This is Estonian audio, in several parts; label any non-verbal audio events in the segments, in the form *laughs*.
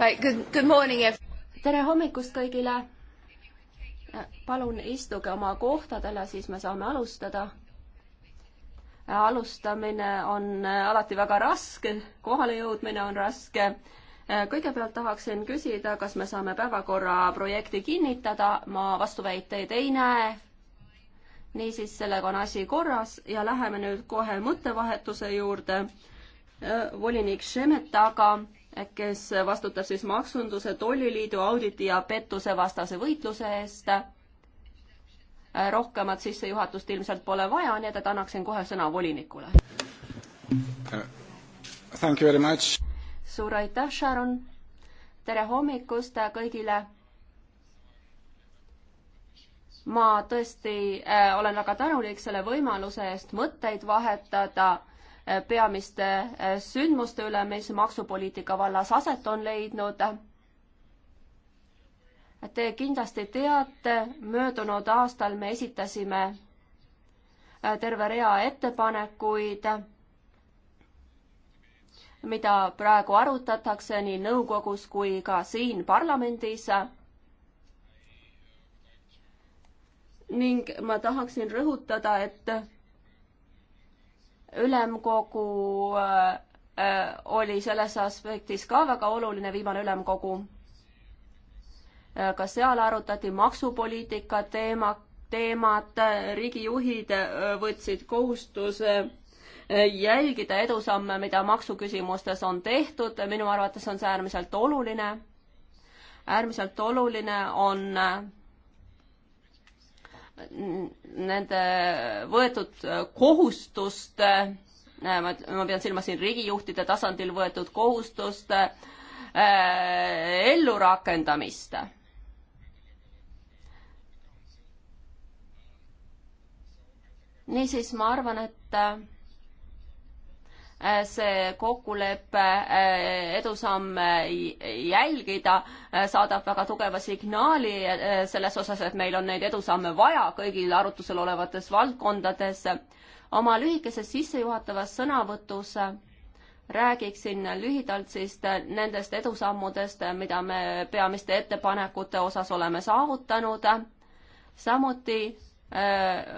Right, good, good morning, tere hommikust kõigile. palun istuge oma kohtadele, siis me saame alustada. alustamine on äh, alati väga raske, kohalejõudmine on raske. Äh, kõigepealt tahaksin küsida, kas me saame päevakorra projekti kinnitada, ma vastuväiteid ei näe. niisiis, sellega on asi korras ja läheme nüüd kohe mõttevahetuse juurde äh, volinik Šemetaga kes vastutab siis Maksunduse, Tolliliidu, Auditi ja pettusevastase võitluse eest. rohkemat sissejuhatust ilmselt pole vaja, nii et, et annaksin kohe sõna volinikule. Uh, thank you very much. suur aitäh, Sharon. tere hommikust kõigile ma tõesti äh, olen väga tänulik selle võimaluse eest mõtteid vahetada äh, peamiste äh, sündmuste üle, mis maksupoliitika vallas aset on leidnud. Te kindlasti teate, möödunud aastal me esitasime äh, terve rea ettepanekuid, mida praegu arutatakse nii nõukogus kui ka siin parlamendis ning ma tahaksin rõhutada, et ülemkogu äh, äh, oli selles aspektis ka väga oluline, viimane ülemkogu. Äh, ka seal arutati maksupoliitika teema, teemat, riigijuhid võtsid kohustuse jälgida edusamme, mida maksuküsimustes on tehtud, minu arvates on see äärmiselt oluline. äärmiselt oluline on nende võetud kohustuste, ma, ma pean silmas siin riigijuhtide tasandil võetud kohustuste äh, ellurakendamist. niisiis, ma arvan, et äh, see kokkulepe eh, edusamme jälgida, eh, saadab väga tugeva signaali eh, selles osas, et meil on neid edusamme vaja kõigil arutusel olevates valdkondades. oma lühikeses sissejuhatavas sõnavõtus räägiksin lühidalt siis nendest edusammudest, mida me peamiste ettepanekute osas oleme saavutanud. samuti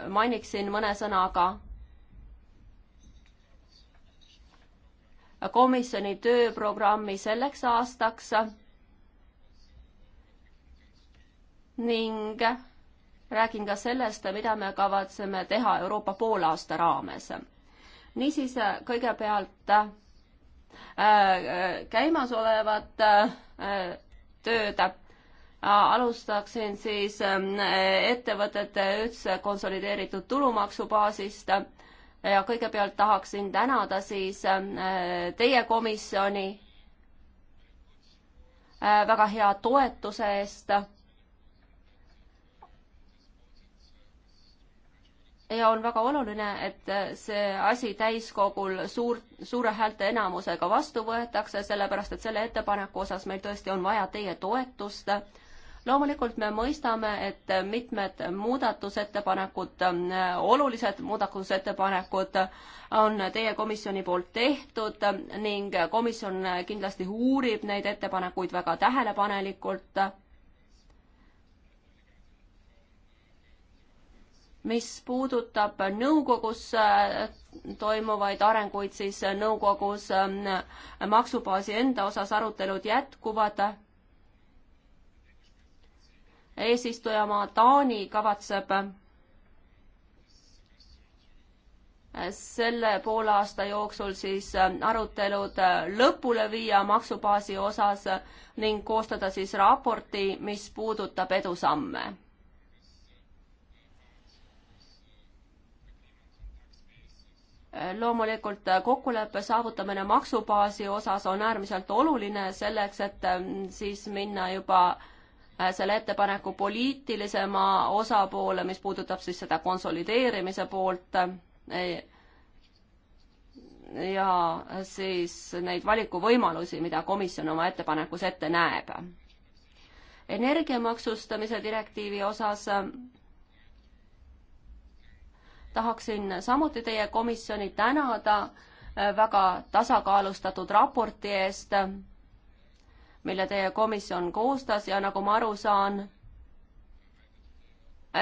mainiksin mõne sõnaga komisjoni tööprogrammi selleks aastaks ning räägin ka sellest, mida me kavatseme teha Euroopa poolaasta raames. niisiis, kõigepealt äh, käimasolevat äh, tööd alustaksin siis äh, ettevõtete üldse konsolideeritud tulumaksubaasist ja kõigepealt tahaksin tänada siis äh, teie komisjoni äh, väga hea toetuse eest. ja on väga oluline, et äh, see asi täiskogul suur, suure häälte enamusega vastu võetakse, sellepärast et selle ettepaneku osas meil tõesti on vaja teie toetust loomulikult me mõistame, et mitmed muudatusettepanekud, olulised muudatusettepanekud on teie komisjoni poolt tehtud ning komisjon kindlasti uurib neid ettepanekuid väga tähelepanelikult. mis puudutab nõukogus äh, toimuvaid arenguid, siis nõukogus äh, maksubaasi enda osas arutelud jätkuvad eesistujamaa Taani kavatseb äh, selle poolaasta jooksul siis äh, arutelud äh, lõpule viia maksubaasi osas ning koostada siis raporti, mis puudutab edusamme. loomulikult kokkuleppe saavutamine maksubaasi osas on äärmiselt oluline selleks, et siis minna juba äh, Äh, selle ettepaneku poliitilisema osapoole, mis puudutab siis seda konsolideerimise poolt. Äh, ja siis neid valikuvõimalusi, mida komisjon oma ettepanekus ette näeb. energia maksustamise direktiivi osas äh, tahaksin samuti teie komisjoni tänada väga tasakaalustatud raporti eest mille teie komisjon koostas ja nagu ma aru saan,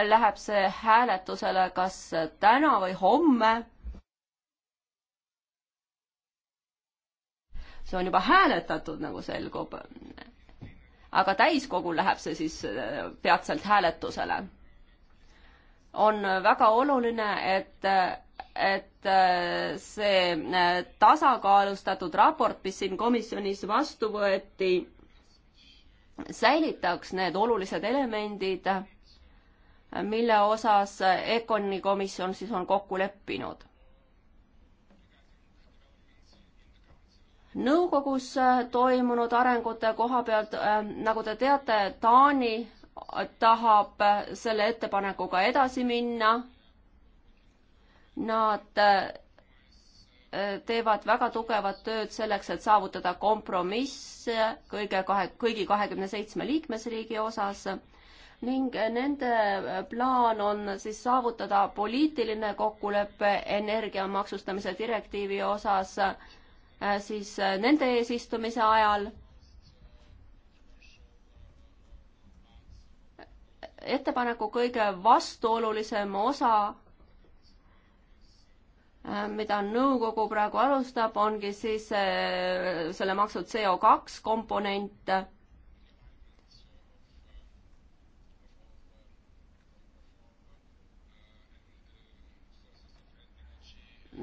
läheb see hääletusele kas täna või homme. see on juba hääletatud, nagu selgub. aga täiskogul läheb see siis äh, peatselt hääletusele. on väga oluline, et, et äh, see äh, tasakaalustatud raport, mis siin komisjonis vastu võeti säilitaks need olulised elemendid, mille osas EKONi komisjon siis on kokku leppinud. nõukogus toimunud arengute koha pealt, äh, nagu te teate, Taani tahab selle ettepanekuga edasi minna. Nad äh, teevad väga tugevat tööd selleks, et saavutada kompromiss kõige kahe, kõigi kahekümne seitsme liikmesriigi osas ning nende plaan on siis saavutada poliitiline kokkulepe energia maksustamise direktiivi osas äh, siis äh, nende eesistumise ajal. ettepaneku kõige vastuolulisem osa Äh, mida nõukogu praegu alustab, ongi siis äh, selle maksu CO2 komponent.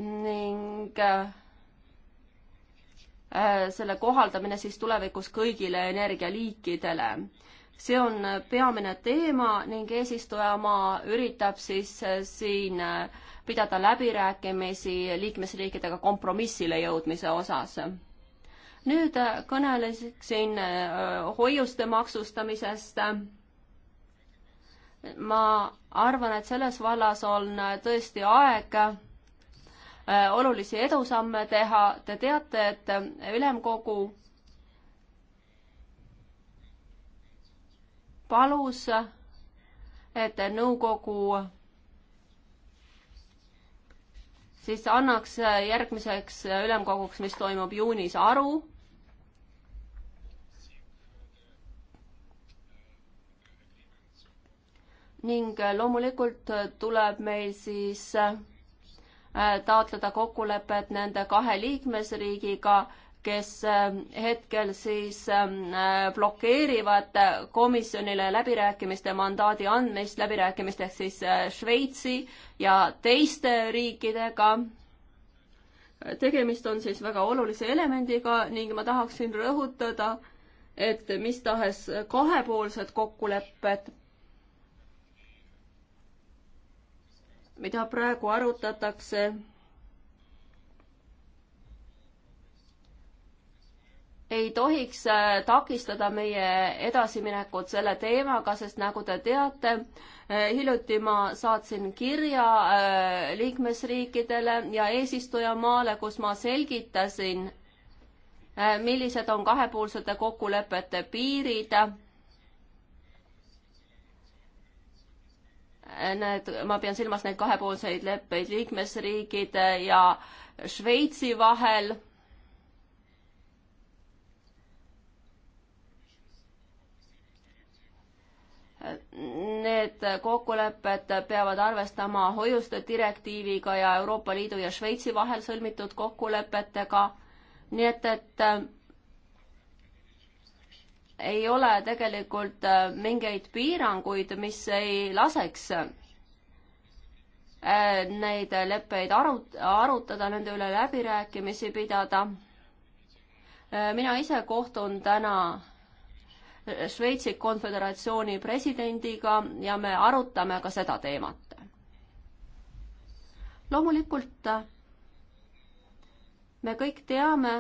ning äh, selle kohaldamine siis tulevikus kõigile energialiikidele see on peamine teema ning eesistujamaa üritab siis siin äh, pidada läbirääkimisi liikmesriikidega kompromissile jõudmise osas. nüüd kõnelesin äh, hoiuste maksustamisest. ma arvan, et selles vallas on tõesti aeg äh, olulisi edusamme teha. Te teate, et ülemkogu palus, et nõukogu siis annaks äh, järgmiseks äh, ülemkoguks, mis toimub juunis, aru. ning äh, loomulikult tuleb meil siis taotleda kokkulepet nende kahe liikmesriigiga, kes ähm, hetkel siis ähm, äh, blokeerivad komisjonile läbirääkimiste mandaadi andmist läbirääkimisteks siis äh, Šveitsi ja teiste riikidega. tegemist on siis väga olulise elemendiga ning ma tahaksin rõhutada, et mis tahes kahepoolsed kokkulepped, mida praegu arutatakse ei tohiks äh, takistada meie edasiminekut selle teemaga, sest nagu te teate, äh, hiljuti ma saatsin kirja äh, liikmesriikidele ja eesistujamaale, kus ma selgitasin, millised on kahepoolsete kokkulepete piirid need, ma pean silmas neid kahepoolseid leppeid liikmesriikide ja Šveitsi vahel Need kokkulepped peavad arvestama hoiuste direktiiviga ja Euroopa Liidu ja Šveitsi vahel sõlmitud kokkulepetega. nii et, et äh, ei ole tegelikult äh, mingeid piiranguid, mis ei laseks äh, neid leppeid arut-, arutada, nende üle läbirääkimisi pidada. mina ise kohtun täna Šveitsi Konföderatsiooni presidendiga ja me arutame ka seda teemat. loomulikult me kõik teame,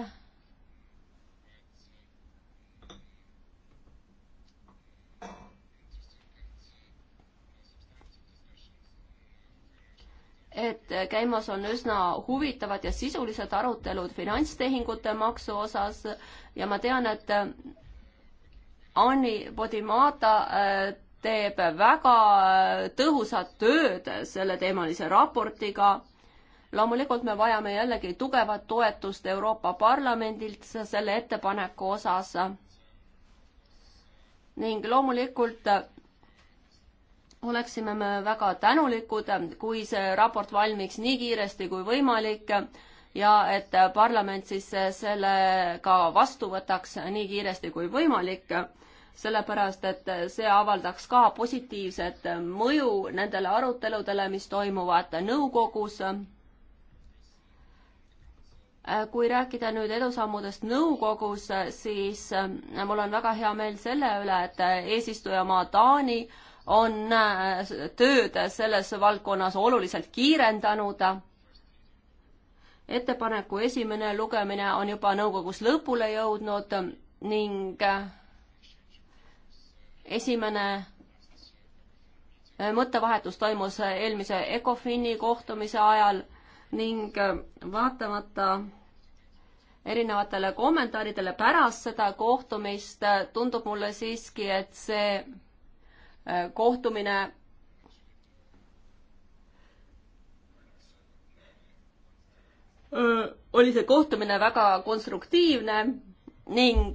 et käimas on üsna huvitavad ja sisulised arutelud finantstehingute maksu osas ja ma tean, et Anni Podimata äh, teeb väga äh, tõhusat tööd selleteemalise raportiga. loomulikult me vajame jällegi tugevat toetust Euroopa Parlamendilt selle ettepaneku osas. ning loomulikult äh, oleksime me väga tänulikud, kui see raport valmiks nii kiiresti kui võimalik ja et parlament siis selle ka vastu võtaks nii kiiresti kui võimalik, sellepärast et see avaldaks ka positiivset mõju nendele aruteludele, mis toimuvad nõukogus. kui rääkida nüüd edusammudest nõukogus, siis mul on väga hea meel selle üle, et eesistujamaa Taani on tööd selles valdkonnas oluliselt kiirendanud ettepaneku esimene lugemine on juba nõukogus lõpule jõudnud ning äh, esimene äh, mõttevahetus toimus eelmise ECOFIN-i kohtumise ajal ning äh, vaatamata erinevatele kommentaaridele pärast seda kohtumist tundub mulle siiski, et see kohtumine oli see kohtumine väga konstruktiivne ning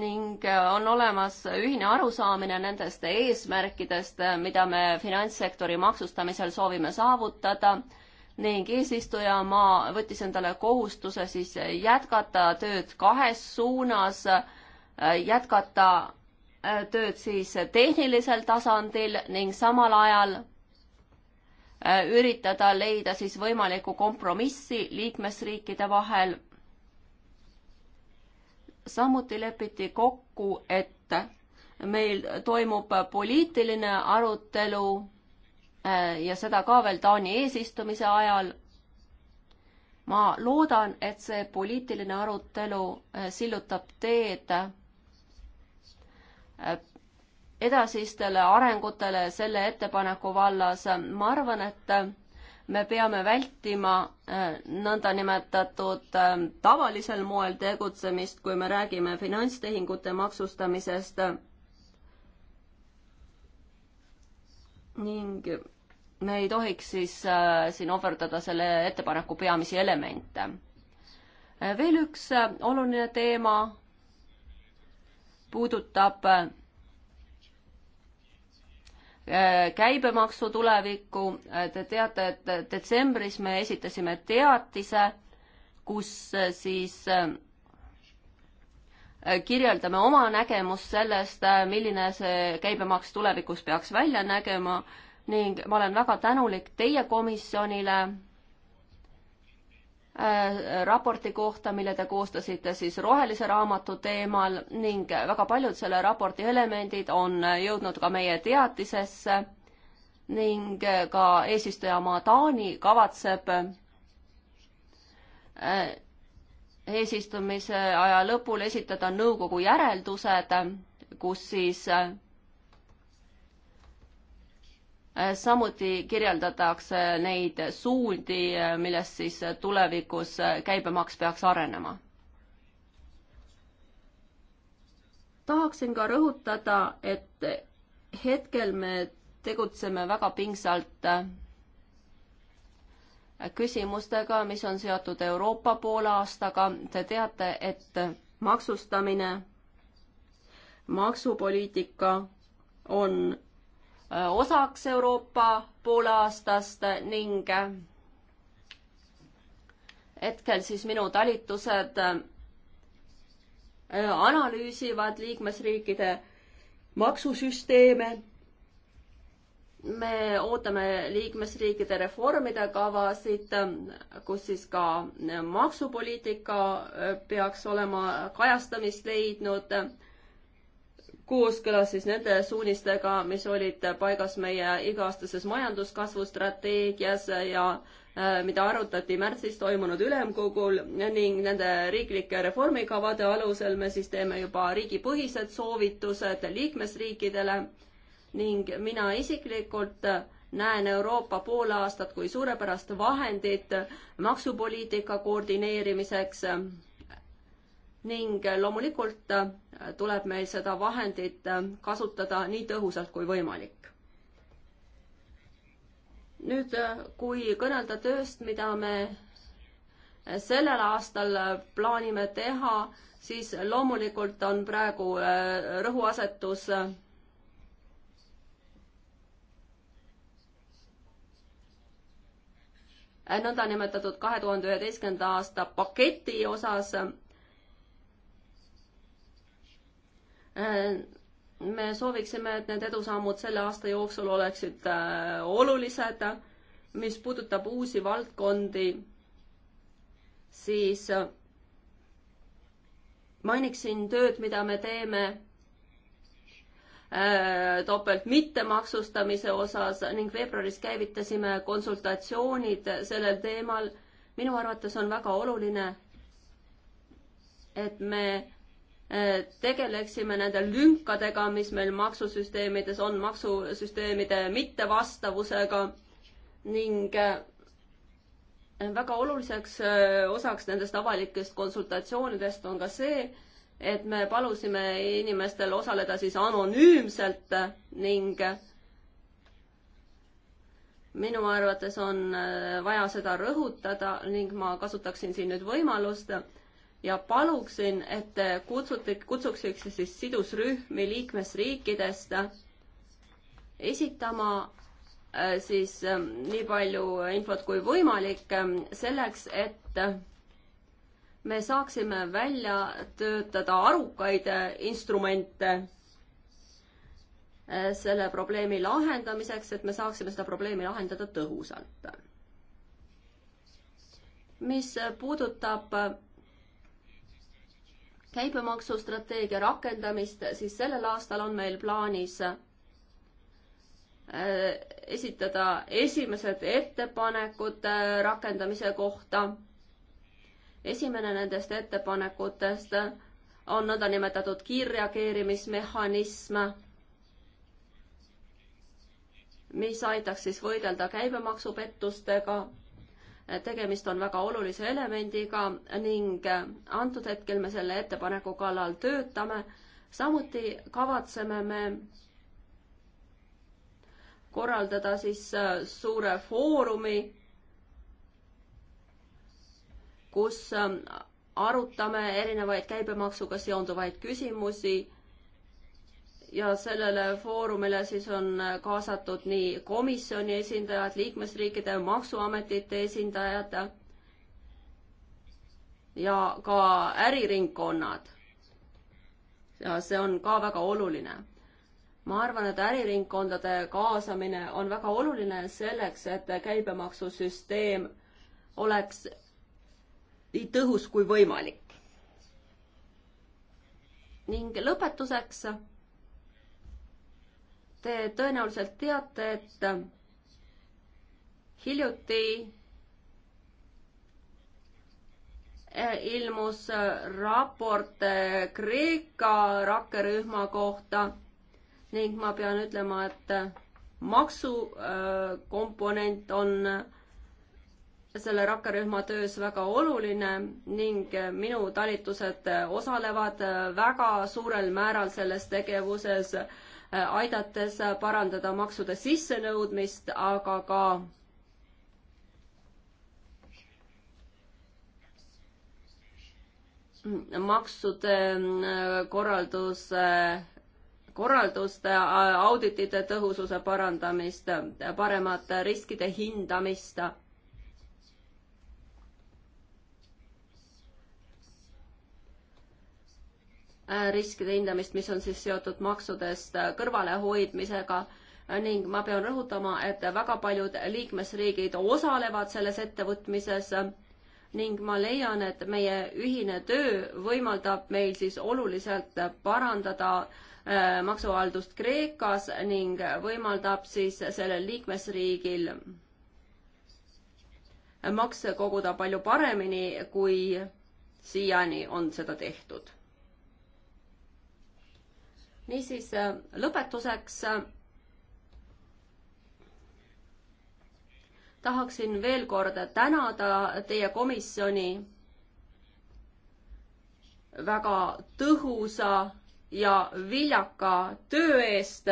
ning on olemas ühine arusaamine nendest eesmärkidest, mida me finantssektori maksustamisel soovime saavutada ning eesistujamaa võttis endale kohustuse siis jätkata tööd kahes suunas, jätkata tööd siis tehnilisel tasandil ning samal ajal äh, üritada leida siis võimalikku kompromissi liikmesriikide vahel. samuti lepiti kokku, et meil toimub poliitiline arutelu äh, ja seda ka veel Taani eesistumise ajal. ma loodan, et see poliitiline arutelu äh, sillutab teed edasistele arengutele selle ettepaneku vallas, ma arvan, et me peame vältima äh, nõndanimetatud äh, tavalisel moel tegutsemist, kui me räägime finantstehingute maksustamisest. ning me ei tohiks siis äh, siin ohverdada selle ettepaneku peamisi elemente. veel üks oluline teema puudutab äh, käibemaksu tulevikku. Te teate, et detsembris me esitasime teatise, kus äh, siis äh, kirjeldame oma nägemust sellest, milline see käibemaks tulevikus peaks välja nägema ning ma olen väga tänulik teie komisjonile Äh, raporti kohta, mille te koostasite siis rohelise raamatu teemal ning väga paljud selle raporti elemendid on jõudnud ka meie teatisesse ning ka eesistujamaa Taani kavatseb äh, eesistumise aja lõpul esitada nõukogu järeldused, kus siis äh, Äh, samuti kirjeldatakse neid suundi, äh, millest siis äh, tulevikus käibemaks peaks arenema. tahaksin ka rõhutada, et hetkel me tegutseme väga pingsalt küsimustega, mis on seotud Euroopa poolaastaga. Te teate, et maksustamine, maksupoliitika on Äh, osaks Euroopa poolaastast ning äh, hetkel siis minu talitused äh, analüüsivad liikmesriikide maksusüsteeme. me ootame liikmesriikide reformide kavasid, kus siis ka maksupoliitika peaks olema kajastamist leidnud kooskõlas siis nende suunistega, mis olid paigas meie iga-aastases majanduskasvu strateegias ja äh, mida arutati märtsis toimunud ülemkogul ning nende riiklike reformikavade alusel me siis teeme juba riigipõhised soovitused liikmesriikidele ning mina isiklikult näen Euroopa pool aastat kui suurepärast vahendit maksupoliitika koordineerimiseks ning loomulikult äh, tuleb meil seda vahendit äh, kasutada nii tõhusalt kui võimalik. nüüd, äh, kui kõnelda tööst, mida me sellel aastal plaanime teha, siis loomulikult on praegu rõhuasetus nõndanimetatud kahe tuhande üheteistkümnenda aasta paketi osas Äh, me sooviksime, et need edusammud selle aasta jooksul oleksid äh, olulised. mis puudutab uusi valdkondi, siis äh, mainiksin tööd, mida me teeme topelt mittemaksustamise osas ning veebruaris käivitasime konsultatsioonid sellel teemal. minu arvates on väga oluline, et me Äh, tegeleksime nende lünkadega, mis meil maksusüsteemides on, maksusüsteemide mittevastavusega ning äh, väga oluliseks äh, osaks nendest avalikest konsultatsioonidest on ka see, et me palusime inimestel osaleda siis anonüümselt ning minu arvates on vaja seda rõhutada ning ma kasutaksin siin nüüd võimalust ja paluksin, et te kutsute, kutsuksite siis sidusrühmi liikmesriikidest esitama äh, siis ähm, nii palju infot kui võimalik ähm, selleks, et me saaksime välja töötada arukaid äh, instrumente äh, selle probleemi lahendamiseks, et me saaksime seda probleemi lahendada tõhusalt. mis puudutab käibemaksustrateegia rakendamist, siis sellel aastal on meil plaanis äh, esitada esimesed ettepanekud äh, rakendamise kohta. esimene nendest ettepanekutest on nõndanimetatud kiirreageerimismehhanism, mis aitaks siis võidelda käibemaksupettustega tegemist on väga olulise elemendiga ning antud hetkel me selle ettepaneku kallal töötame. samuti kavatseme me korraldada siis äh, suure foorumi, kus äh, arutame erinevaid käibemaksuga seonduvaid küsimusi ja sellele foorumile siis on kaasatud nii komisjoni esindajad, liikmesriikide maksuametite esindajad ja ka äriringkonnad. ja see on ka väga oluline. ma arvan, et äriringkondade kaasamine on väga oluline selleks, et käibemaksusüsteem oleks nii tõhus kui võimalik. ning lõpetuseks Te tõenäoliselt teate, et hiljuti äh, ilmus äh, raport äh, Kreeka rakkerühma kohta ning ma pean ütlema, et maksukomponent on selle rakkerühma töös väga oluline ning minu talitused osalevad väga suurel määral selles tegevuses Äh, aidates parandada maksude sissenõudmist, aga ka maksude äh, korralduse, korralduste äh, auditite tõhususe parandamist, paremat riskide hindamist Äh, riskide hindamist, mis on siis seotud maksudest äh, kõrvalehoidmisega äh, ning ma pean rõhutama, et väga paljud liikmesriigid osalevad selles ettevõtmises ning ma leian, et meie ühine töö võimaldab meil siis oluliselt parandada maksuhaldust Kreekas ning võimaldab siis sellel liikmesriigil makse koguda palju paremini, kui siiani on seda tehtud niisiis äh, lõpetuseks äh, tahaksin veel kord tänada teie komisjoni väga tõhusa ja viljaka töö eest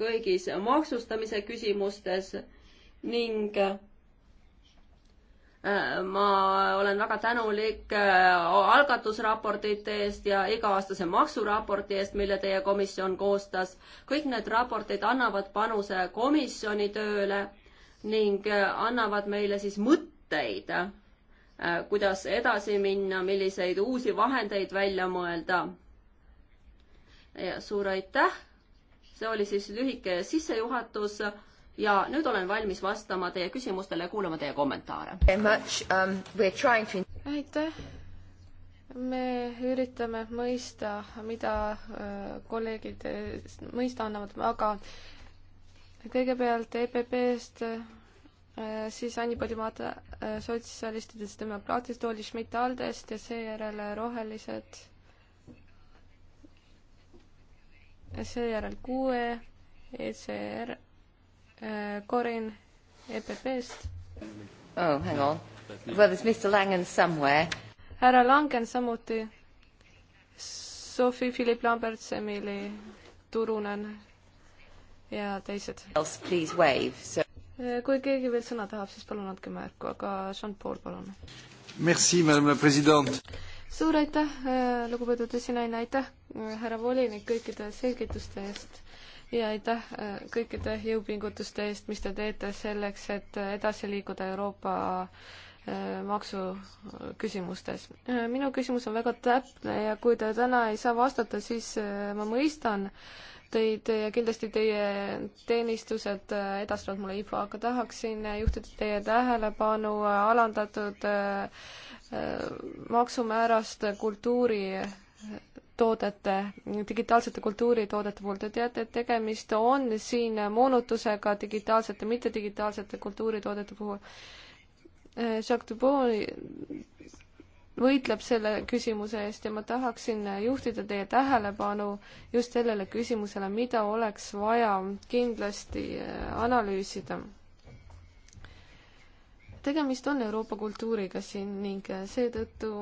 kõigis maksustamise küsimustes ning Äh, ma olen väga tänulik äh, algatusraportite eest ja iga-aastase maksuraporti eest, mille teie komisjon koostas. kõik need raportid annavad panuse komisjoni tööle ning äh, annavad meile siis mõtteid, kuidas edasi minna, milliseid uusi vahendeid välja mõelda. suur aitäh, see oli siis lühike sissejuhatus ja nüüd olen valmis vastama teie küsimustele ja kuulama teie kommentaare. Um, aitäh me üritame mõista, mida äh, kolleegid äh, mõista annavad, aga kõigepealt EPP-st äh, siis Anni Padimata sotsialistidest demokraatidest, Olli Schmidt Aldest ja seejärel Rohelised, seejärel QE, ECR Äh, Corin EPP-st. Oh, hang on. Well, there's Mr Langen somewhere. härra Langen samuti. Sophie Philip Lamberts, Emily Turunen ja teised. Else please wave so äh, kui keegi veel sõna tahab, siis palun andke märku, aga Jean-Paul, palun. Merci, madame la president. suur aitäh, äh, lugupeetud esinaine, aitäh, härra volinik, kõikide selgituste eest ja aitäh äh, kõikide jõupingutuste eest, mis te teete selleks, et edasi liikuda Euroopa äh, maksuküsimustes. Äh, minu küsimus on väga täpne ja kui te täna ei saa vastata, siis ma mõistan teid ja kindlasti teie teenistused edastavad mulle info, aga tahaksin juhtida teie tähelepanu alandatud maksumäärast kultuuri toodete, digitaalsete kultuuritoodete puhul, te teate, et tegemist on siin moonutusega digitaalsete, mittedigitaalsete kultuuritoodete puhul. Jacques Dubon võitleb selle küsimuse eest ja ma tahaksin juhtida teie tähelepanu just sellele küsimusele, mida oleks vaja kindlasti äh, analüüsida. tegemist on Euroopa kultuuriga siin ning äh, seetõttu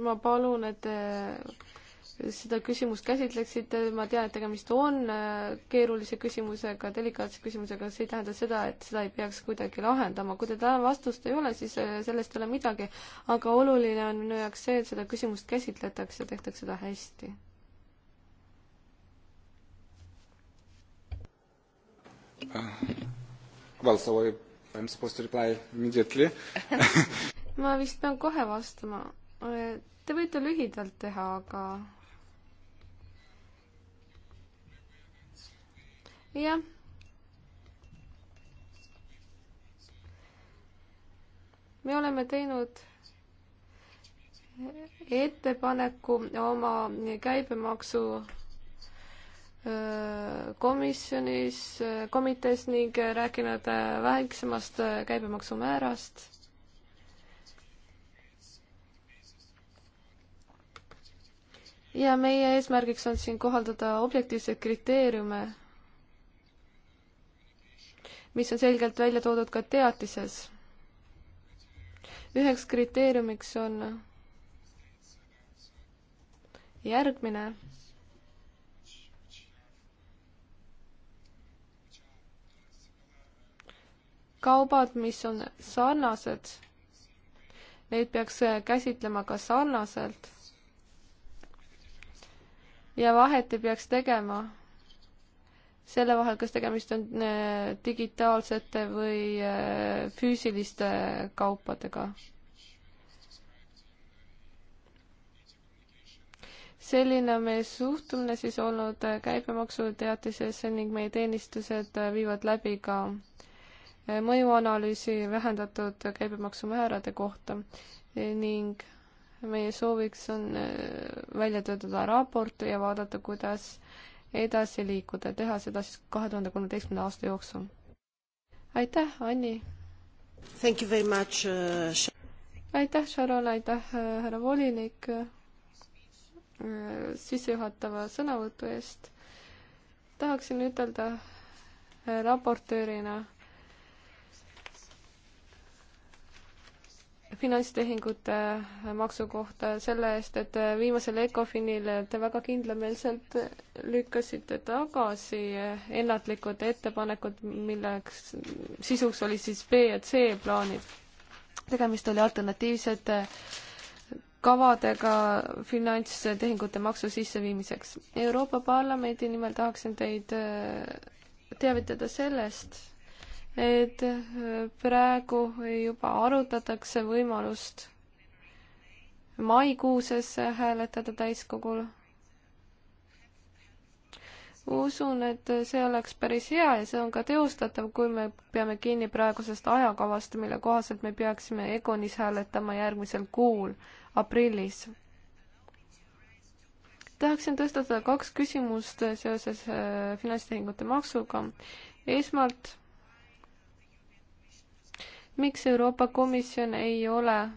ma palun, et te äh, seda küsimust käsitleksite, ma tean, et tegemist on äh, keerulise küsimusega, delikaatse küsimusega, see ei tähenda seda, et seda ei peaks kuidagi lahendama. kui teil täna vastust ei ole, siis äh, sellest ei ole midagi, aga oluline on minu jaoks see, et seda küsimust käsitletakse ja tehtakse seda hästi. Ah, well, so I, I'm supposed to reply immediately *laughs* *laughs* ma vist pean kohe vastama et Te võite lühidalt teha, aga jah. me oleme teinud ettepaneku oma käibemaksu komisjonis, komitees ning rääkinud väiksemast käibemaksumäärast ja meie eesmärgiks on siin kohaldada objektiivseid kriteeriume, mis on selgelt välja toodud ka teatises. üheks kriteeriumiks on järgmine. kaubad, mis on sarnased, neid peaks käsitlema ka sarnaselt ja vahet ei peaks tegema selle vahel, kas tegemist on äh, digitaalsete või äh, füüsiliste kaupadega. selline on meie suhtumine siis olnud äh, käibemaksuteatises ning meie teenistused viivad läbi ka mõjuanalüüsi vähendatud käibemaksumäärade kohta ning meie sooviks on äh, välja töötada raport ja vaadata, kuidas edasi liikuda ja teha seda siis kahe tuhande kolmeteistkümnenda aasta jooksul. aitäh, Anni! Thank you very much uh,! aitäh, Sharon, aitäh, äh, härra volinik, sissejuhatava sõnavõtu eest. tahaksin ütelda raportöörina finantstehingute äh, maksu kohta selle eest, et äh, viimasel ECOFINil äh, te väga kindlameelselt lükkasite tagasi ennatlikud ettepanekud, milleks sisuks olid siis B ja C plaanid. tegemist oli alternatiivsete kavadega finantstehingute maksu sisseviimiseks. Euroopa Parlamendi nimel tahaksin teid teavitada sellest, et äh, praegu juba arutatakse võimalust maikuuses hääletada täiskogul. usun, et see oleks päris hea ja see on ka teostatav, kui me peame kinni praegusest ajakavast, mille kohaselt me peaksime Egonis hääletama järgmisel kuul, aprillis. tahaksin tõstatada kaks küsimust seoses äh, finantstehingute maksuga. esmalt miks Euroopa Komisjon ei ole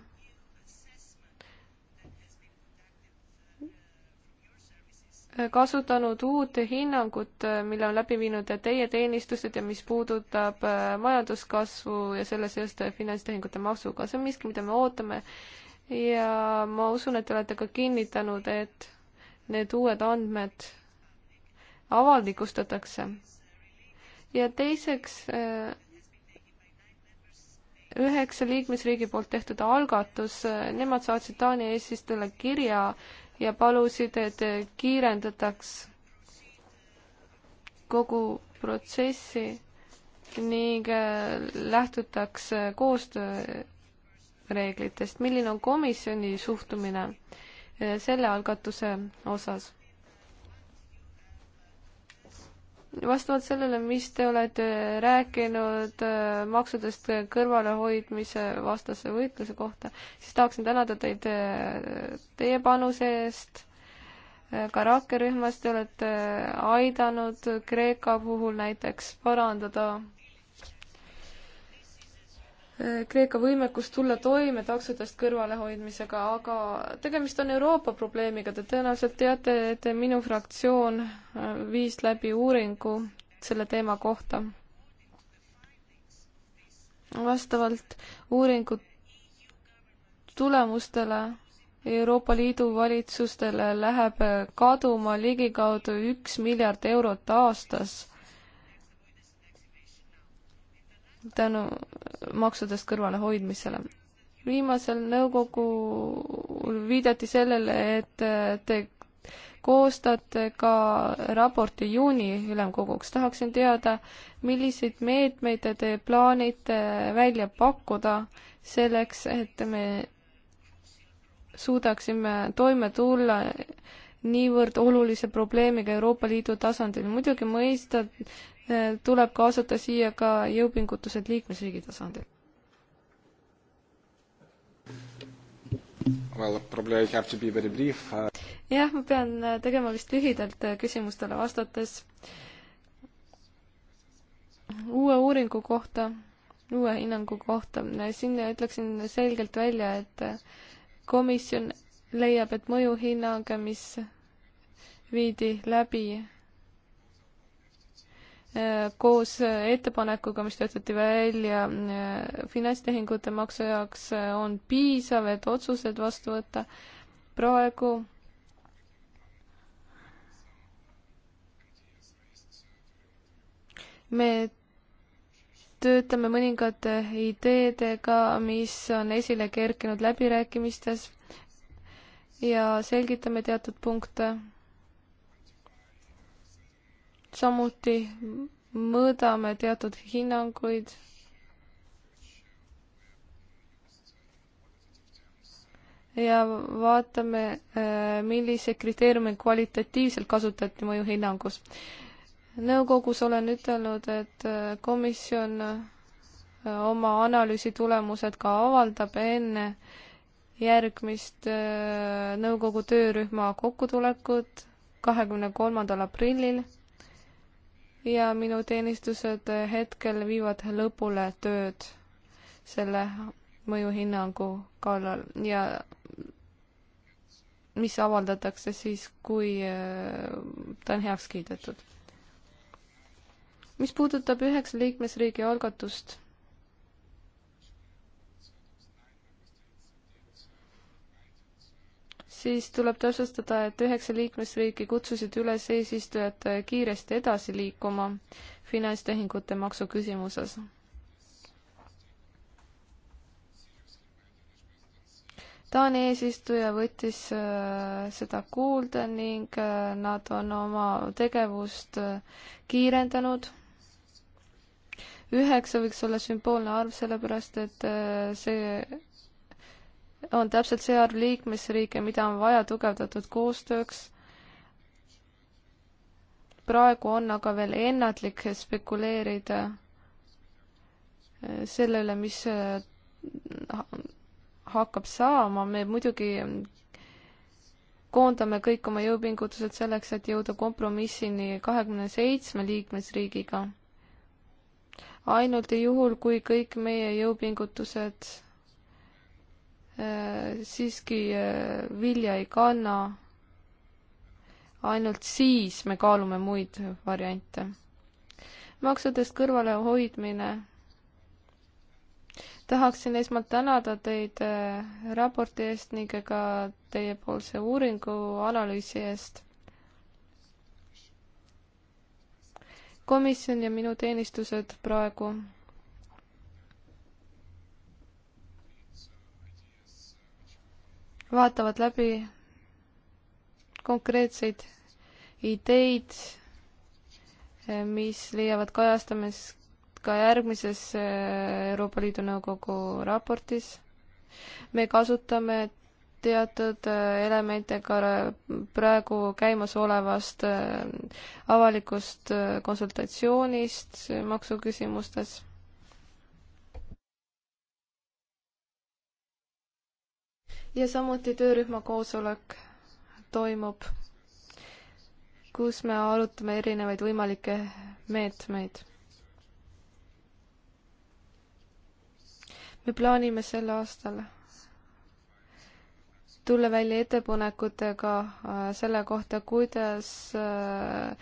kasutanud uut hinnangut, mille on läbi viinud teie teenistused ja mis puudutab äh, majanduskasvu ja selle seost finantstehingute maksuga, see on miski, mida me ootame. ja ma usun, et te olete ka kinnitanud, et need uued andmed avalikustatakse. ja teiseks äh, üheksa liikmesriigi poolt tehtud algatus, nemad saatsid Taani eesistujale kirja ja palusid, et kiirendataks kogu protsessi ning äh, lähtutaks koostööreeglitest. milline on komisjoni suhtumine äh, selle algatuse osas? vastavalt sellele, mis te olete rääkinud äh, maksudest kõrvalehoidmise vastase võitluse kohta, siis tahaksin tänada teid äh, teie panuse eest, äh, ka rakkerühmas te olete aidanud Kreeka puhul näiteks parandada Kreeka võimekus tulla toime taksodest kõrvalehoidmisega, aga tegemist on Euroopa probleemiga, te tõenäoliselt teate, et minu fraktsioon äh, viis läbi uuringu selle teema kohta. vastavalt uuringu tulemustele Euroopa Liidu valitsustele läheb kaduma ligikaudu üks miljard eurot aastas tänu maksudest kõrvalehoidmisele. viimasel nõukogul viidati sellele, et te koostate ka raporti juuni ülemkoguks. tahaksin teada, milliseid meetmeid te plaanite välja pakkuda selleks, et me suudaksime toime tulla niivõrd olulise probleemiga Euroopa Liidu tasandil. muidugi mõista Eh, tuleb kaasata siia ka jõupingutused liikmesriigi tasandil. Well, probably have to be very brief. jah, ma pean eh, tegema vist lühidalt eh, küsimustele vastates. uue uuringu kohta, uue hinnangu kohta, siin ütleksin selgelt välja, et komisjon leiab, et mõjuhinnang, mis viidi läbi Äh, koos äh, ettepanekuga, mis töötati välja äh, finantstehingute maksu jaoks, on piisav, et otsused vastu võtta. praegu me töötame mõningate ideedega, mis on esile kerkinud läbirääkimistes ja selgitame teatud punkte samuti mõõdame teatud hinnanguid ja vaatame, äh, milliseid kriteeriume kvalitatiivselt kasutati mõjuhinnangus. nõukogus olen ütelnud, et äh, komisjon äh, oma analüüsi tulemused ka avaldab enne järgmist nõukogu töörühma kokkutulekut kahekümne kolmandal aprillil ja minu teenistused hetkel viivad lõpule tööd selle mõjuhinnangu kallal ja mis avaldatakse siis, kui äh, ta on heaks kiidetud. mis puudutab üheksa liikmesriigi algatust siis tuleb täpsustada, et üheksa liikmesriiki kutsusid üles eesistujat kiiresti edasi liikuma finantstehingute maksu küsimuses. Taani eesistuja võttis äh, seda kuulda ning äh, nad on oma tegevust äh, kiirendanud. üheksa võiks olla sümboolne arv, sellepärast et see on täpselt see arv liikmesriike, mida on vaja tugevdatud koostööks. praegu on aga veel ennatlik spekuleerida eh, selle üle, mis eh, hakkab saama, me muidugi koondame kõik oma jõupingutused selleks, et jõuda kompromissini kahekümne seitsme liikmesriigiga. ainult juhul, kui kõik meie jõupingutused Äh, siiski äh, vilja ei kanna. ainult siis me kaalume muid variante. maksudest kõrvalehoidmine. tahaksin esmalt tänada teid äh, raporti eest ning ka teiepoolse uuringu analüüsi eest komisjon ja minu teenistused praegu vaatavad läbi konkreetseid ideid, eh, mis leiavad kajastamist ka järgmises eh, Euroopa Liidu Nõukogu raportis. me kasutame teatud eh, elemente ka praegu käimasolevast avalikust konsultatsioonist maksuküsimustes ja samuti töörühma koosolek toimub, kus me arutame erinevaid võimalikke meetmeid. me plaanime sel aastal tulla välja ettepanekutega äh, selle kohta, kuidas äh,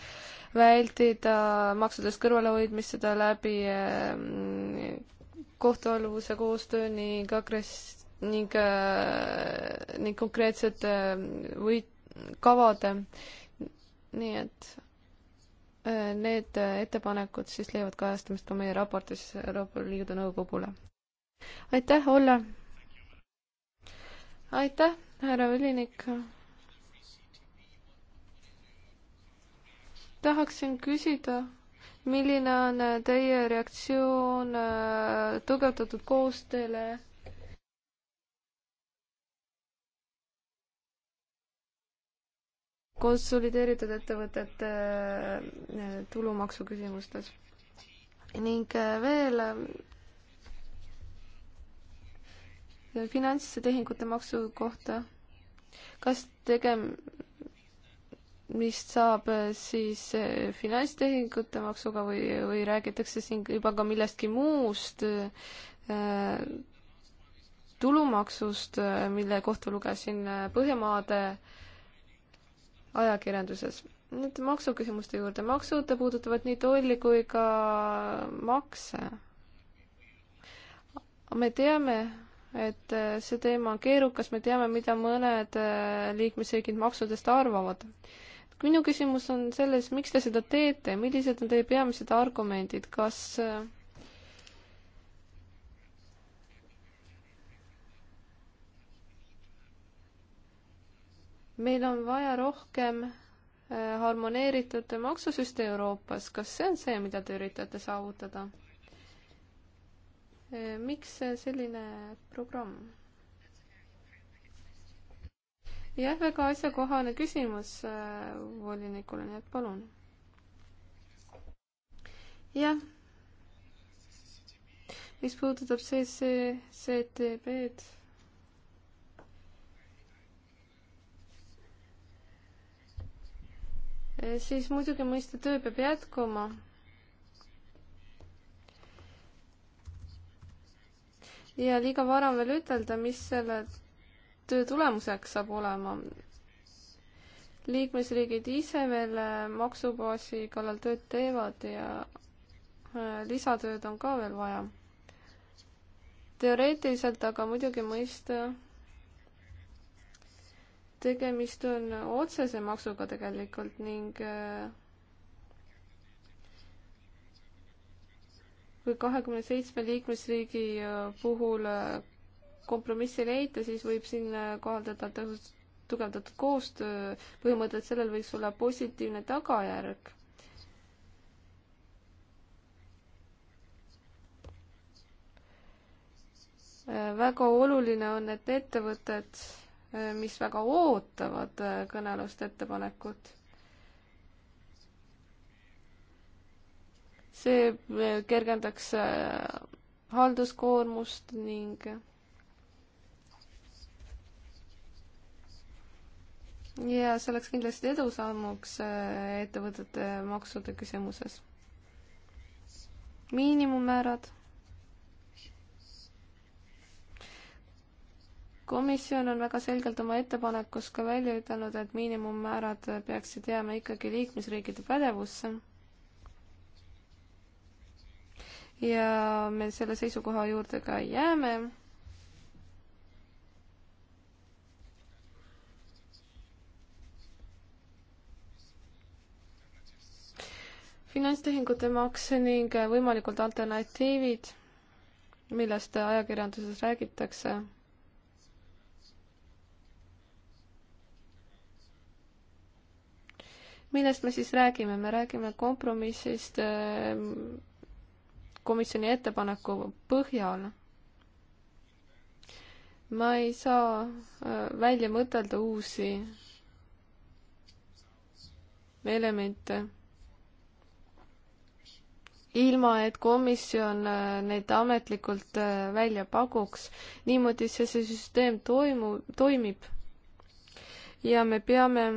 vältida maksudest kõrvalehoidmist seda läbi äh, kohtualluvuse koostöö ning agress-, ning, äh, ning konkreetsete äh, või kavade. nii et äh, need ettepanekud siis leiavad kajastamist ka meie raportis Euroopa Liidu Nõukogule. aitäh, Olle! aitäh, härra Õlinik! tahaksin küsida, milline on teie reaktsioon tugevdatud koostööle konsolideeritud ettevõtete äh, tulumaksu küsimustes. ning äh, veel äh, finantstehingute maksu kohta. kas tegemist saab siis finantstehingute maksuga või, või räägitakse siin juba ka millestki muust tulumaksust, mille kohta lugesin Põhjamaade äh, ajakirjanduses. nüüd maksuküsimuste juurde. maksud puudutavad nii tolli kui ka makse. me teame, et see teema on keerukas, me teame, mida mõned äh, liikmesriigid maksudest arvavad. minu küsimus on selles, miks te seda teete, millised on teie peamised argumendid, kas äh, meil on vaja rohkem äh, harmoneeritud maksusüsteem Euroopas, kas see on see, mida te üritate saavutada? Äh, miks selline programm? jah, väga asjakohane küsimus äh, volinikule, nii et palun. jah. mis puudutab CCCTB-d siis muidugi mõista töö peab jätkuma. ja liiga vara on veel ütelda, mis selle töö tulemuseks saab olema. liikmesriigid ise veel äh, maksubaasi kallal tööd teevad ja äh, lisatööd on ka veel vaja. teoreetiliselt aga muidugi mõista tegemist on otsese maksuga tegelikult ning äh, kui kahekümne seitsme liikmesriigi äh, puhul äh, kompromissi leida, siis võib siin kohaldada tõhus-, tugevdatud koostöö põhimõtet, sellel võiks olla positiivne tagajärg. väga oluline on, et ettevõtted et mis väga ootavad äh, kõnealust ettepanekut. see äh, kergendaks äh, halduskoormust ning ja see oleks kindlasti edusammuks ettevõtete maksude küsimuses. miinimummäärad komisjon on väga selgelt oma ettepanekus ka välja ütelnud, et miinimummäärad peaksid jääma ikkagi liikmesriikide pädevusse. ja me selle seisukoha juurde ka jääme. finantstehingute maks ning võimalikud alternatiivid, millest ajakirjanduses räägitakse millest me siis räägime, me räägime kompromissist ehm, komisjoni ettepaneku põhjal. ma ei saa äh, välja mõtelda uusi elemente, ilma et komisjon äh, neid ametlikult äh, välja pakuks. niimoodi see, see süsteem toimu, toimib. ja me peame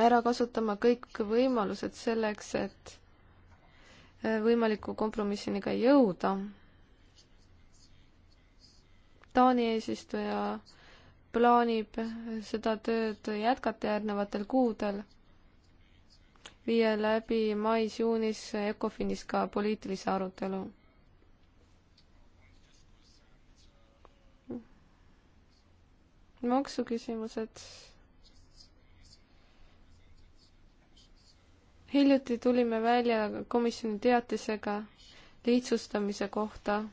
ära kasutama kõik võimalused selleks, et äh, võimaliku kompromissini ka jõuda. Taani eesistuja plaanib äh, seda tööd jätkata järgnevatel kuudel, viia läbi mais-juunis ECOFINis ka poliitilise arutelu. maksuküsimused hiljuti tulime välja komisjoni teatisega lihtsustamise kohta.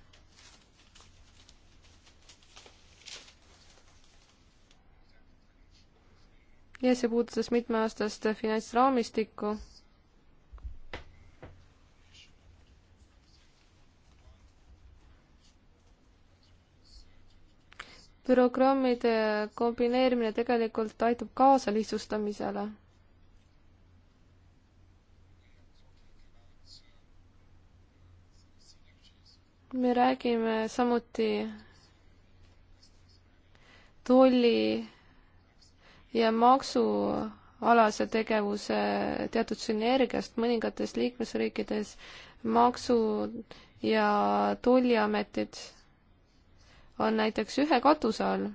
ja see puudutas mitmeaastast finantsraamistikku. programmide kombineerimine tegelikult aitab kaasa lihtsustamisele me räägime samuti tolli ja maksualase tegevuse teatud sünergiast mõningates liikmesriikides maksu- ja tolliametid on näiteks ühe katuse all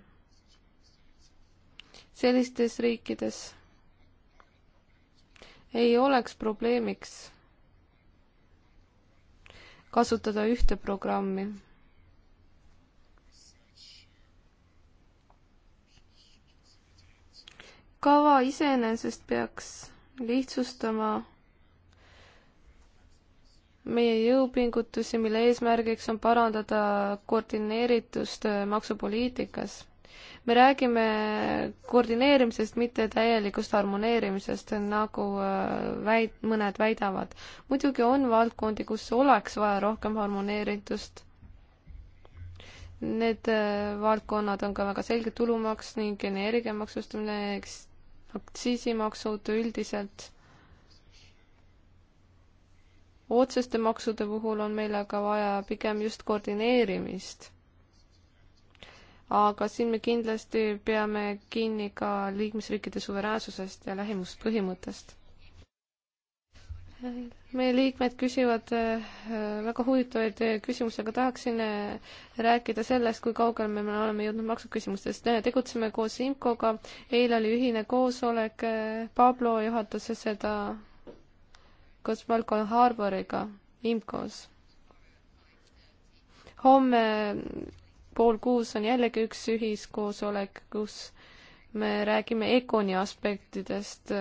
sellistes riikides ei oleks probleemiks kasutada ühte programmi. kava iseenesest peaks lihtsustama meie jõupingutusi, mille eesmärgiks on parandada koordineeritust maksupoliitikas me räägime koordineerimisest, mitte täielikust harmoneerimisest, nagu äh, väid-, mõned väidavad. muidugi on valdkondi, kus oleks vaja rohkem harmoneeritust. Need äh, valdkonnad on ka väga selged, tulumaks ning energia maksustamine, aktsiisimaksud üldiselt otseste maksude puhul on meil aga vaja pigem just koordineerimist aga siin me kindlasti peame kinni ka liikmesriikide suveräänsusest ja lähimuspõhimõttest. meie liikmed küsivad äh, väga huvitavaid äh, küsimusi, aga tahaksin äh, rääkida sellest, kui kaugele me oleme jõudnud maksuküsimustest. tegutseme koos IMCO-ga, eile oli ühine koosolek, Pablo juhatas seda koos Malcolm Harboriga IMCO-s. homme pool kuus on jällegi üks ühiskoosolek, kus me räägime Econi aspektidest.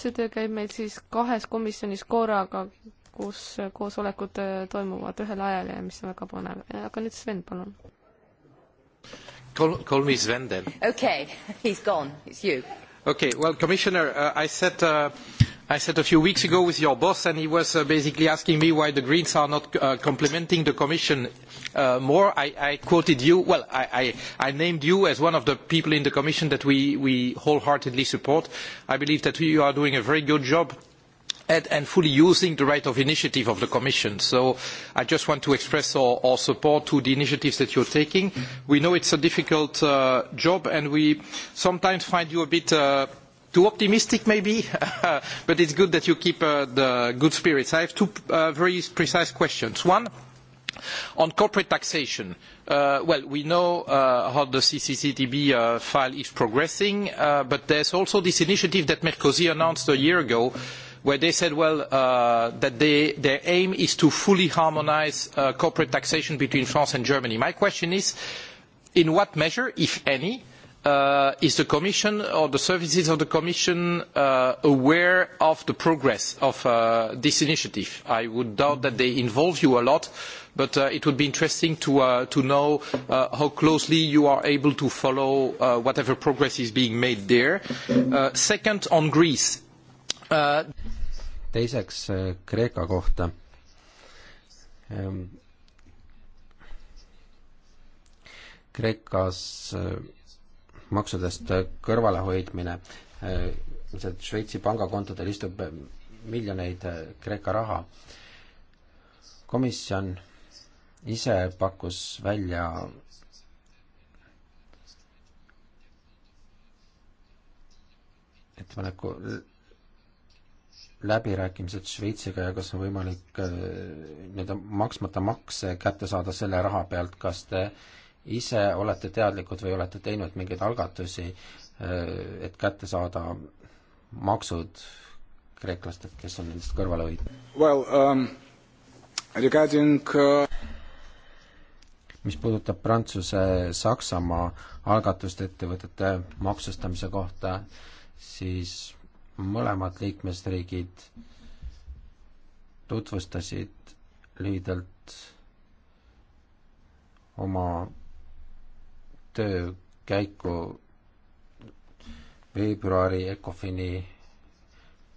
see töö käib meil siis kahes komisjonis korraga, kus koosolekud toimuvad ühel ajal ja mis on väga põnev. aga nüüd Sven, palun. Call, call me Sven then. Okay, *laughs* he is gone, it is you. Okay, well commissioner uh,, I said uh, I said a few weeks ago with your boss, and he was uh, basically asking me why the Greens are not uh, complimenting the Commission uh, more. I, I quoted you, well, I, I, I named you as one of the people in the Commission that we, we wholeheartedly support. I believe that you are doing a very good job and, and fully using the right of initiative of the Commission. So I just want to express our, our support to the initiatives that you're taking. We know it's a difficult uh, job, and we sometimes find you a bit... Uh, too optimistic maybe, *laughs* but it's good that you keep uh, the good spirits. I have two uh, very precise questions. One, on corporate taxation. Uh, well, we know uh, how the CCCTB uh, file is progressing, uh, but there's also this initiative that Mercosi announced a year ago where they said, well, uh, that they, their aim is to fully harmonize uh, corporate taxation between France and Germany. My question is, in what measure, if any, uh, is the Commission or the services of the Commission uh, aware of the progress of uh, this initiative? I would doubt that they involve you a lot, but uh, it would be interesting to, uh, to know uh, how closely you are able to follow uh, whatever progress is being made there. Uh, second, on Greece. Uh, teiseks uh, Kreeka kohta ähm,. Kreekas äh, maksudest kõrvalehoidmine, lihtsalt Šveitsi pangakontodel istub miljoneid Kreeka raha. komisjon ise pakkus välja ettepaneku läbirääkimised Šveitsiga ja kas on võimalik äh, nii-öelda maksmata makse kätte saada selle raha pealt, kas te äh, ise olete teadlikud või olete teinud mingeid algatusi, äh, et kätte saada maksud kreeklastelt, kes on nendest kõrvale hoidnud well,? Um, regarding uh... mis puudutab Prantsuse-Saksamaa algatust ettevõtete maksustamise kohta, siis mõlemad liikmesriigid tutvustasid lühidalt oma töö käiku veebruari ECOFIN-i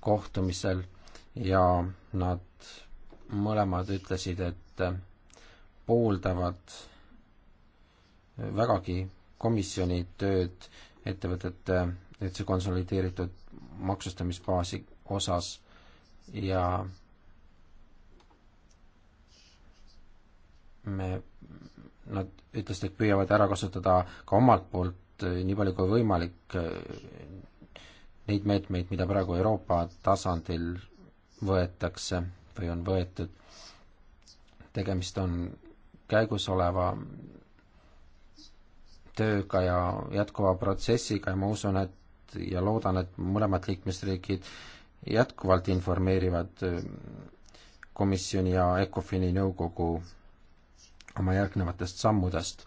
kohtumisel ja nad mõlemad ütlesid, et pooldavad vägagi komisjoni tööd ettevõtete üldse konsolideeritud maksustamisbaasi osas ja me nad ütlesid, et püüavad ära kasutada ka omalt poolt eh, nii palju kui võimalik eh, neid meetmeid, mida praegu Euroopa tasandil võetakse või on võetud. tegemist on käigusoleva tööga ja jätkuva protsessiga ja ma usun, et ja loodan, et mõlemad liikmesriigid jätkuvalt informeerivad eh, komisjoni ja ECOFIN-i nõukogu oma järgnevatest sammudest.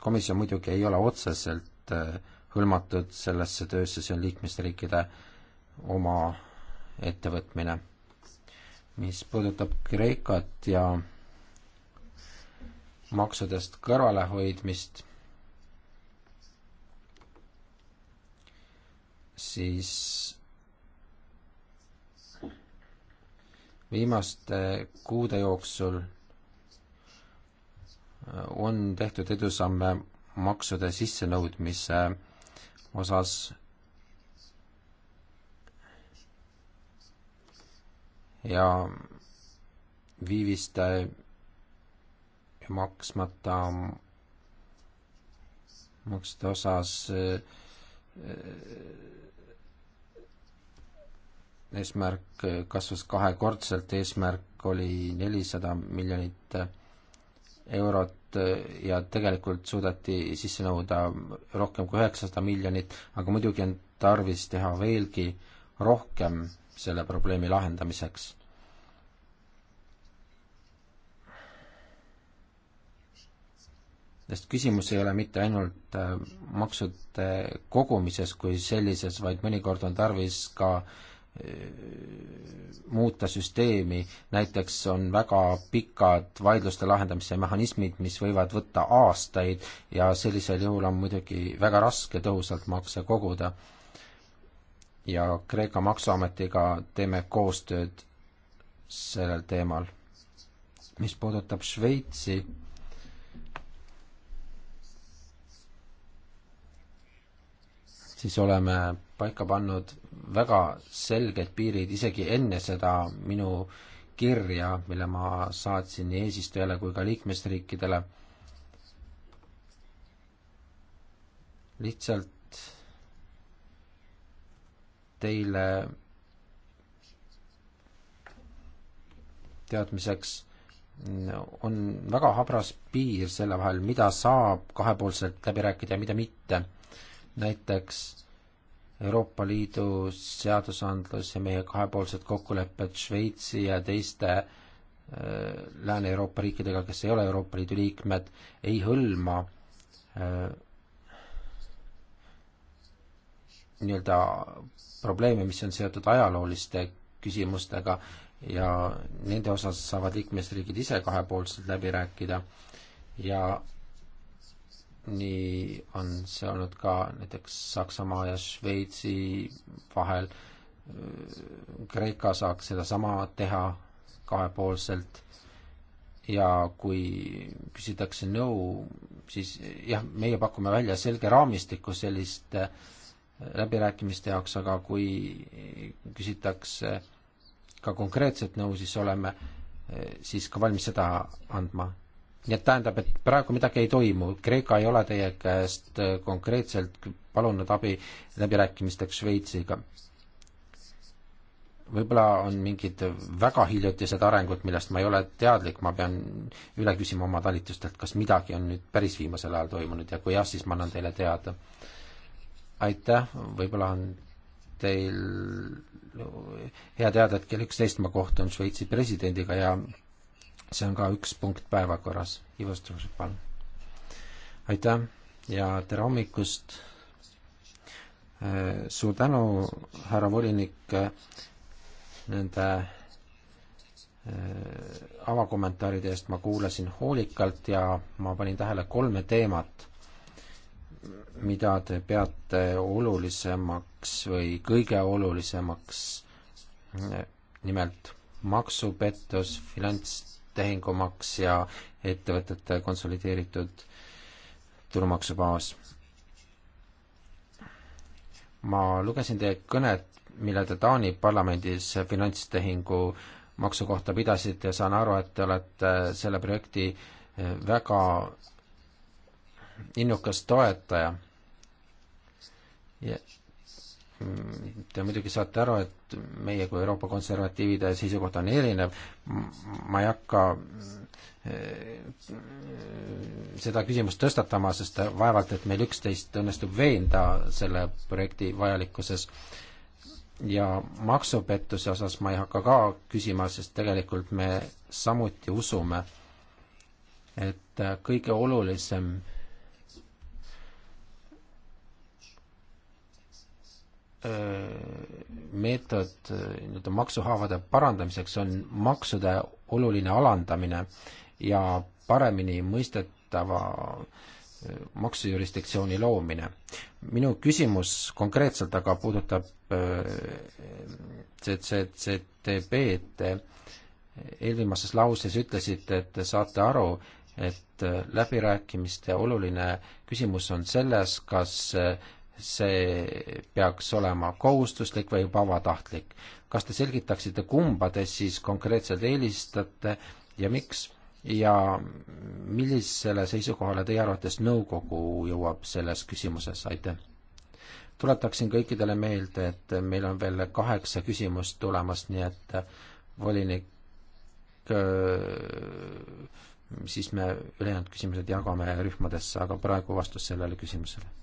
komisjon muidugi ei ole otseselt äh, hõlmatud sellesse töösse, see on liikmesriikide oma ettevõtmine. mis puudutab Kreekat ja maksudest kõrvalehoidmist, siis viimaste kuude jooksul on tehtud edusamme maksude sissenõudmise osas ja viiviste maksmata maksude osas eesmärk kasvas kahekordselt, eesmärk oli nelisada miljonit eurot eh, ja tegelikult suudeti sisse nõuda rohkem kui üheksasada miljonit, aga muidugi on tarvis teha veelgi rohkem selle probleemi lahendamiseks. sest küsimus ei ole mitte ainult eh, maksude kogumises kui sellises, vaid mõnikord on tarvis ka äh, muuta süsteemi, näiteks on väga pikad vaidluste lahendamise mehhanismid, mis võivad võtta aastaid ja sellisel juhul on muidugi väga raske tõhusalt makse koguda. ja Kreeka maksuametiga teeme koostööd sellel teemal. mis puudutab Šveitsi, siis oleme paika pannud väga selged piirid isegi enne seda minu kirja, mille ma saatsin nii eesistujale kui ka liikmesriikidele. lihtsalt teile teadmiseks on väga habras piir selle vahel, mida saab kahepoolselt läbi rääkida ja mida mitte. näiteks Euroopa Liidu seadusandlus ja meie kahepoolsed kokkulepped Šveitsi ja teiste äh, Lääne-Euroopa riikidega, kes ei ole Euroopa Liidu liikmed, ei hõlma äh, nii-öelda probleeme, mis on seotud ajalooliste küsimustega ja nende osas saavad liikmesriigid ise kahepoolselt läbi rääkida ja nii on see olnud ka näiteks Saksamaa ja Šveitsi vahel. Kreeka saaks sedasama teha kahepoolselt ja kui küsitakse nõu, siis jah, meie pakume välja selge raamistiku selliste läbirääkimiste jaoks, aga kui küsitakse ka konkreetset nõu, siis oleme eh, siis ka valmis seda andma nii et tähendab, et praegu midagi ei toimu, Kreeka ei ole teie käest äh, konkreetselt palunud abi läbirääkimisteks Šveitsiga. võib-olla on mingid väga hiljutised arengud, millest ma ei ole teadlik, ma pean üle küsima oma talitustelt, kas midagi on nüüd päris viimasel ajal toimunud ja kui jah, siis ma annan teile teada. aitäh, võib-olla on teil hea teada, et kell üksteist ma kohtun Šveitsi presidendiga ja see on ka üks punkt päevakorras. Ivo Struusik, palun. aitäh ja tere hommikust. Äh, suur tänu, härra volinik, äh, nende äh, avakommentaaride eest ma kuulasin hoolikalt ja ma panin tähele kolme teemat, mida te peate olulisemaks või kõige olulisemaks. nimelt maksupettus, finants tehingumaks ja ettevõtete konsolideeritud tulumaksubaas. ma lugesin teie kõnet, mille te Taani parlamendis finantstehingu maksu kohta pidasite ja saan aru, et te olete selle projekti eh, väga innukas toetaja. Te muidugi saate aru, et meie kui Euroopa konservatiivide seisukoht on erinev, ma ei hakka eh, seda küsimust tõstatama, sest vaevalt, et meil üksteist õnnestub veenda selle projekti vajalikkuses. ja maksupettuse osas ma ei hakka ka küsima, sest tegelikult me samuti usume, et kõige olulisem Äh, meetod äh, nii-öelda maksuhaavade parandamiseks on maksude oluline alandamine ja paremini mõistetava äh, maksujurisdiktsiooni loomine. minu küsimus konkreetselt aga puudutab CCCTB-d. eelviimases lauses ütlesite, et te saate aru, et läbirääkimiste oluline küsimus on selles, kas see peaks olema kohustuslik või vabatahtlik. kas te selgitaksite, kumba te siis konkreetselt eelistate ja miks ja millisele seisukohale teie arvates nõukogu jõuab selles küsimuses, aitäh! tuletaksin kõikidele meelde, et meil on veel kaheksa küsimust tulemas, nii et äh, volinik äh, siis me ülejäänud küsimused jagame rühmadesse, aga praegu vastus sellele küsimusele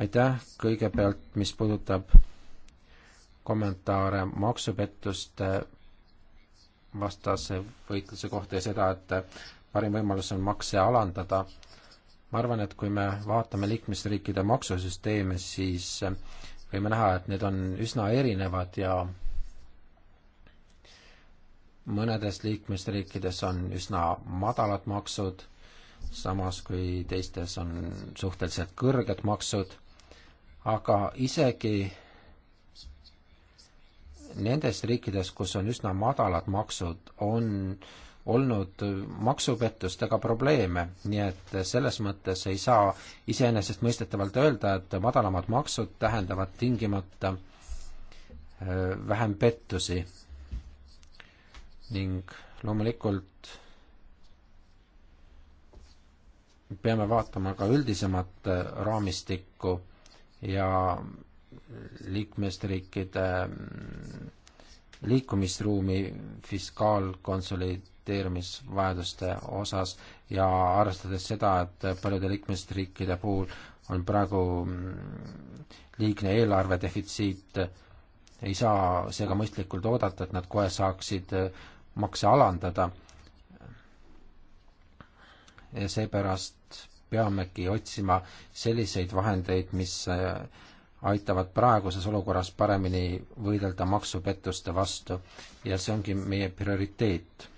aitäh, kõigepealt, mis puudutab kommentaare maksupettuste vastase võitluse kohta ja seda, et parim võimalus on makse alandada. ma arvan, et kui me vaatame liikmesriikide maksusüsteeme, siis võime näha, et need on üsna erinevad ja mõnedes liikmesriikides on üsna madalad maksud, samas kui teistes on suhteliselt kõrged maksud aga isegi nendes riikides, kus on üsna madalad maksud, on olnud maksupettustega probleeme, nii et selles mõttes ei saa iseenesestmõistetavalt öelda, et madalamad maksud tähendavad tingimata äh, vähem pettusi. ning loomulikult peame vaatama ka üldisemat äh, raamistikku ja liikmesriikide mm, liikumisruumi fiskaalkonsolideerimisvajaduste osas ja arvestades seda, et paljude liikmesriikide puhul on praegu mm, liigne eelarve defitsiit, ei saa seega mõistlikult oodata, et nad kohe saaksid mm, makse alandada. ja seepärast peamegi otsima selliseid vahendeid, mis äh, aitavad praeguses olukorras paremini võidelda maksupettuste vastu ja see ongi meie prioriteet.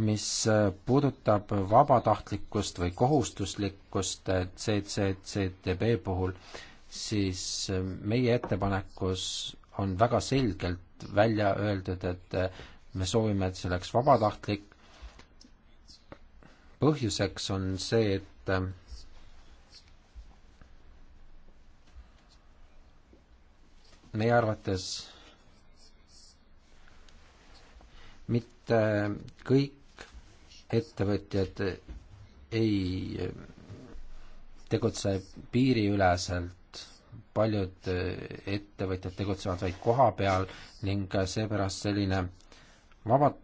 mis äh, puudutab vabatahtlikkust või kohustuslikkust äh, CCCTB puhul, siis meie ettepanekus on väga selgelt välja öeldud, et me soovime, et see oleks vabatahtlik põhjuseks on see, et äh, meie arvates mitte kõik ettevõtjad ei tegutse piiriüleselt, paljud ettevõtjad tegutsevad vaid koha peal ning seepärast selline vabad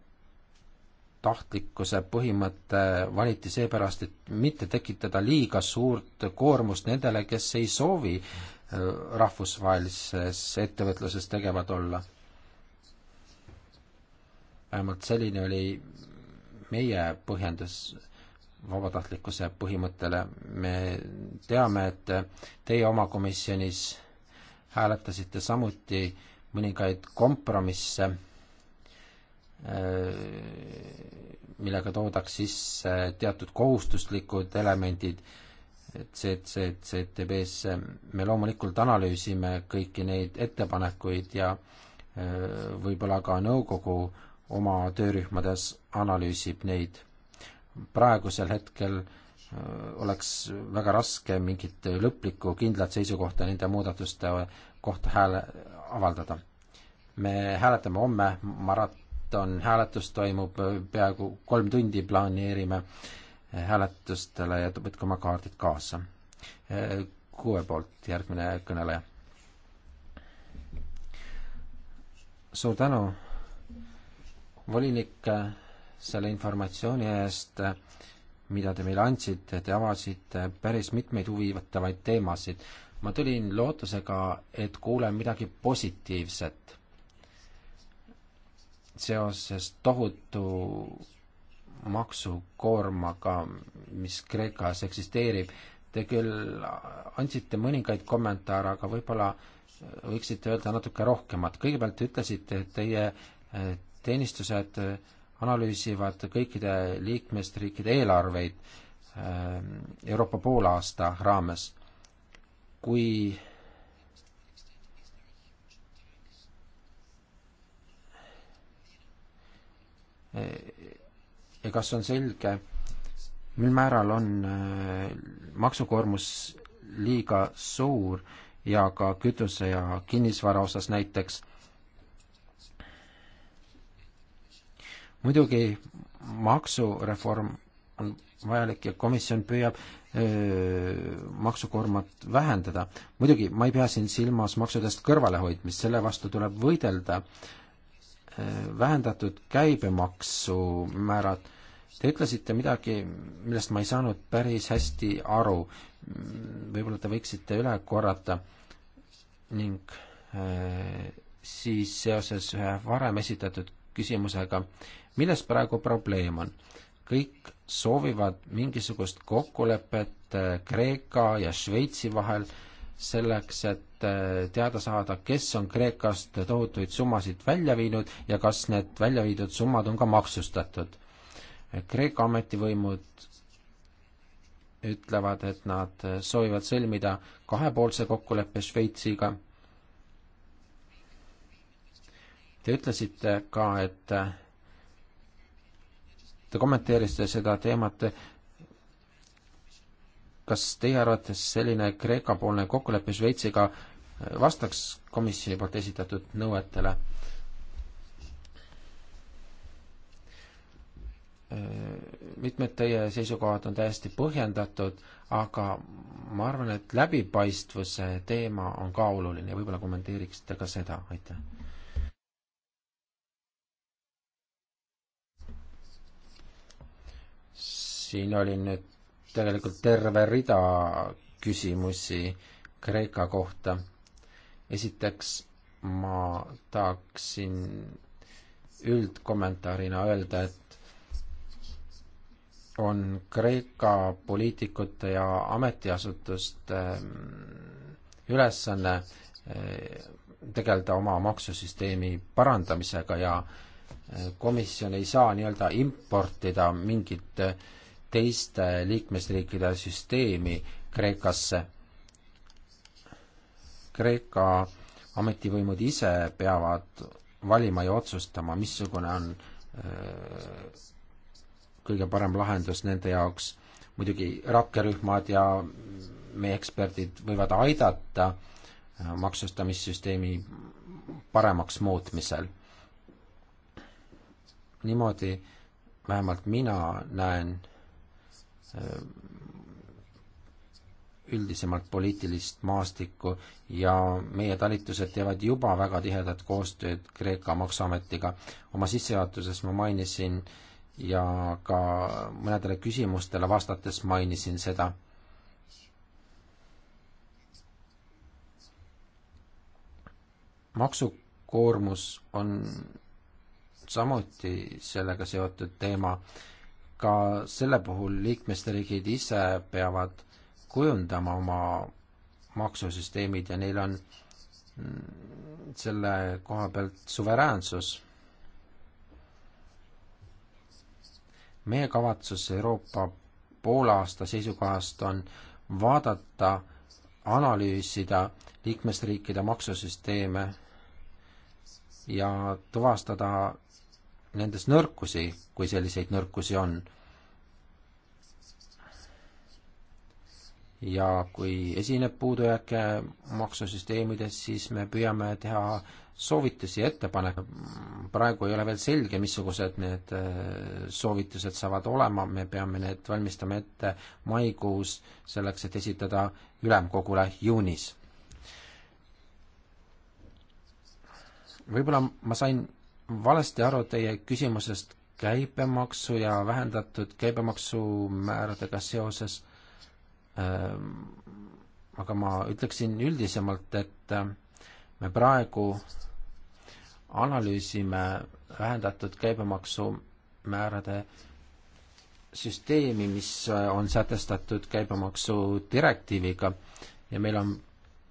vabatahtlikkuse põhimõte valiti seepärast, et mitte tekitada liiga suurt koormust nendele, kes ei soovi äh, rahvusvahelises ettevõtluses tegevad olla. vähemalt selline oli meie põhjendus vabatahtlikkuse põhimõttele. me teame, et teie oma komisjonis hääletasite samuti mõningaid kompromisse Äh, millega toodaks sisse teatud kohustuslikud elemendid CC, CTB-sse. me loomulikult analüüsime kõiki neid ettepanekuid ja äh, võib-olla ka nõukogu oma töörühmades analüüsib neid. praegusel hetkel äh, oleks väga raske mingit lõplikku kindlat seisukohta nende muudatuste kohta hääle avaldada. me hääletame homme marat-, on, hääletus toimub äh, peaaegu kolm tundi, planeerime hääletustele ja võtke oma kaardid kaasa. Äh, kuue poolt järgmine kõneleja. suur tänu, volinik, selle informatsiooni eest, mida te meile andsite, te avasite päris mitmeid huvitavaid teemasid. ma tulin lootusega, et kuulen midagi positiivset seoses tohutu maksukoormaga, mis Kreekas eksisteerib. Te küll andsite mõningaid kommentaare, aga võib-olla võiksite öelda natuke rohkemat. kõigepealt ütlesite, et teie eh, teenistused eh, analüüsivad kõikide liikmesriikide eelarveid eh, Euroopa poolaasta raames. kui ja kas on selge, mil määral on äh, maksukoormus liiga suur ja ka kütuse ja kinnisvara osas näiteks. muidugi maksureform on vajalik ja komisjon püüab öö, äh, maksukoormat vähendada. muidugi ma ei pea siin silmas maksudest kõrvalehoidmist, selle vastu tuleb võidelda öö, vähendatud käibemaksumäärad. Te ütlesite midagi, millest ma ei saanud päris hästi aru. võib-olla te võiksite üle korrata ning äh, siis seoses ühe varem esitatud küsimusega, milles praegu probleem on? kõik soovivad mingisugust kokkulepet äh, Kreeka ja Šveitsi vahel selleks, et Äh, teada saada, kes on Kreekast tohutuid summasid välja viinud ja kas need välja viidud summad on ka maksustatud. Kreeka ametivõimud ütlevad, et nad soovivad sõlmida kahepoolse kokkuleppe Šveitsiga. Te ütlesite ka, et te kommenteerisite seda teemat, kas teie arvates selline Kreeka-poolne kokkulepe Šveitsiga äh, vastaks komisjoni poolt esitatud nõuetele? Äh, mitmed teie seisukohad on täiesti põhjendatud, aga ma arvan, et läbipaistvuse teema on ka oluline ja võib-olla kommenteeriksite ka seda, aitäh. siin oli nüüd tegelikult terve rida küsimusi Kreeka kohta. esiteks ma tahaksin üldkommentaarina öelda, et on Kreeka poliitikute ja ametiasutuste mm, ülesanne eh, tegeleda oma maksusüsteemi parandamisega ja eh, komisjon ei saa nii-öelda importida mingit eh, teiste liikmesriikide süsteemi Kreekasse. Kreeka ametivõimud ise peavad valima ja otsustama, missugune on öö, äh, kõige parem lahendus nende jaoks. muidugi rakkerühmad ja meie eksperdid võivad aidata äh, maksustamissüsteemi paremaks muutmisel. niimoodi vähemalt mina näen Äh, üldisemalt poliitilist maastikku ja meie talitused teevad juba väga tihedat koostööd Kreeka maksuametiga. oma sissejuhatuses ma mainisin ja ka mõnedele küsimustele vastates mainisin seda. maksukoormus on samuti sellega seotud teema ka selle puhul liikmesriigid ise peavad kujundama oma maksusüsteemid ja neil on selle koha pealt suveräänsus. meie kavatsus Euroopa poolaasta seisukohast on vaadata, analüüsida liikmesriikide maksusüsteeme ja tuvastada nendes nõrkusi, kui selliseid nõrkusi on. ja kui esineb puudujääke maksusüsteemides, siis me püüame teha soovitusi ja ettepanekuid. praegu ei ole veel selge, missugused need äh, soovitused saavad olema, me peame need valmistama ette maikuus, selleks et esitada ülemkogule juunis. võib-olla ma sain valesti aru teie küsimusest käibemaksu ja vähendatud käibemaksumääradega seoses, ähm, aga ma ütleksin üldisemalt, et äh, me praegu analüüsime vähendatud käibemaksumäärade süsteemi, mis äh, on sätestatud käibemaksu direktiiviga ja meil on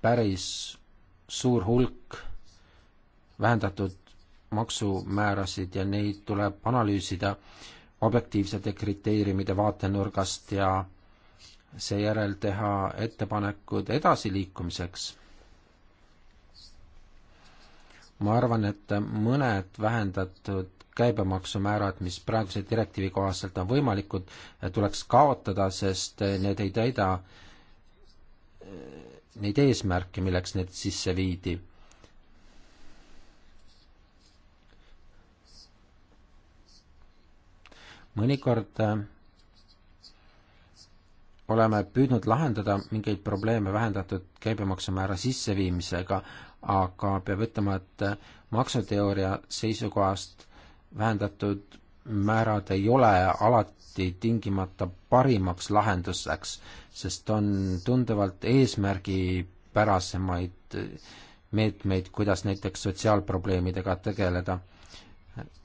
päris suur hulk vähendatud maksumäärasid ja neid tuleb analüüsida objektiivsete kriteeriumide vaatenurgast ja seejärel teha ettepanekud edasiliikumiseks. ma arvan, et mõned vähendatud käibemaksumäärad, mis praeguse direktiivi kohaselt on võimalikud, tuleks kaotada, sest need ei täida neid eesmärke, milleks need sisse viidi mõnikord äh, oleme püüdnud lahendada mingeid probleeme vähendatud käibemaksumäära sisseviimisega, aga peab ütlema, et äh, maksuteooria seisukohast vähendatud määrad ei ole alati tingimata parimaks lahenduseks, sest on tunduvalt eesmärgipärasemaid meetmeid, kuidas näiteks sotsiaalprobleemidega tegeleda.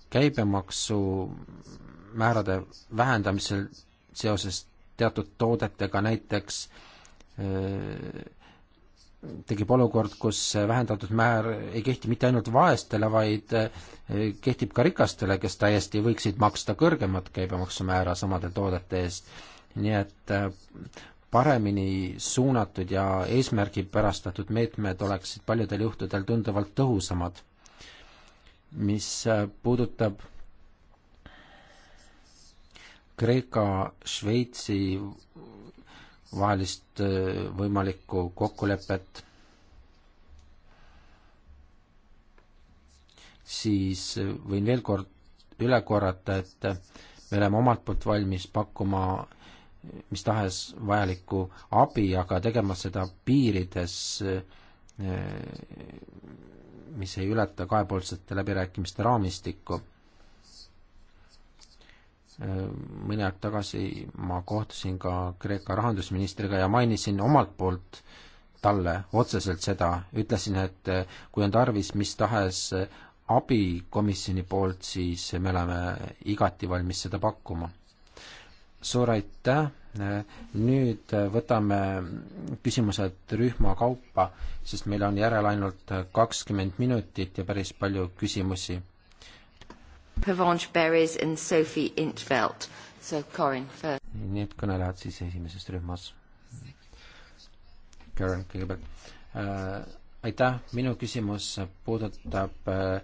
käibemaksu määrade vähendamisel seoses teatud toodetega näiteks äh, tekib olukord, kus vähendatud määr ei kehti mitte ainult vaestele, vaid äh, kehtib ka rikastele, kes täiesti võiksid maksta kõrgemat käibemaksumäära samade toodete eest. nii et äh, paremini suunatud ja eesmärgipärastatud meetmed oleksid paljudel juhtudel tunduvalt tõhusamad. mis puudutab Kreeka, Šveitsi vahelist äh, võimalikku kokkulepet, siis äh, võin veel kord üle korrata, et äh, me oleme omalt poolt valmis pakkuma mis tahes vajalikku abi, aga tegema seda piirides, mis ei ületa kahepoolsete läbirääkimiste raamistikku mõni aeg tagasi ma kohtusin ka Kreeka rahandusministriga ja mainisin omalt poolt talle otseselt seda, ütlesin, et eh, kui on tarvis mis tahes eh, abi komisjoni poolt, siis me oleme igati valmis seda pakkuma. suur aitäh, eh, nüüd võtame küsimused rühma kaupa, sest meil on järel ainult kakskümmend minutit ja päris palju küsimusi Pavanche Berries and Sophie Intveld. So Corin first. Need kõnelejad siis esimeses rühmas. Karen kõigepealt äh,. aitäh, minu küsimus puudutab äh,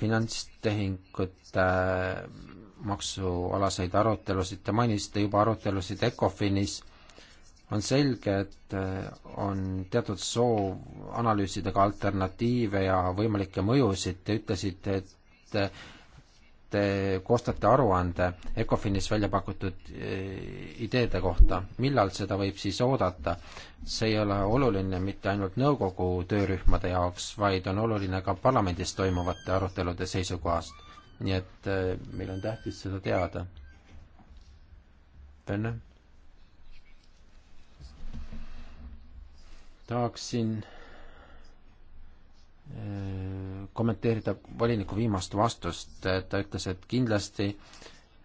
finantstehingute äh, maksualaseid arutelusid, te mainisite juba arutelusid ECOFINis, on selge, et äh, on teatud soov analüüsida ka alternatiive ja võimalikke mõjusid, te ütlesite, et äh, te koostate aruande ECOFINis välja pakutud eh, ideede kohta, millal seda võib siis oodata? see ei ole oluline mitte ainult nõukogu töörühmade jaoks, vaid on oluline ka parlamendis toimuvate arutelude seisukohast. nii et eh, meil on tähtis seda teada. Venne? tahaksin Äh, kommenteerida voliniku viimast vastust, ta ütles, et kindlasti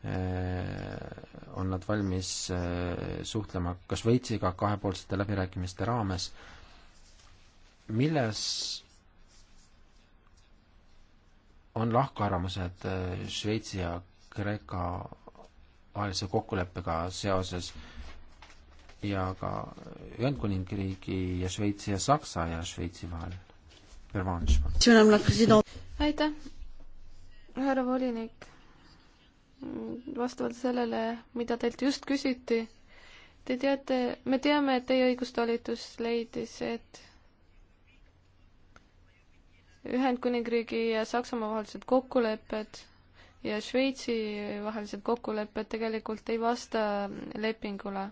äh, on nad valmis äh, suhtlema ka Šveitsiga kahepoolsete läbirääkimiste raames. milles on lahkarvamused Šveitsi ja Kreeka vahelise kokkuleppega seoses ja ka Ühendkuningriigi ja Šveitsi ja Saksa ja Šveitsi vahel? Pervanš. aitäh, härra volinik. vastavalt sellele, mida teilt just küsiti, te teate, me teame, et teie õigustalitus leidis, et Ühendkuningriigi ja Saksamaa vahelised kokkulepped ja Šveitsi vahelised kokkulepped tegelikult ei vasta lepingule.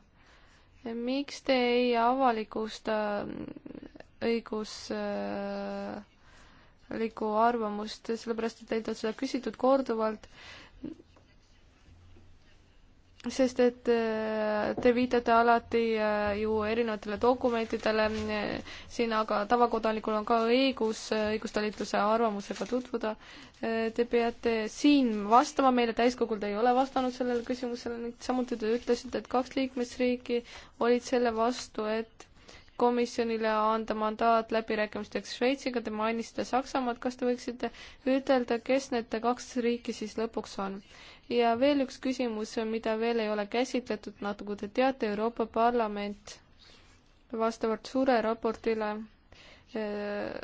miks te ei avalikusta õiguslikku arvamust, sellepärast et teilt on seda küsitud korduvalt, sest et äh, te viitate alati äh, ju erinevatele dokumentidele, siin aga tavakodanikul on ka õigus äh, õigustalitluse arvamusega tutvuda. Te peate siin vastama meile, täiskogul te ei ole vastanud sellele küsimusele, samuti te ütlesite, et kaks liikmesriiki olid selle vastu, et komisjonile anda mandaat läbirääkimisteks Šveitsiga, te mainisite Saksamaad, kas te võiksite ütelda, kes need kaks riiki siis lõpuks on? ja veel üks küsimus, mida veel ei ole käsitletud, nagu te teate, Euroopa Parlament vastavalt suure raportile eh,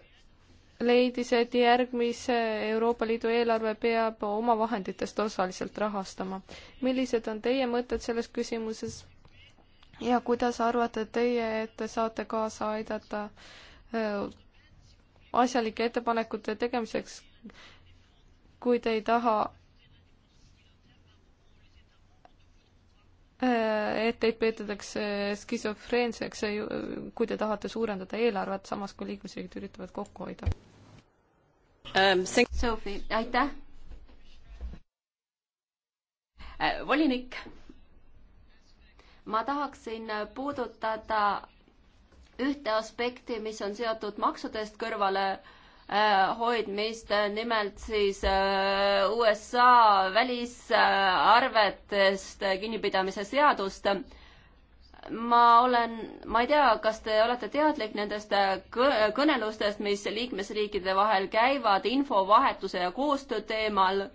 leidis, et järgmise Euroopa Liidu eelarve peab omavahenditest osaliselt rahastama. millised on teie mõtted selles küsimuses? ja kuidas arvate teie, et te saate kaasa aidata äh, asjalike ettepanekute tegemiseks, kui te ei taha, äh, et teid peetakse skisofreenseks, äh, kui te tahate suurendada eelarvet, samas kui liikmesriigid üritavad kokku hoida um,? Ähm, Sophie, aitäh! volinik ma tahaksin puudutada ühte aspekti, mis on seotud maksudest kõrvale äh, hoidmist, nimelt siis äh, USA välisarvetest kinnipidamise seadust ma olen, ma ei tea, kas te olete teadlik nendest äh, kõnelustest, mis liikmesriikide vahel käivad infovahetuse ja koostöö teemal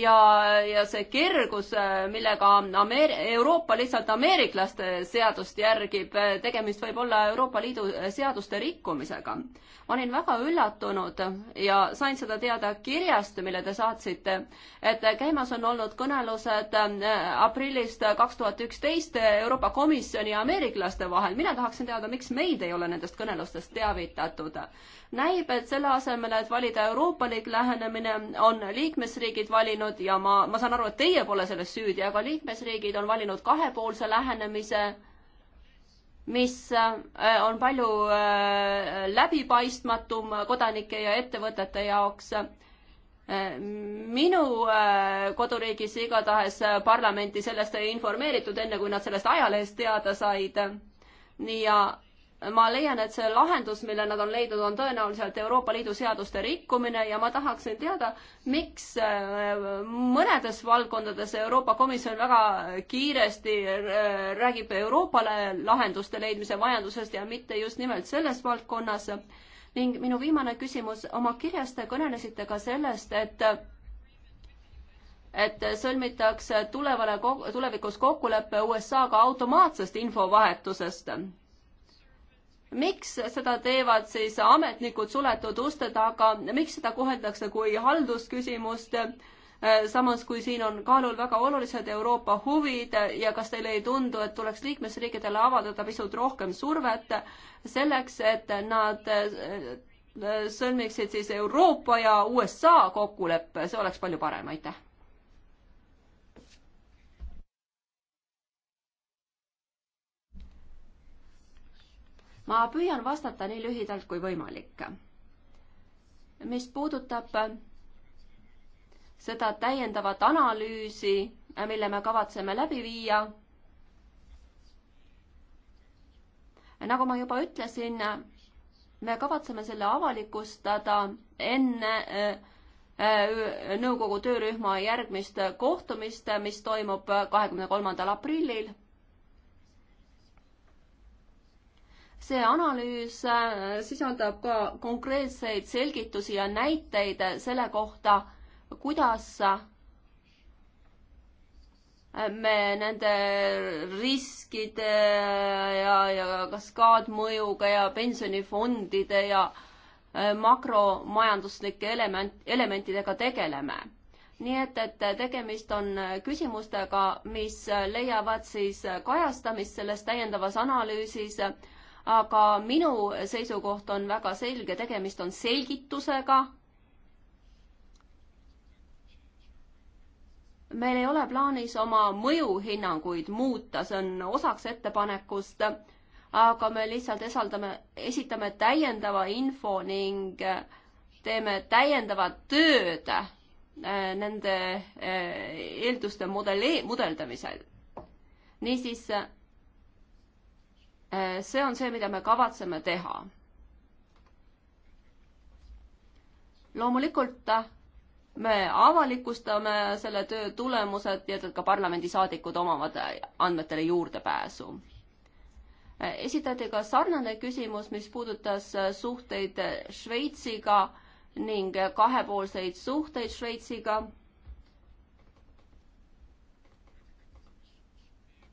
ja, ja see kergus, äh, millega Ameer-, Euroopa lihtsalt ameeriklaste seadust järgib, äh, tegemist võib olla Euroopa Liidu äh, seaduste rikkumisega. ma olin väga üllatunud ja sain seda teada kirjast, mille te saatsite, et käimas on olnud kõnelused aprillist kaks tuhat üksteist Euroopa Komisjoni ja ameeriklaste vahel. mina tahaksin teada, miks meid ei ole nendest kõnelustest teavitatud näib, et selle asemel, et valida euroopalik lähenemine, on liikmesriigid valinud ja ma, ma saan aru, et teie pole selles süüdi, aga liikmesriigid on valinud kahepoolse lähenemise, mis äh, on palju äh, läbipaistmatum kodanike ja ettevõtete jaoks äh, minu koduriigis igatahes parlamenti sellest ei informeeritud, enne kui nad sellest ajalehest teada said. ja ma leian, et see lahendus, mille nad on leidnud, on tõenäoliselt Euroopa Liidu seaduste rikkumine ja ma tahaksin teada, miks äh, mõnedes valdkondades Euroopa Komisjon väga kiiresti äh, räägib Euroopale lahenduste leidmise vajadusest ja mitte just nimelt selles valdkonnas. ning minu viimane küsimus, oma kirjas te kõnelesite ka sellest, et et sõlmitakse tulevale, tulevikus kokkulepe USA-ga automaatsest infovahetusest miks seda teevad siis ametnikud suletud uste taga, miks seda koheldakse kui haldusküsimust, samas kui siin on kaalul väga olulised Euroopa huvid ja kas teile ei tundu, et tuleks liikmesriikidele avaldada pisut rohkem survet selleks, et nad eh, sõlmiksid siis Euroopa ja USA kokkuleppe, see oleks palju parem, aitäh ma püüan vastata nii lühidalt kui võimalik. mis puudutab seda täiendavat analüüsi, mille me kavatseme läbi viia, nagu ma juba ütlesin, me kavatseme selle avalikustada enne äh, nõukogu töörühma järgmist kohtumist, mis toimub kahekümne kolmandal aprillil. see analüüs äh, sisaldab ka konkreetseid selgitusi ja näiteid selle kohta, kuidas äh, me nende riskide ja, ja kaskaadmõjuga ja pensionifondide ja äh, makromajanduslike element, elementidega tegeleme nii et, et tegemist on küsimustega, mis leiavad siis kajastamist selles täiendavas analüüsis aga minu seisukoht on väga selge, tegemist on selgitusega. meil ei ole plaanis oma mõjuhinnanguid muuta, see on osaks ettepanekust, aga me lihtsalt esaldame, esitame täiendava info ning eh, teeme täiendavat tööd eh, nende eh, eelduste modelli-, mudeldamisel. niisiis Äh, see on see, mida me kavatseme teha. loomulikult äh, me avalikustame selle töö tulemused, nii et ka parlamendisaadikud omavad äh, andmetele juurdepääsu. esitati ka sarnane küsimus, mis puudutas suhteid Šveitsiga ning kahepoolseid suhteid Šveitsiga.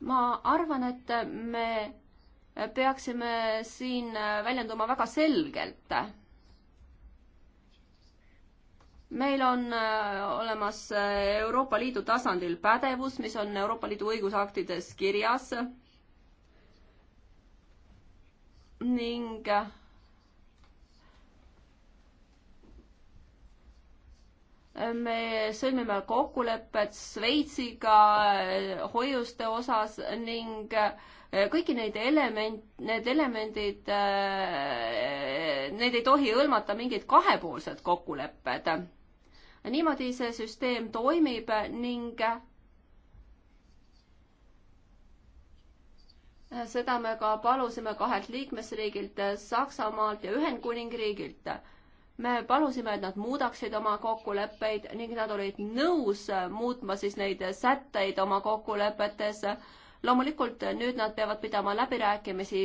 ma arvan, et me peaksime siin väljenduma väga selgelt. meil on äh, olemas äh, Euroopa Liidu tasandil pädevus, mis on Euroopa Liidu õigusaktides kirjas ning äh, me sõlmime kokkulepped Šveitsiga hoiuste osas ning äh, kõiki neid element, need elemendid, äh, neid ei tohi hõlmata mingid kahepoolsed kokkulepped. niimoodi see süsteem toimib ning seda me ka palusime kahelt liikmesriigilt, Saksamaalt ja Ühendkuningriigilt. me palusime, et nad muudaksid oma kokkuleppeid ning nad olid nõus muutma siis neid sätteid oma kokkulepetes loomulikult eh, nüüd nad peavad pidama läbirääkimisi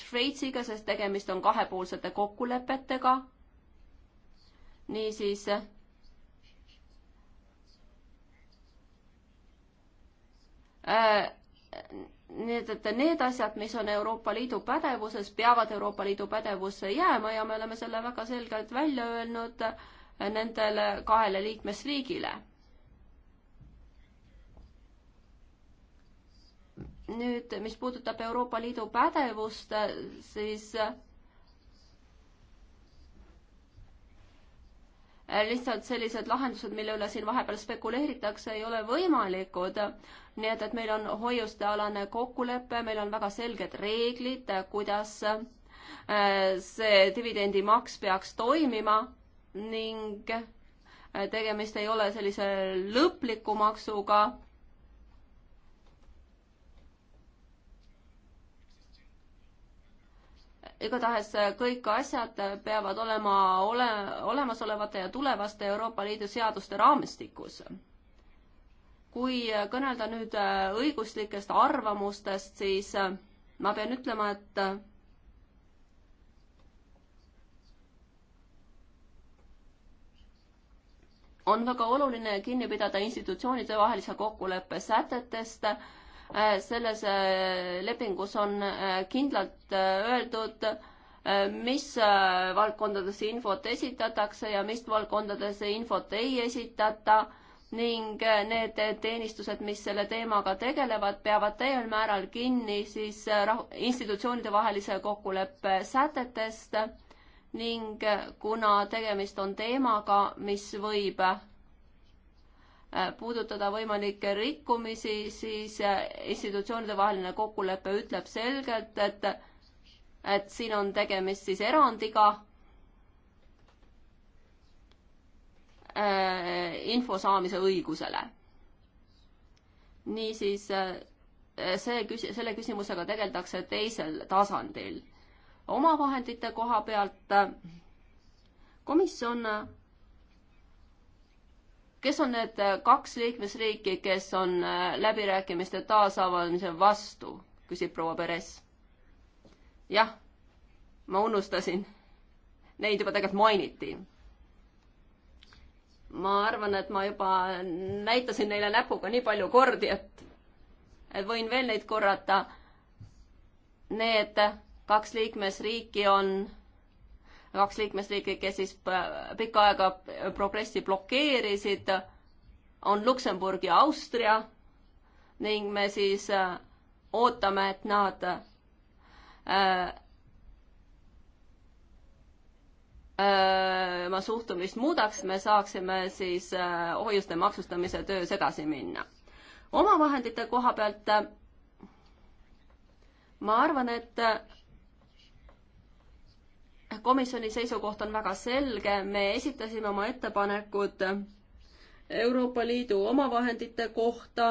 Šveitsiga, sest tegemist on kahepoolsete kokkulepetega. niisiis. Eh, need, et need asjad, mis on Euroopa Liidu pädevuses, peavad Euroopa Liidu pädevusse jääma ja me oleme selle väga selgelt välja öelnud eh, nendele kahele liikmesriigile nüüd, mis puudutab Euroopa Liidu pädevust, siis äh, lihtsalt sellised lahendused, mille üle siin vahepeal spekuleeritakse, ei ole võimalikud. nii et, et meil on hoiustealane kokkulepe, meil on väga selged reeglid, kuidas äh, see dividendimaks peaks toimima ning äh, tegemist ei ole sellise lõpliku maksuga igatahes äh, kõik asjad äh, peavad olema ole, olemasolevate ja tulevaste Euroopa Liidu seaduste raamistikus. kui äh, kõnelda nüüd õiguslikest arvamustest, siis ma pean ütlema, et on väga oluline kinni pidada institutsioonide vahelise kokkuleppe sätetest Äh, selles äh, lepingus on äh, kindlalt öeldud, mis valdkondades infot esitatakse ja mis valdkondades infot ei esitata ning need teenistused, mis selle teemaga tegelevad, peavad täiel määral kinni siis institutsioonide vahelise kokkuleppe sätetest ning kuna tegemist on teemaga, mis võib Äh, puudutada võimalikke rikkumisi, siis äh, institutsioonide vaheline kokkulepe ütleb selgelt, et, et siin on tegemist siis erandiga. Äh, info saamise õigusele. niisiis see küs-, selle küsimusega tegeldakse teisel tasandil. omavahendite koha pealt komisjon kes on need äh, kaks liikmesriiki, kes on äh, läbirääkimiste taasavamise vastu, küsib proua Peres. jah, ma unustasin. Neid juba tegelikult mainiti. ma arvan, et ma juba näitasin neile näpuga nii palju kordi, et, et võin veel neid korrata. Need kaks liikmesriiki on kaks liikmesriiki, kes siis pikka aega progressi blokeerisid, on Luksemburg ja Austria ning me siis äh, ootame, et nad äh, äh, oma suhtumist muudaks, me saaksime siis hoiuste maksustamise töös edasi minna. omavahendite koha pealt ma arvan, et komisjoni seisukoht on väga selge, me esitasime oma ettepanekud Euroopa Liidu omavahendite kohta.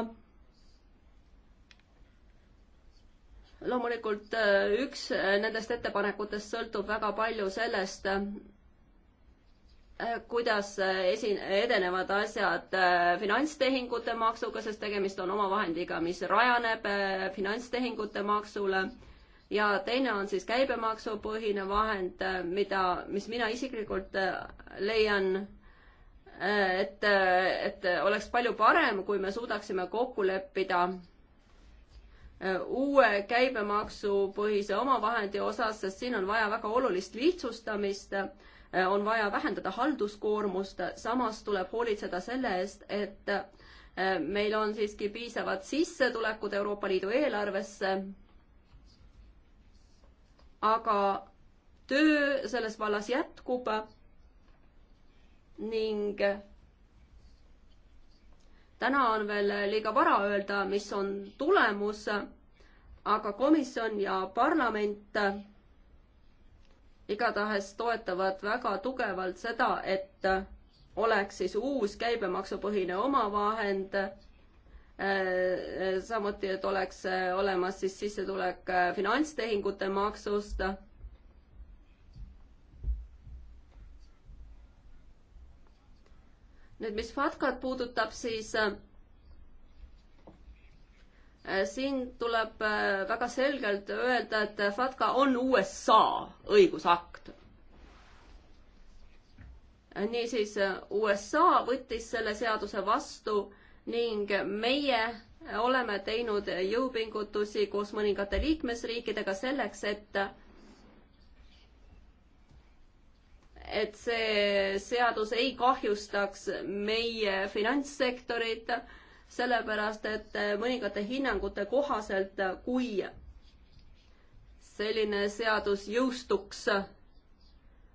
loomulikult äh, üks äh, nendest ettepanekutest sõltub väga palju sellest, äh, kuidas esi-, edenevad asjad finantstehingute maksuga, sest tegemist on omavahendiga, mis rajaneb finantstehingute maksule ja teine on siis käibemaksupõhine vahend, äh, mida, mis mina isiklikult äh, leian, äh, et, et oleks palju parem, kui me suudaksime kokku leppida uue käibemaksupõhise omavahendi osas, sest siin on vaja väga olulist lihtsustamist, on vaja vähendada halduskoormust, samas tuleb hoolitseda selle eest, et meil on siiski piisavad sissetulekud Euroopa Liidu eelarvesse aga töö selles vallas jätkub ning täna on veel liiga vara öelda, mis on tulemus, aga komisjon ja parlament igatahes toetavad väga tugevalt seda, et oleks siis uus käibemaksupõhine omavahend Äh, äh, samuti, et oleks äh, olemas siis sissetulek finantstehingute maksust. nüüd, mis FATCA-t puudutab, siis siin tuleb väga selgelt öelda, et FATCA on USA õigusakt. niisiis USA võttis selle seaduse vastu ning meie oleme teinud jõupingutusi koos mõningate liikmesriikidega selleks, et et see seadus ei kahjustaks meie finantssektorit, sellepärast et mõningate hinnangute kohaselt, kui selline seadus jõustuks,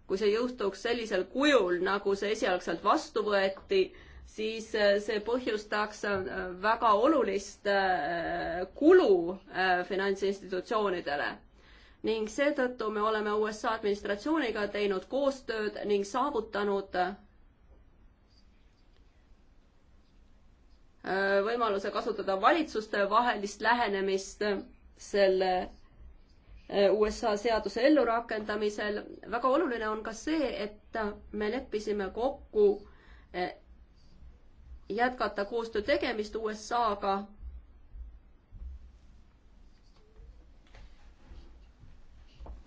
kui see jõustuks sellisel kujul, nagu see esialgselt vastu võeti, siis äh, see põhjustaks äh, väga olulist äh, kulu finantsinstitutsioonidele. ning seetõttu me oleme USA administratsiooniga teinud koostööd ning saavutanud võimaluse kasutada valitsuste vahelist lähenemist selle USA seaduse ellurakendamisel. väga oluline on ka see, et me leppisime kokku jätkata koostöö tegemist USA-ga.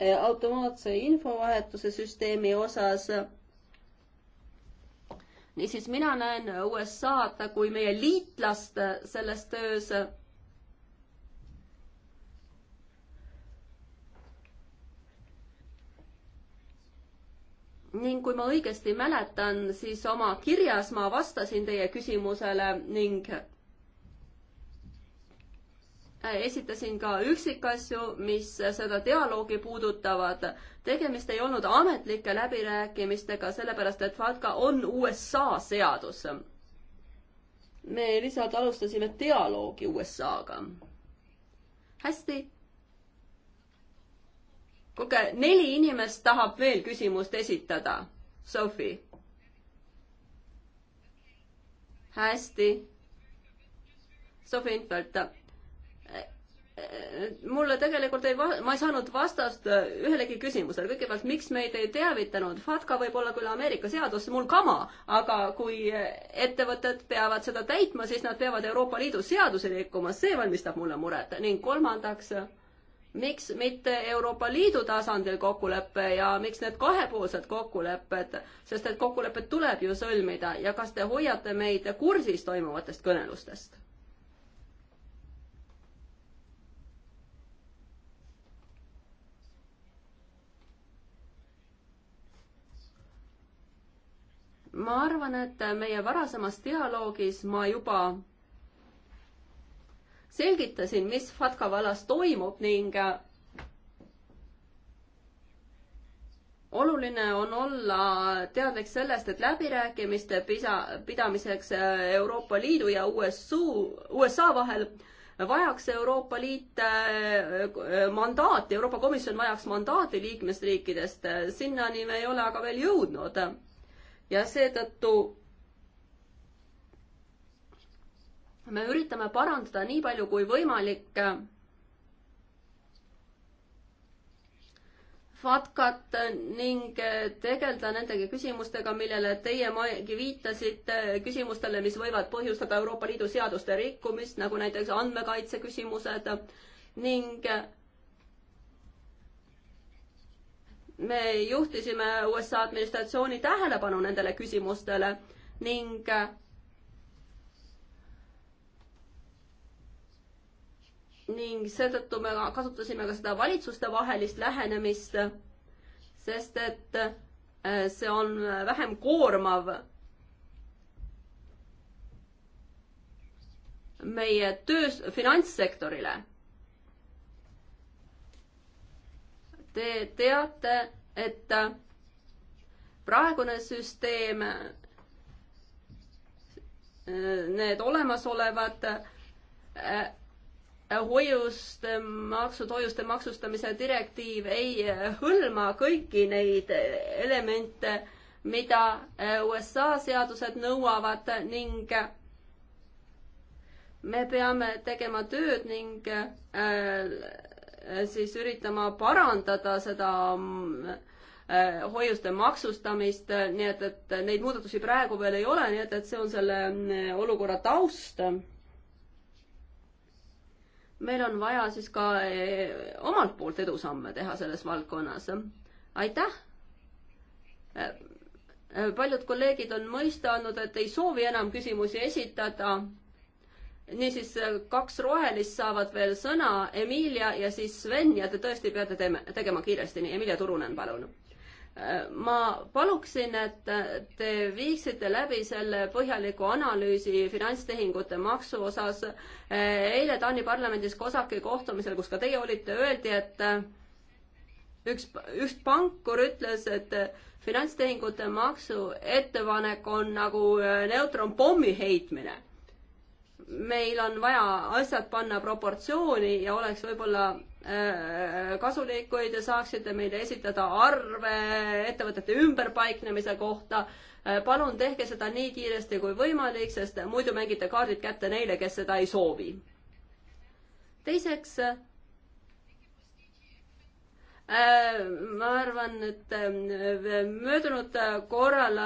Äh, automaatse infovahetuse süsteemi osas. niisiis, mina näen USA-d kui meie liitlast selles töös ning kui ma õigesti mäletan, siis oma kirjas ma vastasin teie küsimusele ning äh, esitasin ka üksikasju, mis seda dialoogi puudutavad. tegemist ei olnud ametlike läbirääkimistega, sellepärast et FATCA on USA seadus. me lihtsalt alustasime dialoogi USA-ga. hästi kuulge, neli inimest tahab veel küsimust esitada. Sophie. hästi. Sophie Infeld. mulle tegelikult ei, ma ei saanud vastast ühelegi küsimusele. kõigepealt, miks meid ei teavitanud? FATCA võib olla küll Ameerika seadus, mul kama, aga kui ettevõtted peavad seda täitma, siis nad peavad Euroopa Liidu seadusi rikkuma. see valmistab mulle muret. ning kolmandaks miks mitte Euroopa Liidu tasandil kokkulepe ja miks need kahepoolsed kokkulepped, sest et kokkulepped tuleb ju sõlmida ja kas te hoiate meid kursis toimuvatest kõnelustest? ma arvan, et meie varasemas dialoogis ma juba selgitasin, mis FATKA vallas toimub ning äh, oluline on olla teadlik sellest, et läbirääkimiste pisa, pidamiseks äh, Euroopa Liidu ja USU, USA vahel vajaks Euroopa Liit äh, mandaati, Euroopa Komisjon vajaks mandaati liikmesriikidest, sinnani me ei ole aga veel jõudnud. ja seetõttu me üritame parandada nii palju kui võimalik äh, FATCat äh, ning äh, tegeleda nendega küsimustega, millele teie viitasite, küsimustele, mis võivad põhjustada Euroopa Liidu seaduste rikkumist, nagu näiteks andmekaitse küsimused ning me juhtisime USA administratsiooni tähelepanu nendele küsimustele ning ning seetõttu me kasutasime ka seda valitsustevahelist lähenemist, sest et äh, see on äh, vähem koormav meie töös, finantssektorile. Te teate, et äh, praegune süsteem, need olemasolevad hoiuste maksud, hoiuste maksustamise direktiiv ei hõlma kõiki neid elemente, mida USA seadused nõuavad ning me peame tegema tööd ning äh, siis üritama parandada seda äh, hoiuste maksustamist, nii et, et neid muudatusi praegu veel ei ole, nii et, et see on selle äh, olukorra taust meil on vaja siis ka eh, omalt poolt edusamme teha selles valdkonnas. aitäh! Eh, paljud kolleegid on mõista andnud, et ei soovi enam küsimusi esitada. niisiis, eh, kaks rohelist saavad veel sõna, Emilia ja siis Sven ja te tõesti peate teeme, tegema kiiresti, nii, Emilia Turunen, palun ma paluksin, et te viiksite läbi selle põhjaliku analüüsi finantstehingute maksu osas. eile Taani parlamendis COSAC-i kohtumisel, kus ka teie olite, öeldi, et üks, üks pankur ütles, et finantstehingute maksu ettepanek on nagu neutronpommi heitmine. meil on vaja asjad panna proportsiooni ja oleks võib-olla Äh, kasulik, kui te saaksite meile esitada arve ettevõtete ümberpaiknemise kohta. Äh, palun tehke seda nii kiiresti kui võimalik, sest muidu mängite kaardid kätte neile, kes seda ei soovi. teiseks äh, ma arvan, et möödunud korral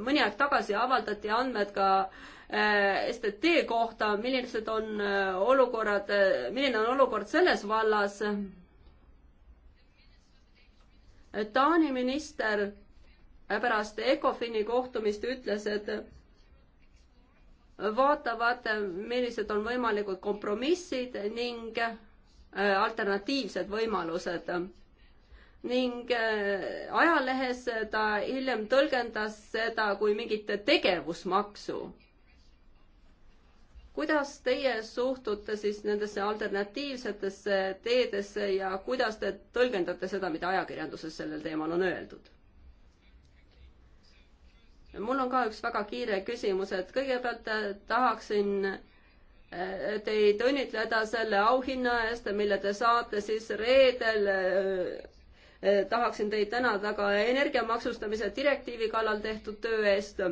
mõni aeg tagasi avaldati andmed ka äh, Äh, STT kohta, millised on äh, olukorrad, äh, milline on olukord selles vallas. Taani minister pärast Ecofini kohtumist ütles, et vaatavad, millised on võimalikud kompromissid ning alternatiivsed võimalused. ning ajalehes ta hiljem tõlgendas seda kui mingit tegevusmaksu kuidas teie suhtute siis nendesse alternatiivsetesse teedesse ja kuidas te tõlgendate seda, mida ajakirjanduses sellel teemal on öeldud? mul on ka üks väga kiire küsimus, et kõigepealt äh, tahaksin äh, teid õnnitleda selle auhinna eest, mille te saate siis reedel äh, tahaksin teid tänada ka energiamaksustamise direktiivi kallal tehtud töö eest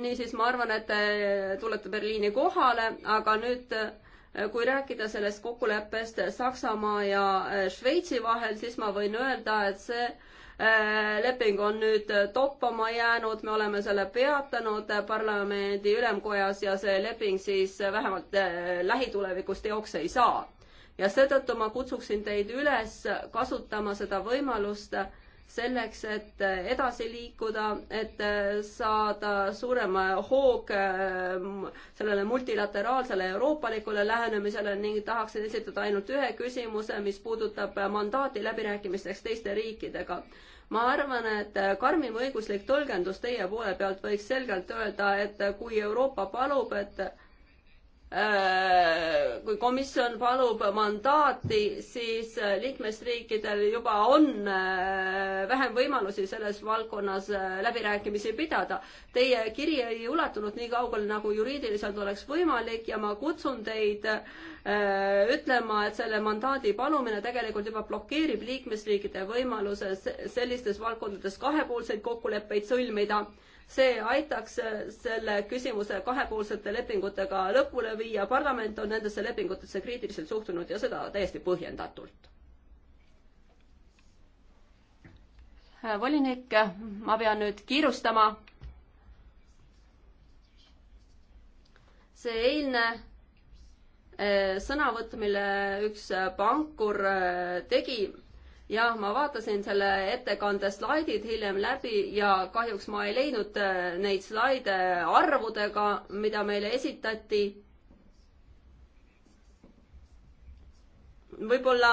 niisiis, ma arvan, et te eh, tulete Berliini kohale, aga nüüd eh, kui rääkida sellest kokkuleppest Saksamaa ja eh, Šveitsi vahel, siis ma võin öelda, et see leping on nüüd toppama jäänud, me oleme selle peatanud parlamendi ülemkojas ja see leping siis vähemalt lähitulevikus teoks ei saa. ja seetõttu ma kutsuksin teid üles kasutama seda võimalust selleks, et edasi liikuda, et saada suurema hoog ehm, sellele multilateraalsele euroopalikule lähenemisele ning tahaksin esitada ainult ühe küsimuse, mis puudutab mandaati läbirääkimisteks teiste riikidega. ma arvan, et karmim õiguslik tõlgendus teie poole pealt võiks selgelt öelda, et kui Euroopa palub, et Äh, kui komisjon palub mandaati, siis äh, liikmesriikidel juba on äh, vähem võimalusi selles valdkonnas läbirääkimisi pidada. Teie kiri ei ulatunud nii kaugele, nagu juriidiliselt oleks võimalik ja ma kutsun teid ütlema, et selle mandaadi palumine tegelikult juba blokeerib liikmesriikide võimaluse sellistes valdkondades kahepoolseid kokkuleppeid sõlmida see aitaks selle küsimuse kahepoolsete lepingutega lõpule viia, parlament on nendesse lepingutesse kriitiliselt suhtunud ja seda täiesti põhjendatult. volinik, ma pean nüüd kiirustama. see eilne eh, sõnavõtt, mille üks pankur eh, tegi jah, ma vaatasin selle ettekande slaidid hiljem läbi ja kahjuks ma ei leidnud äh, neid slaide arvudega, mida meile esitati. võib-olla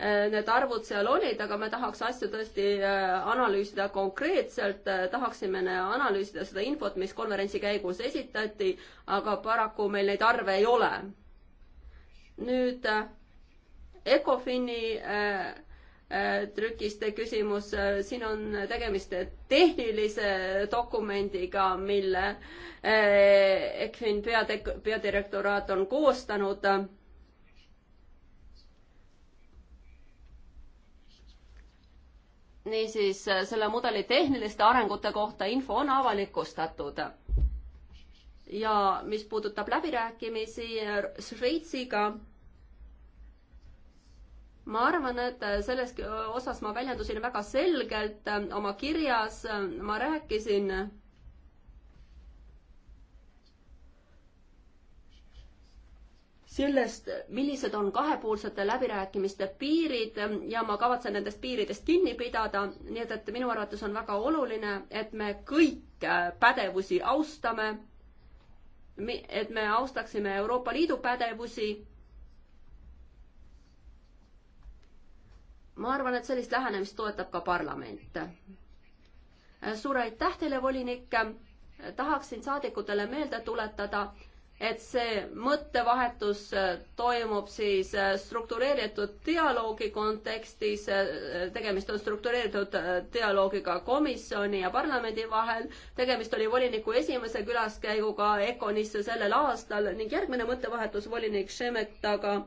äh, need arvud seal olid, aga me tahaks asju tõesti äh, analüüsida konkreetselt, tahaksime analüüsida seda infot, mis konverentsi käigus esitati, aga paraku meil neid arve ei ole. nüüd ECOFIN-i äh, Äh, trükiste küsimus, äh, siin on tegemist tehnilise dokumendiga, mille äh, ECFIN peatek-, peadirektoraat on koostanud. niisiis, selle mudeli tehniliste arengute kohta info on avalikustatud. ja mis puudutab läbirääkimisi Šveitsiga ma arvan, et äh, selles osas ma väljendusin väga selgelt äh, oma kirjas, ma rääkisin sellest, millised on kahepoolsete läbirääkimiste piirid äh, ja ma kavatsen nendest piiridest kinni pidada, nii et, et minu arvates on väga oluline, et me kõik pädevusi austame, et me austaksime Euroopa Liidu pädevusi ma arvan, et sellist lähenemist toetab ka parlament. suur aitäh teile, volinik. tahaksin saadikutele meelde tuletada, et see mõttevahetus toimub siis struktureeritud dialoogi kontekstis, tegemist on struktureeritud dialoogiga komisjoni ja parlamendi vahel, tegemist oli voliniku esimese külaskäiguga ECONisse sellel aastal ning järgmine mõttevahetus volinik Šemetaga äh,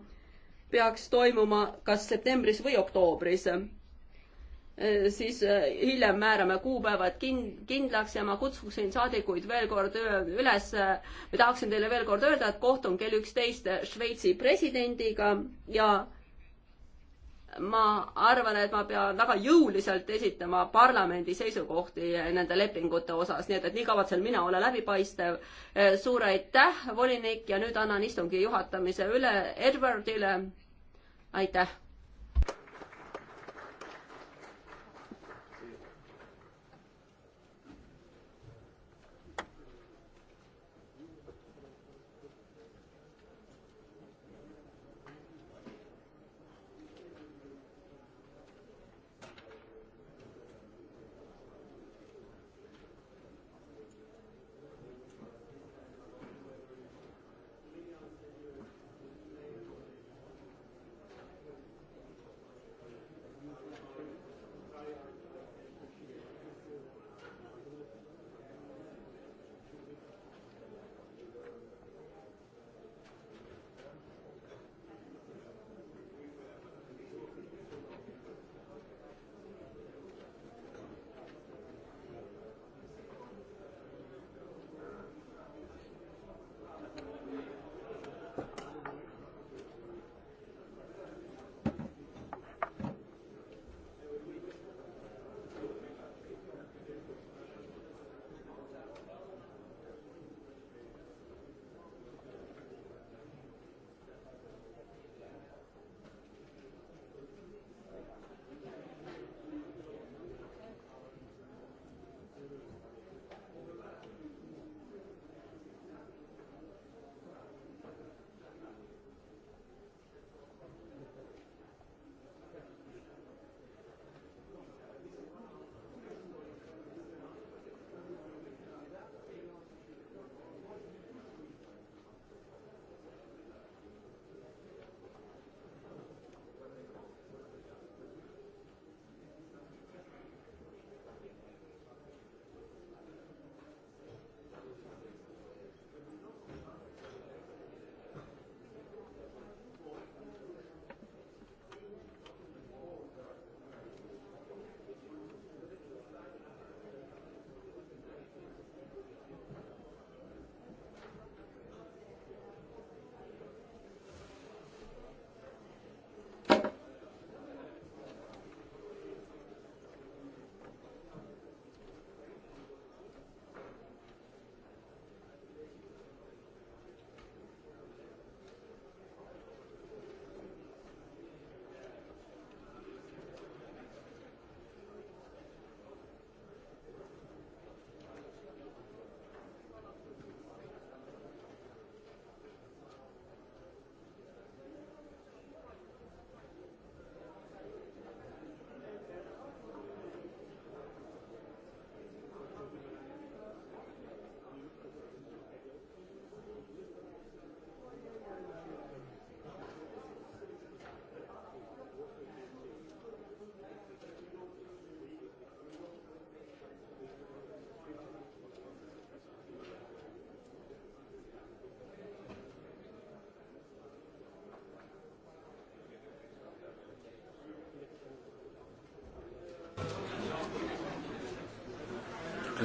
peaks toimuma kas septembris või oktoobris. Eh, siis eh, hiljem määrame kuupäevad kin-, kindlaks ja ma kutsuksin saadikuid veel kord üles, või eh, tahaksin teile veel kord öelda, et kohtun kell üksteist Šveitsi presidendiga ja ma arvan, et ma pean väga jõuliselt esitama parlamendi seisukohti nende lepingute osas, nii et, et nii kavatsen mina olla läbipaistev. suur aitäh, volinik, ja nüüd annan istungi juhatamise üle Edwardile. aitäh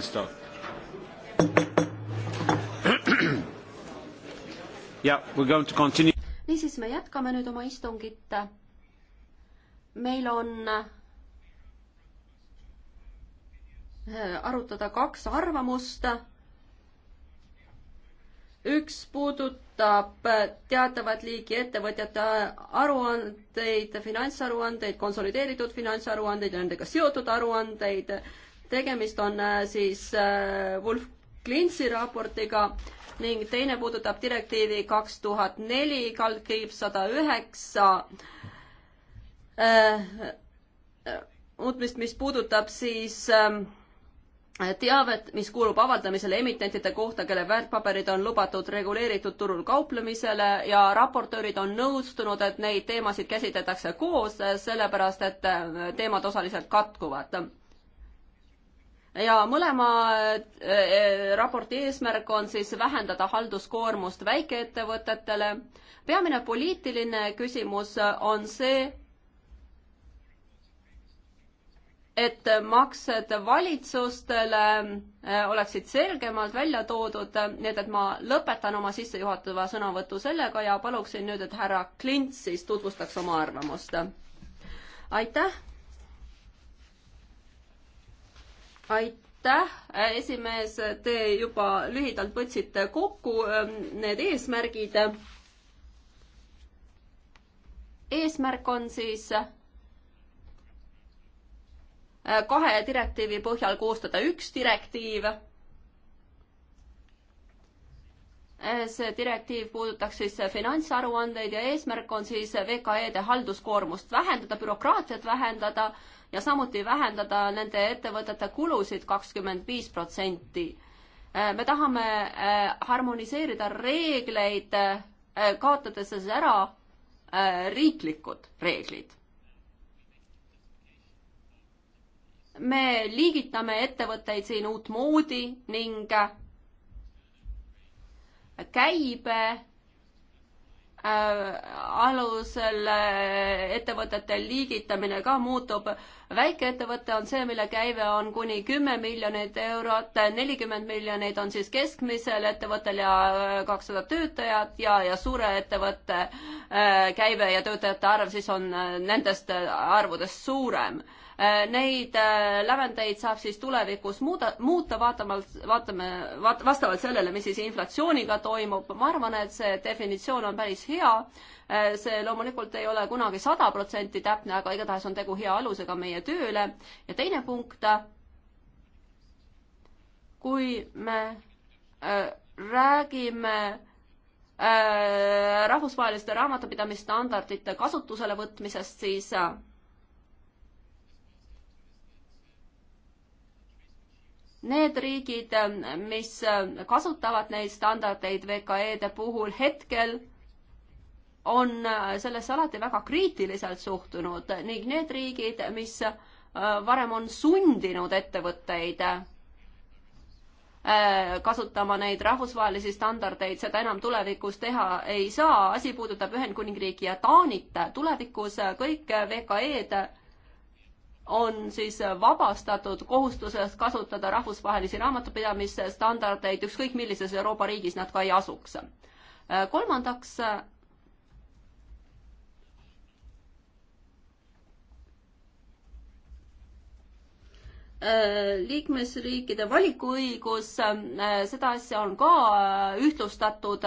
Christoph. *clears throat* Yeah, we're going to continue. niisiis, me jätkame nüüd oma istungit. meil on äh, arutada kaks arvamust. üks puudutab äh, teatavat liiki ettevõtjate aruandeid, finantsaruandeid, konsolideeritud finantsaruandeid ja nendega seotud aruandeid tegemist on äh, siis äh, Wolf Klintsi raportiga ning teine puudutab direktiivi kaks tuhat neli kaldkriips sada üheksa äh, muutmist, mis puudutab siis ähm, teavet, mis kuulub avaldamisele emitentide kohta, kelle väärtpaberid on lubatud reguleeritud turul kauplemisele ja raportöörid on nõustunud, et neid teemasid käsitletakse koos, sellepärast et teemad osaliselt katkuvad ja mõlema äh, äh, raporti eesmärk on siis vähendada halduskoormust väikeettevõtetele. peamine poliitiline küsimus on see, et maksed valitsustele äh, oleksid selgemalt välja toodud, nii et, et ma lõpetan oma sissejuhatava sõnavõtu sellega ja paluksin nüüd, et härra Klint siis tutvustaks oma arvamust. aitäh aitäh, esimees, te juba lühidalt võtsite kokku ähm, need eesmärgid. eesmärk on siis äh, kahe direktiivi põhjal koostada üks direktiiv äh, see direktiiv puudutaks siis finantsaruandeid ja eesmärk on siis VKE-de halduskoormust vähendada, bürokraatiat vähendada ja samuti vähendada nende ettevõtete kulusid kakskümmend viis protsenti. Äh, me tahame äh, harmoniseerida reegleid, äh, kaotades siis ära riiklikud reeglid. me liigitame ettevõtteid siin uutmoodi ning käibe Äh, alusel äh, ettevõtete liigitamine ka muutub. väikeettevõte on see, mille käive on kuni kümme miljonit eurot, nelikümmend miljonit on siis keskmisel ettevõttel ja äh, kakssada töötajat ja, ja suure ettevõtte käive ja töötajate arv siis on nendest arvudest suurem Äh, neid äh, lävendeid saab siis tulevikus muuda, muuta, vaatamalt, vaatame, vaat-, vastavalt sellele, mis siis inflatsiooniga toimub. ma arvan, et see definitsioon on päris hea. Äh, see loomulikult ei ole kunagi sada protsenti täpne, aga igatahes on tegu hea alusega meie tööle. ja teine punkt, kui me räägime rahvusvaheliste raamatupidamisstandardite kasutusele võtmisest, siis Need riigid, mis kasutavad neid standardeid VKE-de puhul hetkel, on sellesse alati väga kriitiliselt suhtunud ning need riigid, mis äh, varem on sundinud ettevõtteid äh, kasutama neid rahvusvahelisi standardeid, seda enam tulevikus teha ei saa. asi puudutab Ühendkuningriiki ja Taanit. tulevikus kõik VKE-d on siis vabastatud kohustusest kasutada rahvusvahelisi raamatupidamisstandardeid, ükskõik millises Euroopa riigis nad ka ei asuks. kolmandaks, liikmesriikide valikuõigus, seda asja on ka ühtlustatud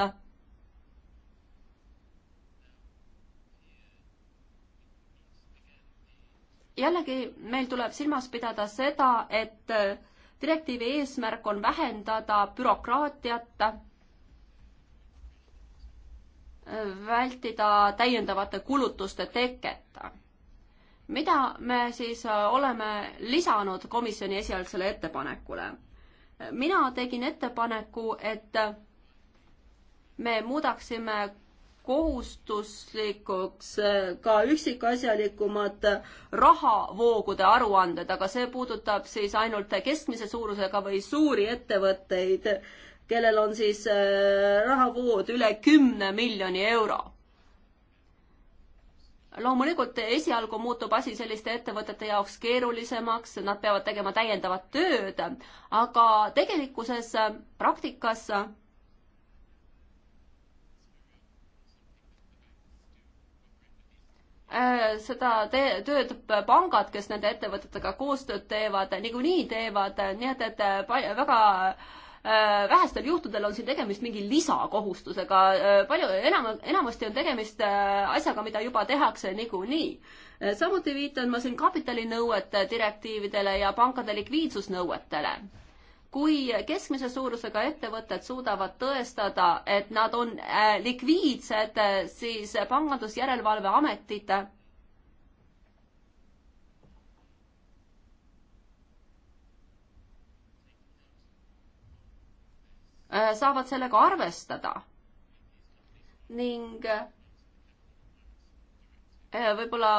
jällegi meil tuleb silmas pidada seda, et äh, direktiivi eesmärk on vähendada bürokraatiat, äh, vältida täiendavate kulutuste teket. mida me siis äh, oleme lisanud komisjoni esialgsele ettepanekule? mina tegin ettepaneku, et me muudaksime kohustuslikuks äh, ka üksikasjalikumad äh, rahavoogude aruanded, aga see puudutab siis ainult keskmise suurusega või suuri ettevõtteid, kellel on siis äh, rahavood üle kümne miljoni euro. loomulikult esialgu muutub asi selliste ettevõtete jaoks keerulisemaks, nad peavad tegema täiendavat tööd, aga tegelikkuses praktikas Äh, seda te-, tööd pangad, kes nende ettevõtetega koostööd teevad, niikuinii teevad, nii et, et äh, väga äh, vähestel juhtudel on siin tegemist mingi lisakohustusega, palju, enam, enamasti on tegemist asjaga, mida juba tehakse niikuinii. samuti viitan ma siin kapitalinõuete direktiividele ja pankade likviidsusnõuetele kui keskmise suurusega ettevõtted suudavad tõestada, et nad on äh, likviidsed, siis Pangandusjärelevalve Ametit äh, saavad sellega arvestada ning äh, võib-olla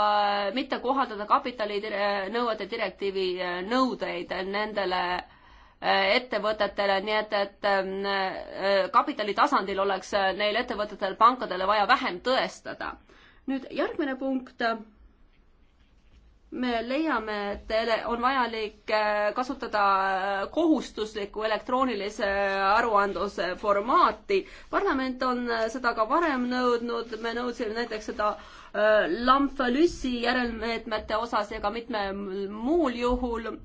mitte kohaldada kapitalinõuete direktiivi nõudeid nendele ettevõtetele, nii et, et ähm, äh, kapitali tasandil oleks äh, neil ettevõtetel, pankadele vaja vähem tõestada. nüüd järgmine punkt. me leiame, et on vajalik äh, kasutada kohustuslikku elektroonilise aruandluse formaati. parlament on seda ka varem nõudnud, me nõudsime näiteks seda lamfalüssi järelmeetmete osas ja ka mitmel muul juhul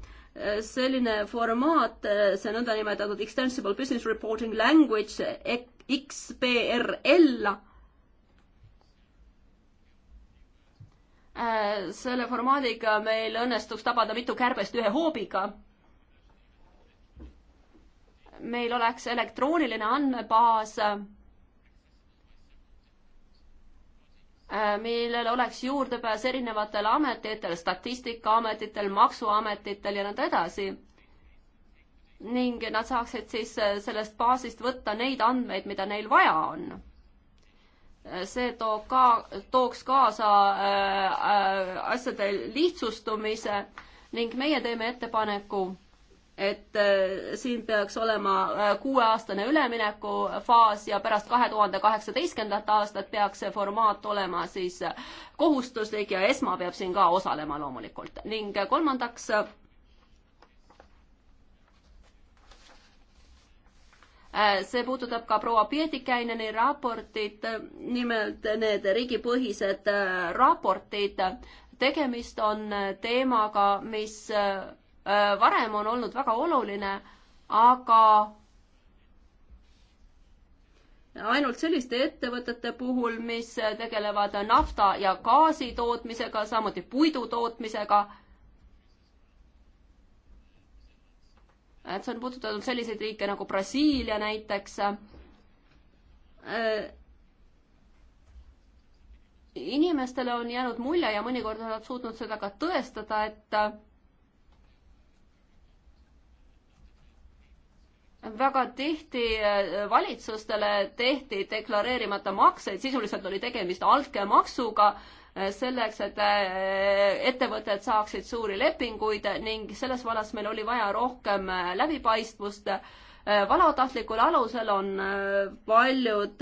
selline formaat, eh, see nõndanimetatud Extensible Business Reporting Language eh, XBRL. Eh, selle formaadiga meil õnnestuks tabada mitu kärbest ühe hoobiga. meil oleks elektrooniline andmebaas Äh, millel oleks juurdepääs erinevatel ametitel, statistikaametitel, maksuametitel ja nõnda edasi. ning nad saaksid siis äh, sellest baasist võtta neid andmeid, mida neil vaja on. Äh, see toob ka, tooks kaasa äh, asjade lihtsustumise ning meie teeme ettepaneku et äh, siin peaks olema äh, kuueaastane üleminekufaas ja pärast kahe tuhande kaheksateistkümnendat aastat peaks see formaat olema siis äh, kohustuslik ja ESMA peab siin ka osalema loomulikult. ning kolmandaks see puudutab ka proua Pietikäineni raportit, nimelt need riigipõhised raportid. tegemist on teemaga, mis Äh, varem on olnud väga oluline, aga ainult selliste ettevõtete puhul, mis tegelevad nafta ja gaasi tootmisega, samuti puidu tootmisega. et see on puudutatud selliseid riike nagu Brasiilia näiteks. Äh, inimestele on jäänud mulje ja mõnikord nad on suutnud seda ka tõestada, et väga tihti äh, valitsustele tehti deklareerimata makseid, sisuliselt oli tegemist altkäemaksuga, äh, selleks, et äh, ettevõtted saaksid suuri lepinguid ning selles vallas meil oli vaja rohkem läbipaistvust. valatahtlikul alusel on paljud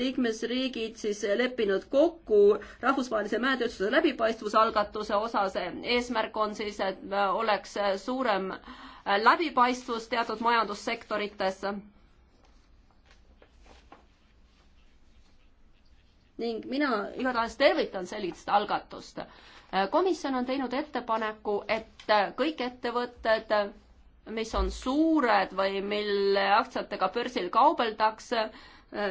liikmesriigid siis leppinud kokku rahvusvahelise mäetööstuse läbipaistvuse algatuse osas. eesmärk on siis, et oleks suurem äh, Äh, läbipaistvus teatud majandussektorites. ning mina igatahes tervitan sellist algatust. Äh, komisjon on teinud ettepaneku, et äh, kõik ettevõtted, mis on suured või mille aktsiatega börsil kaubeldakse,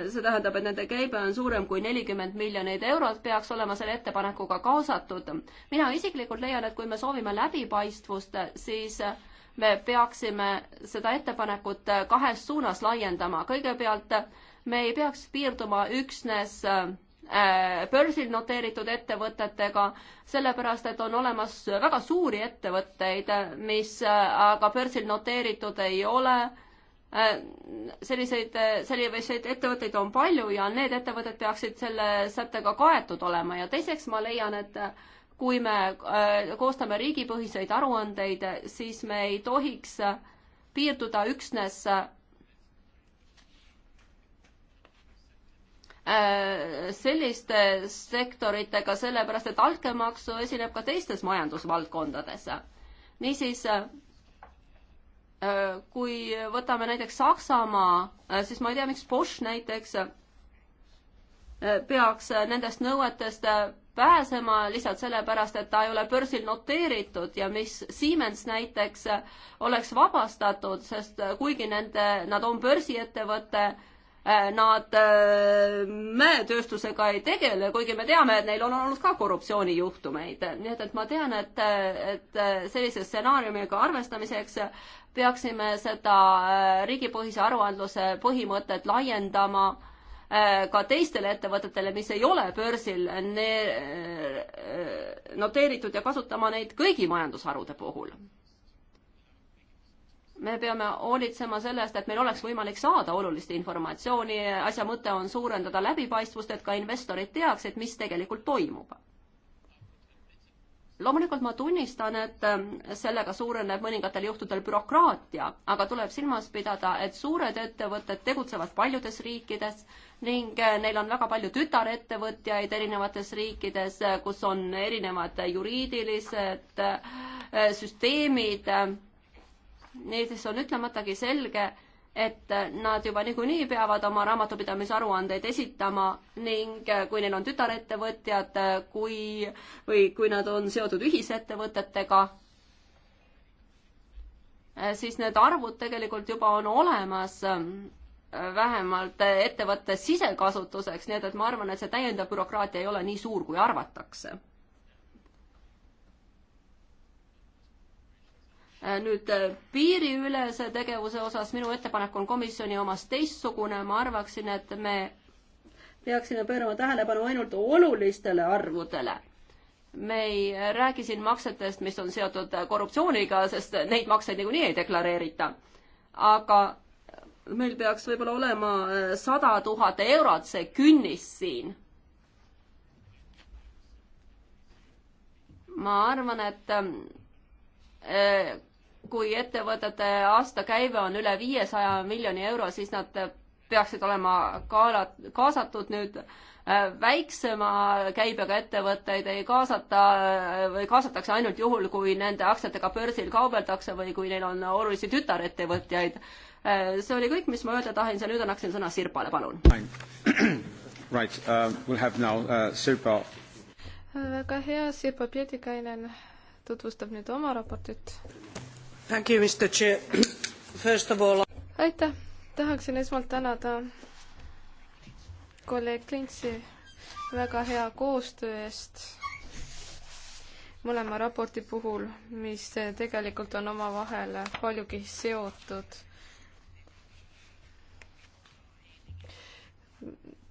see tähendab, et nende käibe on suurem kui nelikümmend miljonit eurot, peaks olema selle ettepanekuga kaasatud. mina isiklikult leian, et kui me soovime läbipaistvust, siis me peaksime seda ettepanekut kahes suunas laiendama. kõigepealt me ei peaks piirduma üksnes äh, börsil noteeritud ettevõtetega, sellepärast et on olemas väga suuri ettevõtteid, mis äh, aga börsil noteeritud ei ole. Äh, selliseid, selliseid ettevõtteid on palju ja need ettevõtted peaksid selle sättega kaetud olema ja teiseks ma leian, et kui me äh, koostame riigipõhiseid aruandeid, siis me ei tohiks äh, piirduda üksnes äh, selliste sektoritega, sellepärast et altkäemaksu esineb ka teistes majandusvaldkondades. niisiis, kui võtame näiteks Saksamaa, siis ma ei tea, miks Bosch näiteks peaks nendest nõuetest pääsema lihtsalt sellepärast, et ta ei ole börsil noteeritud ja mis Siemens näiteks oleks vabastatud, sest kuigi nende, nad on börsiettevõte, nad äh, mäetööstusega ei tegele, kuigi me teame, et neil on olnud ka korruptsioonijuhtumeid. nii et, et ma tean, et, et sellise stsenaariumiga arvestamiseks peaksime seda äh, riigipõhise aruandluse põhimõtet laiendama Äh, ka teistele ettevõtetele, mis ei ole börsil äh, noteeritud ja kasutama neid kõigi majandusharude puhul. me peame hoolitsema selle eest, et meil oleks võimalik saada olulist informatsiooni, asja mõte on suurendada läbipaistvust, et ka investorid teaksid, mis tegelikult toimub loomulikult ma tunnistan, et äh, sellega suureneb mõningatel juhtudel bürokraatia, aga tuleb silmas pidada, et suured ettevõtted tegutsevad paljudes riikides ning äh, neil on väga palju tütarettevõtjaid erinevates riikides, äh, kus on erinevad juriidilised süsteemid. niisiis on ütlematagi selge, et nad juba niikuinii peavad oma raamatupidamisaruandeid esitama ning kui neil on tütarettevõtjad, kui, või kui nad on seotud ühisettevõtetega, siis need arvud tegelikult juba on olemas vähemalt ettevõtte sisekasutuseks, nii et, et ma arvan, et see täiendav bürokraatia ei ole nii suur, kui arvatakse Äh, nüüd äh, piiriülese tegevuse osas, minu ettepanek on komisjoni omast teistsugune, ma arvaksin, et me peaksime pöörama tähelepanu ainult olulistele arvudele. me ei räägi siin maksetest, mis on seotud korruptsiooniga, sest neid makseid niikuinii ei deklareerita. aga meil peaks võib-olla olema äh, sada tuhat eurot see künnis siin. ma arvan, et kui ettevõtete aastakäive on üle viiesaja miljoni euro, siis nad peaksid olema kaalat-, kaasatud nüüd äh, väiksema käibega ettevõtteid ei kaasata äh, või kaasatakse ainult juhul, kui nende aktsiatega börsil kaubeldakse või kui neil on olulisi tütarettevõtjaid. Äh, see oli kõik, mis ma öelda tahin, nüüd annaksin sõna Sirpale, palun. *clears throat* Right uh,, we have now uh, Sirpa. väga hea, Sirpa Pietikainen tutvustab nüüd oma raportit aitäh, tahaksin esmalt tänada kolleeg Klintsi väga hea koostöö eest mõlema raporti puhul, mis tegelikult on omavahel paljugi seotud.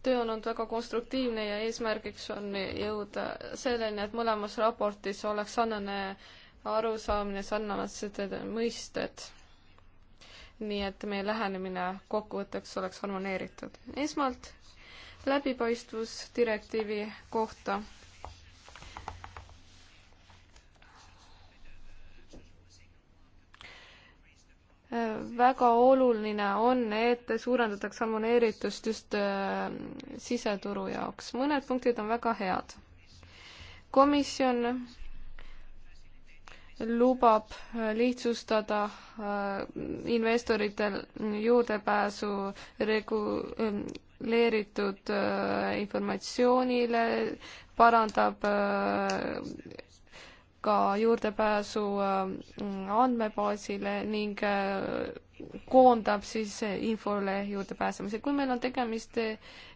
töö on olnud väga konstruktiivne ja eesmärgiks on jõuda selleni, et mõlemas raportis oleks sarnane äh, arusaamine, sarnased mõisted. nii et meie lähenemine kokkuvõtteks oleks harmoneeritud. esmalt läbipaistvusdirektiivi kohta väga oluline on, et suurendatakse harmoneeritust just äh, siseturu jaoks. mõned punktid on väga head. komisjon lubab äh, lihtsustada äh, investoritel juurdepääsu reguleeritud äh, informatsioonile, parandab ka juurdepääsu andmebaasile ning koondab siis infole juurdepääsemise. kui meil on tegemist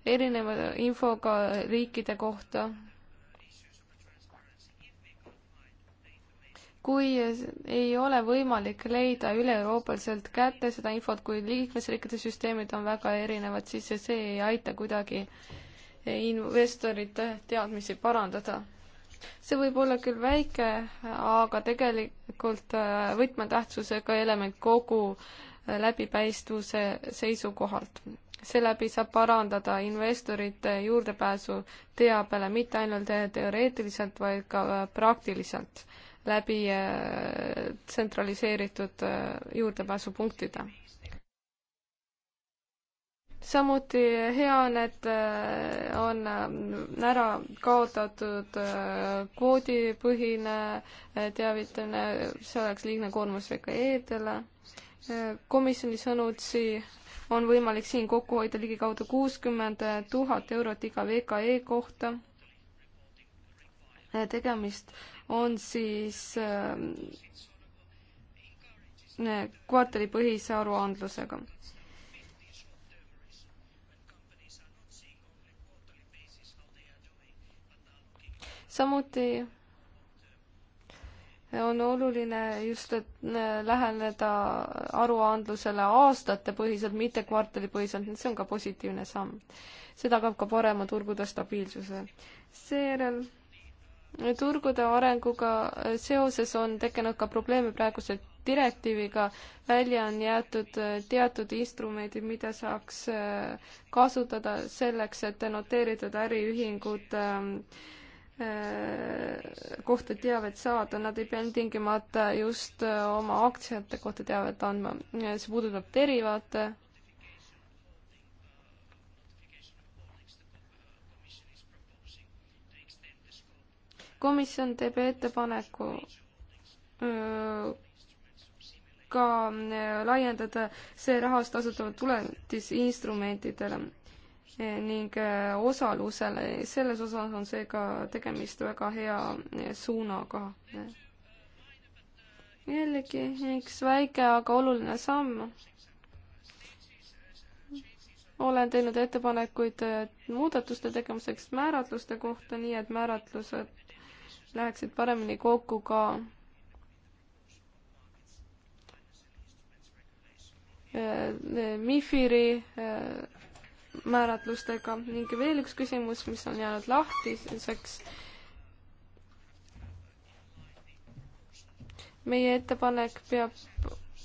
erineva infoga riikide kohta, kui ei ole võimalik leida üle-euroopaliselt kätte seda infot, kui liikmesriikide süsteemid on väga erinevad, siis see ei aita kuidagi investorite teadmisi parandada. see võib olla küll väike, aga tegelikult äh, võtmetähtsusega element kogu äh, läbipäistvuse seisukohalt. seeläbi saab parandada investorite juurdepääsu teabele mitte ainult teoreetiliselt, vaid ka äh, praktiliselt läbi äh, tsentraliseeritud äh, juurdepääsupunktide. samuti hea äh, on, et on ära kaotatud kvoodipõhine teavitamine, see oleks liigne koormus VKE-dele. komisjoni sõnutsi on võimalik siin kokku hoida ligikaudu kuuskümmend tuhat eurot iga VKE kohta. tegemist on siis ähm, kvartalipõhise aruandlusega. samuti on oluline just, et äh, läheneda aruandlusele aastatepõhiselt, mitte kvartalipõhiselt, see on ka positiivne samm. see tagab ka parema turgude stabiilsuse. seejärel turgude arenguga seoses on tekkinud ka probleeme praeguse direktiiviga, välja on jäetud äh, teatud instrumendid, mida saaks äh, kasutada selleks, et noteeritud äriühingud ähm, äh, kohta teavet saada, nad ei pea tingimata just oma aktsiate kohta teavet andma, see puudutab derivaate komisjon teeb ettepaneku ka e, laiendada see rahast asutavad tuletisinstrumentidele e, ning e, osalusele, selles osas on seega tegemist väga hea suunaga. jällegi üks väike, aga oluline samm. olen teinud ettepanekuid muudatuste tegemiseks määratluste kohta, nii et määratlused läheksid paremini kokku ka MIFIRi eh, määratlustega ning veel üks küsimus, mis on jäänud lahtiseks. meie ettepanek peab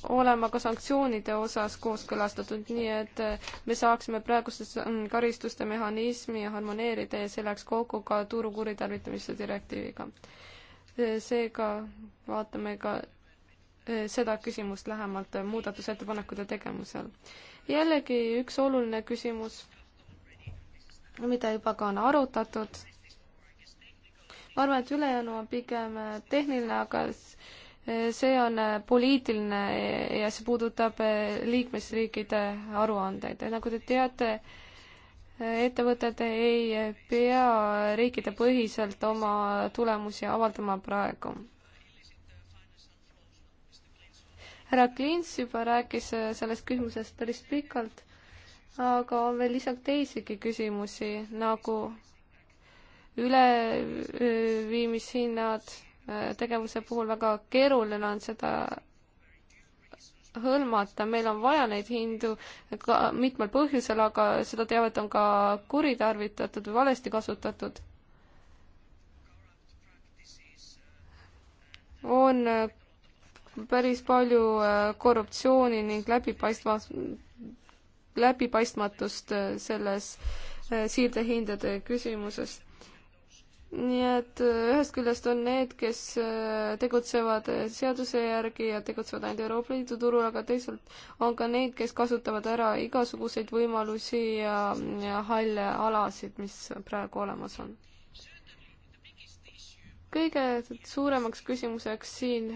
olema ka sanktsioonide osas kooskõlastatud, nii et eh, me saaksime praegustes mm, karistuste mehhanismi harmoneerida ja see läheks kokku ka turu kuritarvitamise direktiiviga. Eh, seega vaatame ka eh, seda küsimust lähemalt muudatusettepanekute tegemisel. jällegi üks oluline küsimus, mida juba ka on arutatud. ma arvan, et ülejäänu on pigem tehniline, aga see on poliitiline ja see puudutab eh, liikmesriikide aruandeid. nagu te teate, eh, ettevõtted ei pea riikide põhiselt oma tulemusi avaldama praegu. härra Klints juba rääkis eh, sellest küsimusest päris pikalt, aga on veel lisalt teisigi küsimusi, nagu üleviimishinnad tegevuse puhul väga keeruline on seda hõlmata, meil on vaja neid hindu ka mitmel põhjusel, aga seda teavet on ka kuritarvitatud või valesti kasutatud. on äh, päris palju äh, korruptsiooni ning läbipaistva, läbipaistmatust äh, selles siirdehindade küsimuses nii et äh, ühest küljest on need, kes äh, tegutsevad äh, seaduse järgi ja tegutsevad ainult Euroopa Liidu turul, aga teisalt on ka neid, kes kasutavad ära igasuguseid võimalusi ja, ja halle alasid, mis praegu olemas on. kõige suuremaks küsimuseks siin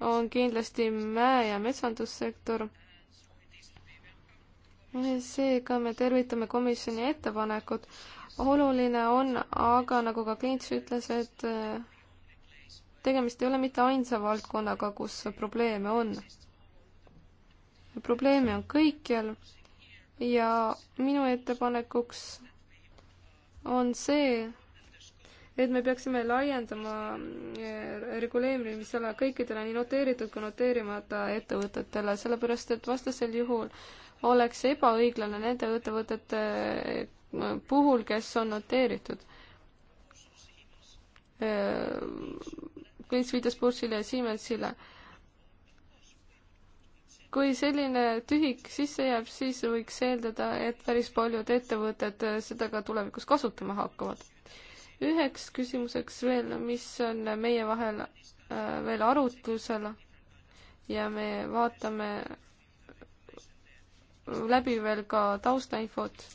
on kindlasti mäe- ja metsandussektor. seega me tervitame komisjoni ettepanekut, oluline on aga, nagu ka klients ütles, et äh, tegemist ei ole mitte ainsa valdkonnaga, kus probleeme on. probleeme on kõikjal ja minu ettepanekuks on see, et me peaksime laiendama äh, reguleerimisala kõikidele nii noteeritud kui noteerimata ettevõtetele, sellepärast et vastasel juhul oleks ebaõiglane nende ettevõtete puhul, kes on noteeritud. Klints viitas Bushile ja Siemensile. kui selline tühik sisse jääb, siis võiks eeldada, et päris paljud ettevõtted seda ka tulevikus kasutama hakkavad. üheks küsimuseks veel, mis on meie vahel äh, veel arutlusel ja me vaatame läbi veel ka taustainfot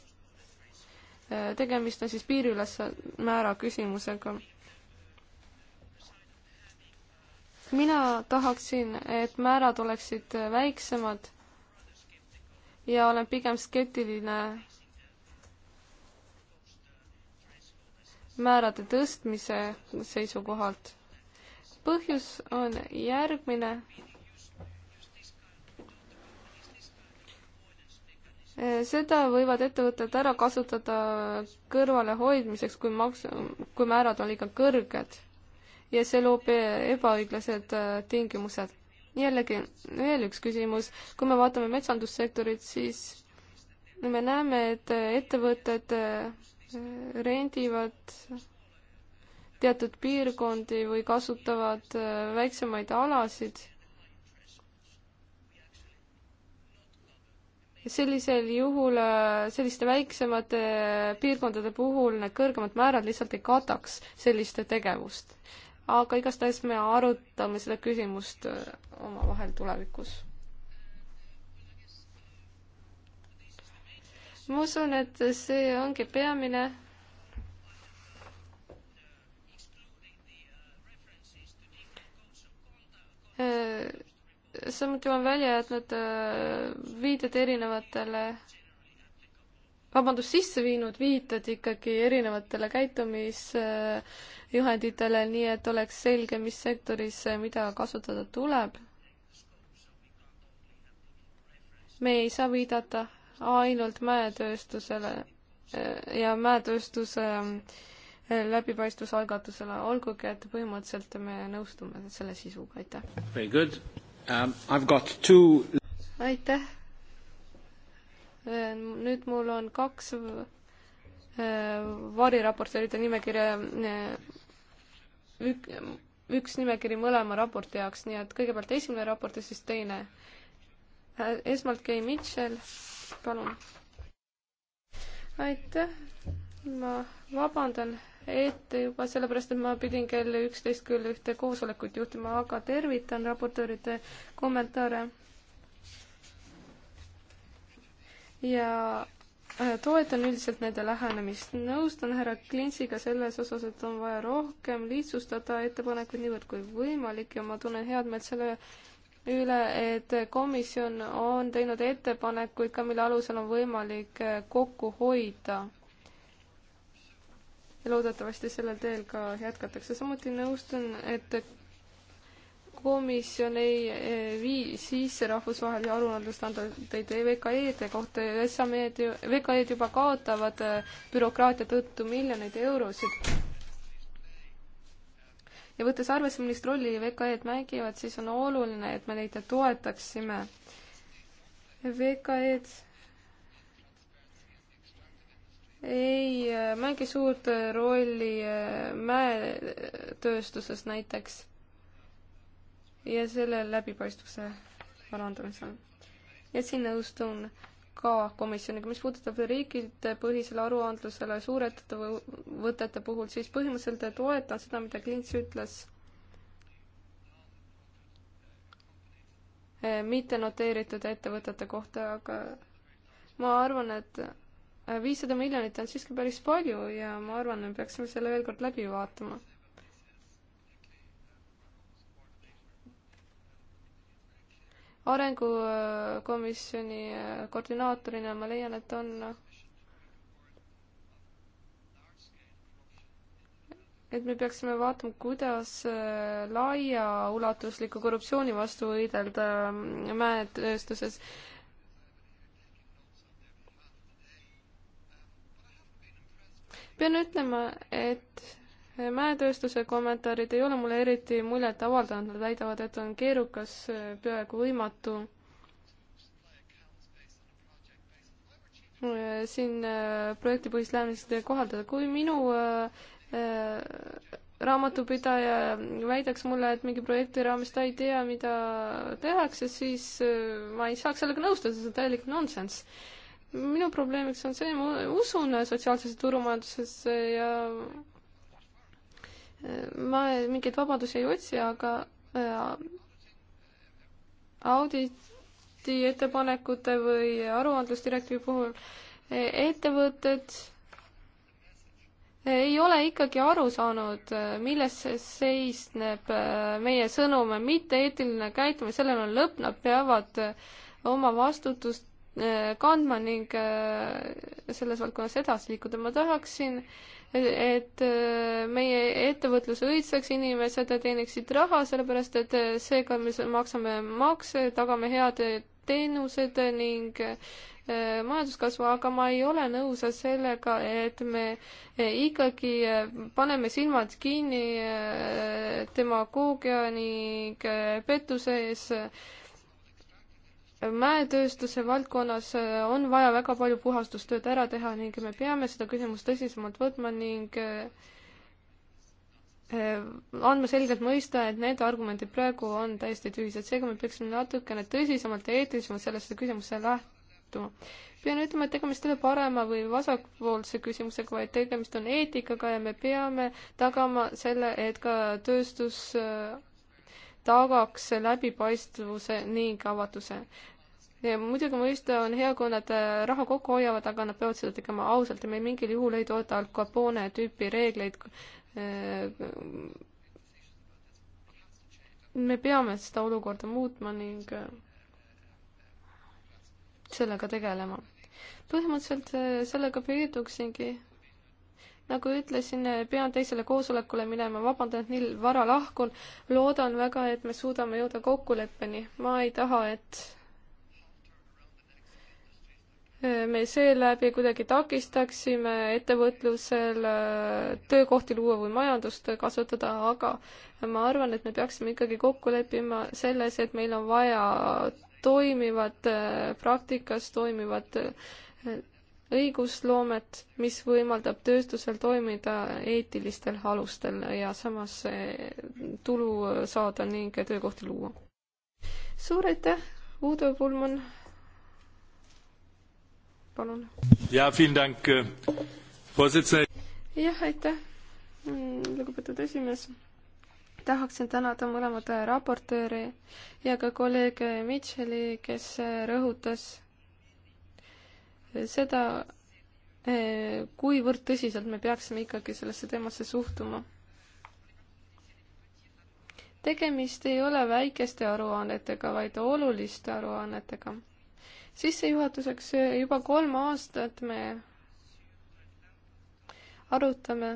tegemist on siis piiriülese määra küsimusega. mina tahaksin, et määrad oleksid väiksemad ja olen pigem skeptiline määrade tõstmise seisukohalt. põhjus on järgmine Eh, seda võivad ettevõtted ära kasutada kõrvalehoidmiseks, kui maks-, kui määrad on liiga kõrged ja see loob e-, ebaõiglased äh, tingimused. jällegi, veel üks küsimus, kui me vaatame metsandussektorit, siis me näeme, et äh, ettevõtted äh, rendivad teatud piirkondi või kasutavad väiksemaid alasid sellisel juhul äh, selliste väiksemate äh, piirkondade puhul need kõrgemad määrad lihtsalt ei kataks sellist tegevust. aga igastahes me arutame seda küsimust äh, omavahel tulevikus. ma usun, et see ongi peamine äh, samuti on välja jätnud äh, viited erinevatele vabandust, sisse viinud viited ikkagi erinevatele käitumisjuhenditele, nii et oleks selge, mis sektoris mida kasutada tuleb. me ei saa viidata ainult mäetööstusele äh, ja mäetööstuse äh, läbipaistvuse algatusele, olgugi et põhimõtteliselt me nõustume selle sisuga, aitäh um,. Two... aitäh. Äh, nüüd mul on kaks äh, variraportööride nimekirja, äh, üks nimekiri mõlema raporti jaoks, nii et kõigepealt esimene raport ja siis teine. esmalt Kay Mitchell, palun. aitäh, ma vabandan ette juba sellepärast, et ma pidin kell üksteist küll ühte koosolekut juhtima, aga tervitan raportööride kommentaare. ja äh, toetan üldiselt nende lähenemist, nõustun härra Klintsiga selles osas, et on vaja rohkem lihtsustada ettepanekuid niivõrd kui võimalik ja ma tunnen head meelt selle üle, et komisjon on teinud ettepanekuid ka, mille alusel on võimalik äh, kokku hoida ja loodetavasti sellel teel ka jätkatakse. samuti nõustun, et komisjon ei eh, vii sisse rahvusvahelisi aruandlusstandardeid e VKE-de kohta ja SME-d, e VKE-d juba kaotavad eh, bürokraatia tõttu miljoneid eurosid. ja võttes arvesse, millist rolli e VKE-d mängivad, siis on oluline, et me neid toetaksime. VKE-d ei äh, mängi suurt äh, rolli äh, mäetööstuses näiteks ja selle läbipaistvuse parandamisel. ja siin nõustun ka komisjoniga, mis puudutab riikide põhisele aruandlusele suurettevõtete puhul, siis põhimõtteliselt toetan seda, mida Klints ütles. mitte noteeritud ettevõtete kohta, aga ma arvan, et viissada miljonit on siiski päris palju ja ma arvan, me peaksime selle veel kord läbi vaatama. arengukomisjoni äh, koordinaatorina ma leian, et on et me peaksime vaatama, kuidas äh, laiaulatusliku korruptsiooni vastu võidelda äh, mäetööstuses pean ütlema, et mäetööstuse kommentaarid ei ole mulle eriti muljet avaldanud, nad väidavad, et on keerukas, peaaegu võimatu siin äh, projektipõhist lähenemist kohaldada. kui minu äh, äh, raamatupidaja väidaks mulle, et mingi projekti raames ta ei tea, mida tehakse, siis ma ei saaks sellega nõustuda, see on täielik nonsenss minu probleemiks on see, ma usun sotsiaalsesse turumajandusesse ja äh, ma mingeid vabadusi ei otsi, aga äh, auditi ettepanekute või aruandlusdirektiivi puhul e, ettevõtted äh, ei ole ikkagi aru saanud, milles seisneb meie sõnum, mitte eetiline käitumine, sellel on lõpp, nad peavad oma vastutust Äh, kandma ning äh, selles valdkonnas edasi liikuda. ma tahaksin, et äh, meie ettevõtlus õitseks, inimesed teeniksid raha, sellepärast et seega me maksame makse, tagame head teenused ning majanduskasvu, aga ma ei ole nõus sellega, et me ikkagi paneme silmad kinni demagoogia ning pettuse ees mäetööstuse valdkonnas äh, on vaja väga palju puhastustööd ära teha ning me peame seda küsimust tõsisemalt võtma ning äh, äh, andma selgelt mõista, et need argumendid praegu on täiesti tühised, seega me peaksime natukene tõsisemalt ja eetilisemalt sellesse küsimusse lähtuma. pean ütlema, et tegemist ei ole parema või vasakpoolse küsimusega, vaid tegemist on eetikaga ja me peame tagama selle, et ka tööstus tagaks läbipaistvuse ning avatuse ja muidugi mõista on hea, kui nad äh, raha kokku hoiavad, aga nad peavad seda tegema ausalt ja me mingil juhul ei toeta Al Capone tüüpi reegleid. Äh, me peame seda olukorda muutma ning äh, sellega tegelema. põhimõtteliselt sellega piirduksingi. nagu ütlesin, pean teisele koosolekule minema, vabandan, et nii vara lahkun. loodan väga, et me suudame jõuda kokkuleppeni. ma ei taha, et me seeläbi kuidagi takistaksime ettevõtlusel äh, töökohti luua või majandust kasvatada, aga ma arvan, et me peaksime ikkagi kokku leppima selles, et meil on vaja toimivat äh, praktikas, toimivat äh, õigusloomet, mis võimaldab tööstusel toimida eetilistel alustel ja samas tulu saada ning töökohti luua. suur aitäh, Uudo Pulman! palun. Äh, jah, aitäh, mm, lugupeetud esimees. tahaksin tänada mõlemat raportööri ja ka kolleeg Mitchell'i, kes rõhutas seda, e, kuivõrd tõsiselt me peaksime ikkagi sellesse teemasse suhtuma. tegemist ei ole väikeste aruannetega, vaid oluliste aruannetega sissejuhatuseks eh, juba kolm aastat me arutame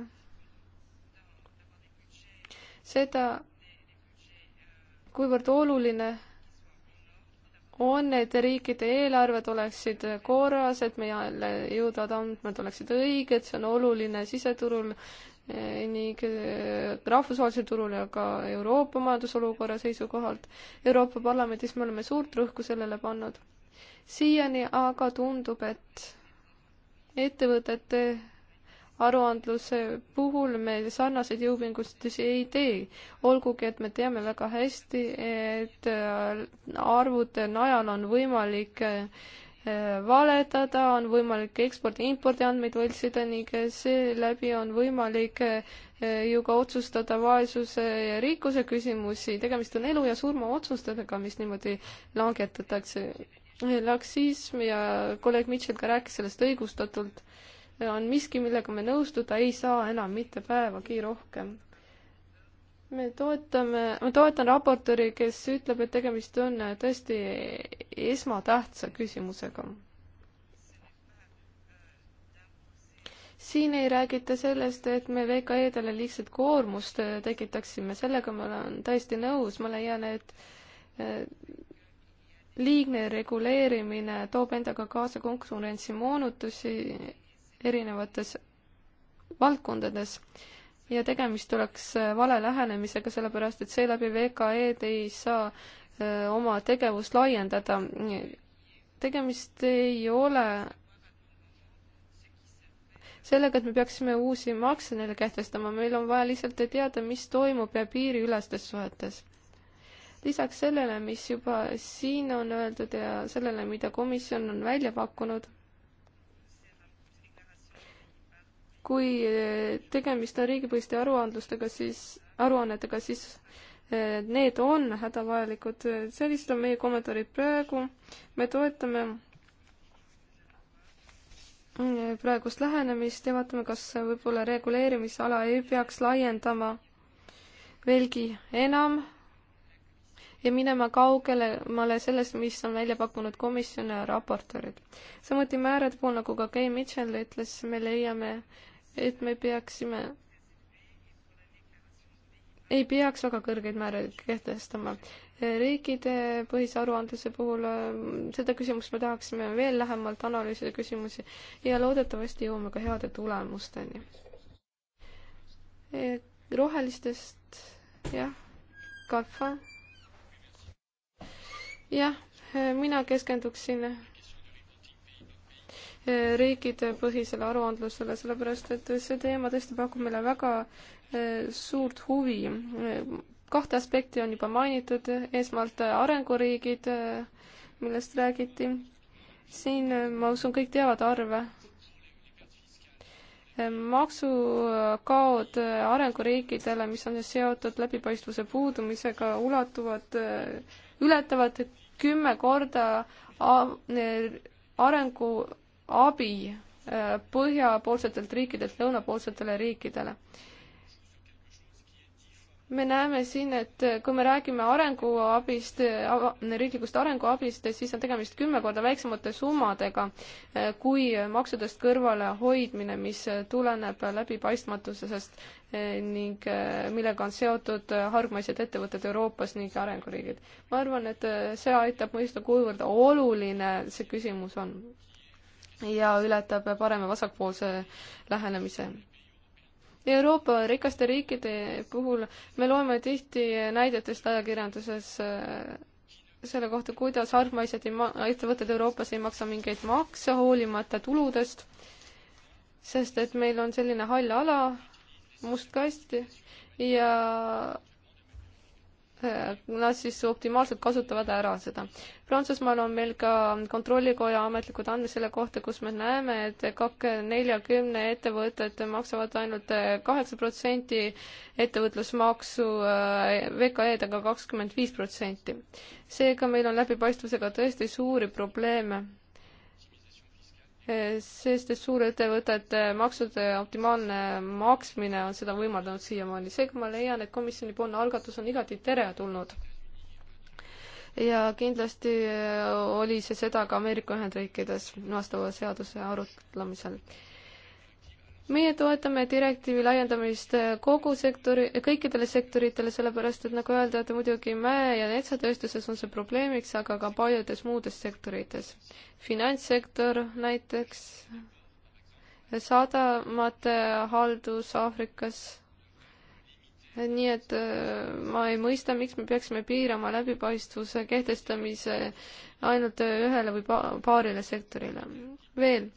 seda, kuivõrd oluline on, et riikide eelarved oleksid korras, et meie jõudvad andmed oleksid õiged, see on oluline siseturul eh, nii rahvusvahelisel turul ja ka Euroopa majandusolukorra seisukohalt. Euroopa Parlamendis me oleme suurt rõhku sellele pannud siiani aga tundub, et ettevõtete aruandluse puhul me sarnaseid jõupingutusi ei tee, olgugi et me teame väga hästi, et äh, arvude najal on võimalik äh, valetada, on võimalik ekspordi-impordi andmeid võltsida ning seeläbi on võimalik äh, ju ka otsustada vaesuse ja rikkuse küsimusi, tegemist on elu ja surma otsustega, mis niimoodi langetatakse laksism ja kolleeg Mitchell ka rääkis sellest õigustatult, on miski, millega me nõustuda ei saa enam mitte päevagi rohkem. me toetame, ma toetan raportööri, kes ütleb, et tegemist on tõesti esmatähtsa küsimusega. siin ei räägita sellest, et me VKE-dele liigset koormust tekitaksime, sellega ma olen täiesti nõus, ma leian, et liigne reguleerimine toob endaga kaasa konkurentsimoonutusi erinevates valdkondades ja tegemist oleks äh, vale lähenemisega, sellepärast et seeläbi VKE-d ei saa äh, oma tegevust laiendada. tegemist ei ole sellega, et me peaksime uusi makse neile kehtestama, meil on vaja lihtsalt teada, mis toimub piiriülestes suhetes lisaks sellele, mis juba siin on öeldud ja sellele, mida komisjon on välja pakkunud, kui tegemist on riigipõhiste aruandlustega, siis, aruannetega, siis eh, need on hädavajalikud, sellised on meie kommentaarid praegu, me toetame eh, praegust lähenemist ja vaatame, kas võib-olla reguleerimisala ei peaks laiendama veelgi enam ja minema kaugemale sellest, mis on välja pakkunud komisjon ja raportöörid. samuti määrade puhul, nagu ka Kay Mitchell ütles, me leiame, et me peaksime ei peaks väga kõrgeid määraid kehtestama. riikide põhise aruandluse puhul äh, seda küsimust me tahaksime veel lähemalt analüüsida küsimusi ja loodetavasti jõuame ka heade tulemusteni. rohelistest, jah, Kalfa jah, mina keskenduksin eh, riikidepõhisele aruandlusele, sellepärast et see teema tõesti pakub meile väga eh, suurt huvi. kahte aspekti on juba mainitud, esmalt arenguriigid, eh, millest räägiti. siin ma usun, kõik teavad arve. maksukaod arenguriikidele, mis on seotud läbipaistvuse puudumisega, ulatuvad ületavad kümme korda arenguabi äh, põhjapoolsetelt riikidelt lõunapoolsetele riikidele me näeme siin, et kui me räägime arenguabist, riiklikust arenguabist, siis on tegemist kümme korda väiksemate summadega eh, kui maksudest kõrvalehoidmine, mis tuleneb läbipaistmatusest eh, ning eh, millega on seotud hargmaised ettevõtted Euroopas ning arenguriigid. ma arvan, et see aitab mõista, kuivõrd oluline see küsimus on ja ületab parema vasakpoolse lähenemise Euroopa rikaste riikide puhul me loeme tihti näidetest ajakirjanduses äh, selle kohta, kuidas hargmaised ettevõtted Euroopas ei maksa mingeid makse hoolimata tuludest, sest et meil on selline hall ala, must kast ja nad siis optimaalselt kasutavad ära seda. Prantsusmaal on meil ka kontrollikoja ametlikud andmed selle kohta, kus me näeme, et kak-, neljakümne ettevõtted maksavad ainult äh, kaheksa protsenti ettevõtlusmaksu äh, VKE-dega kakskümmend viis protsenti. seega meil on läbipaistvusega tõesti suuri probleeme sest et suurettevõtete maksude optimaalne maksmine on seda võimaldanud siiamaani. seega ma leian, et komisjonipoolne algatus on igati teretulnud. ja kindlasti äh, oli see seda ka Ameerika Ühendriikides vastava seaduse arutlemisel meie toetame direktiivi laiendamist eh, kogu sektori, kõikidele sektoritele, sellepärast et nagu öeldud, muidugi mäe- ja metsatööstuses on see probleemiks, aga ka paljudes muudes sektorites. finantssektor näiteks, sadamate haldus Aafrikas, nii et eh, ma ei mõista, miks me peaksime piirama läbipaistvuse kehtestamise ainult ühele või paarile sektorile. veel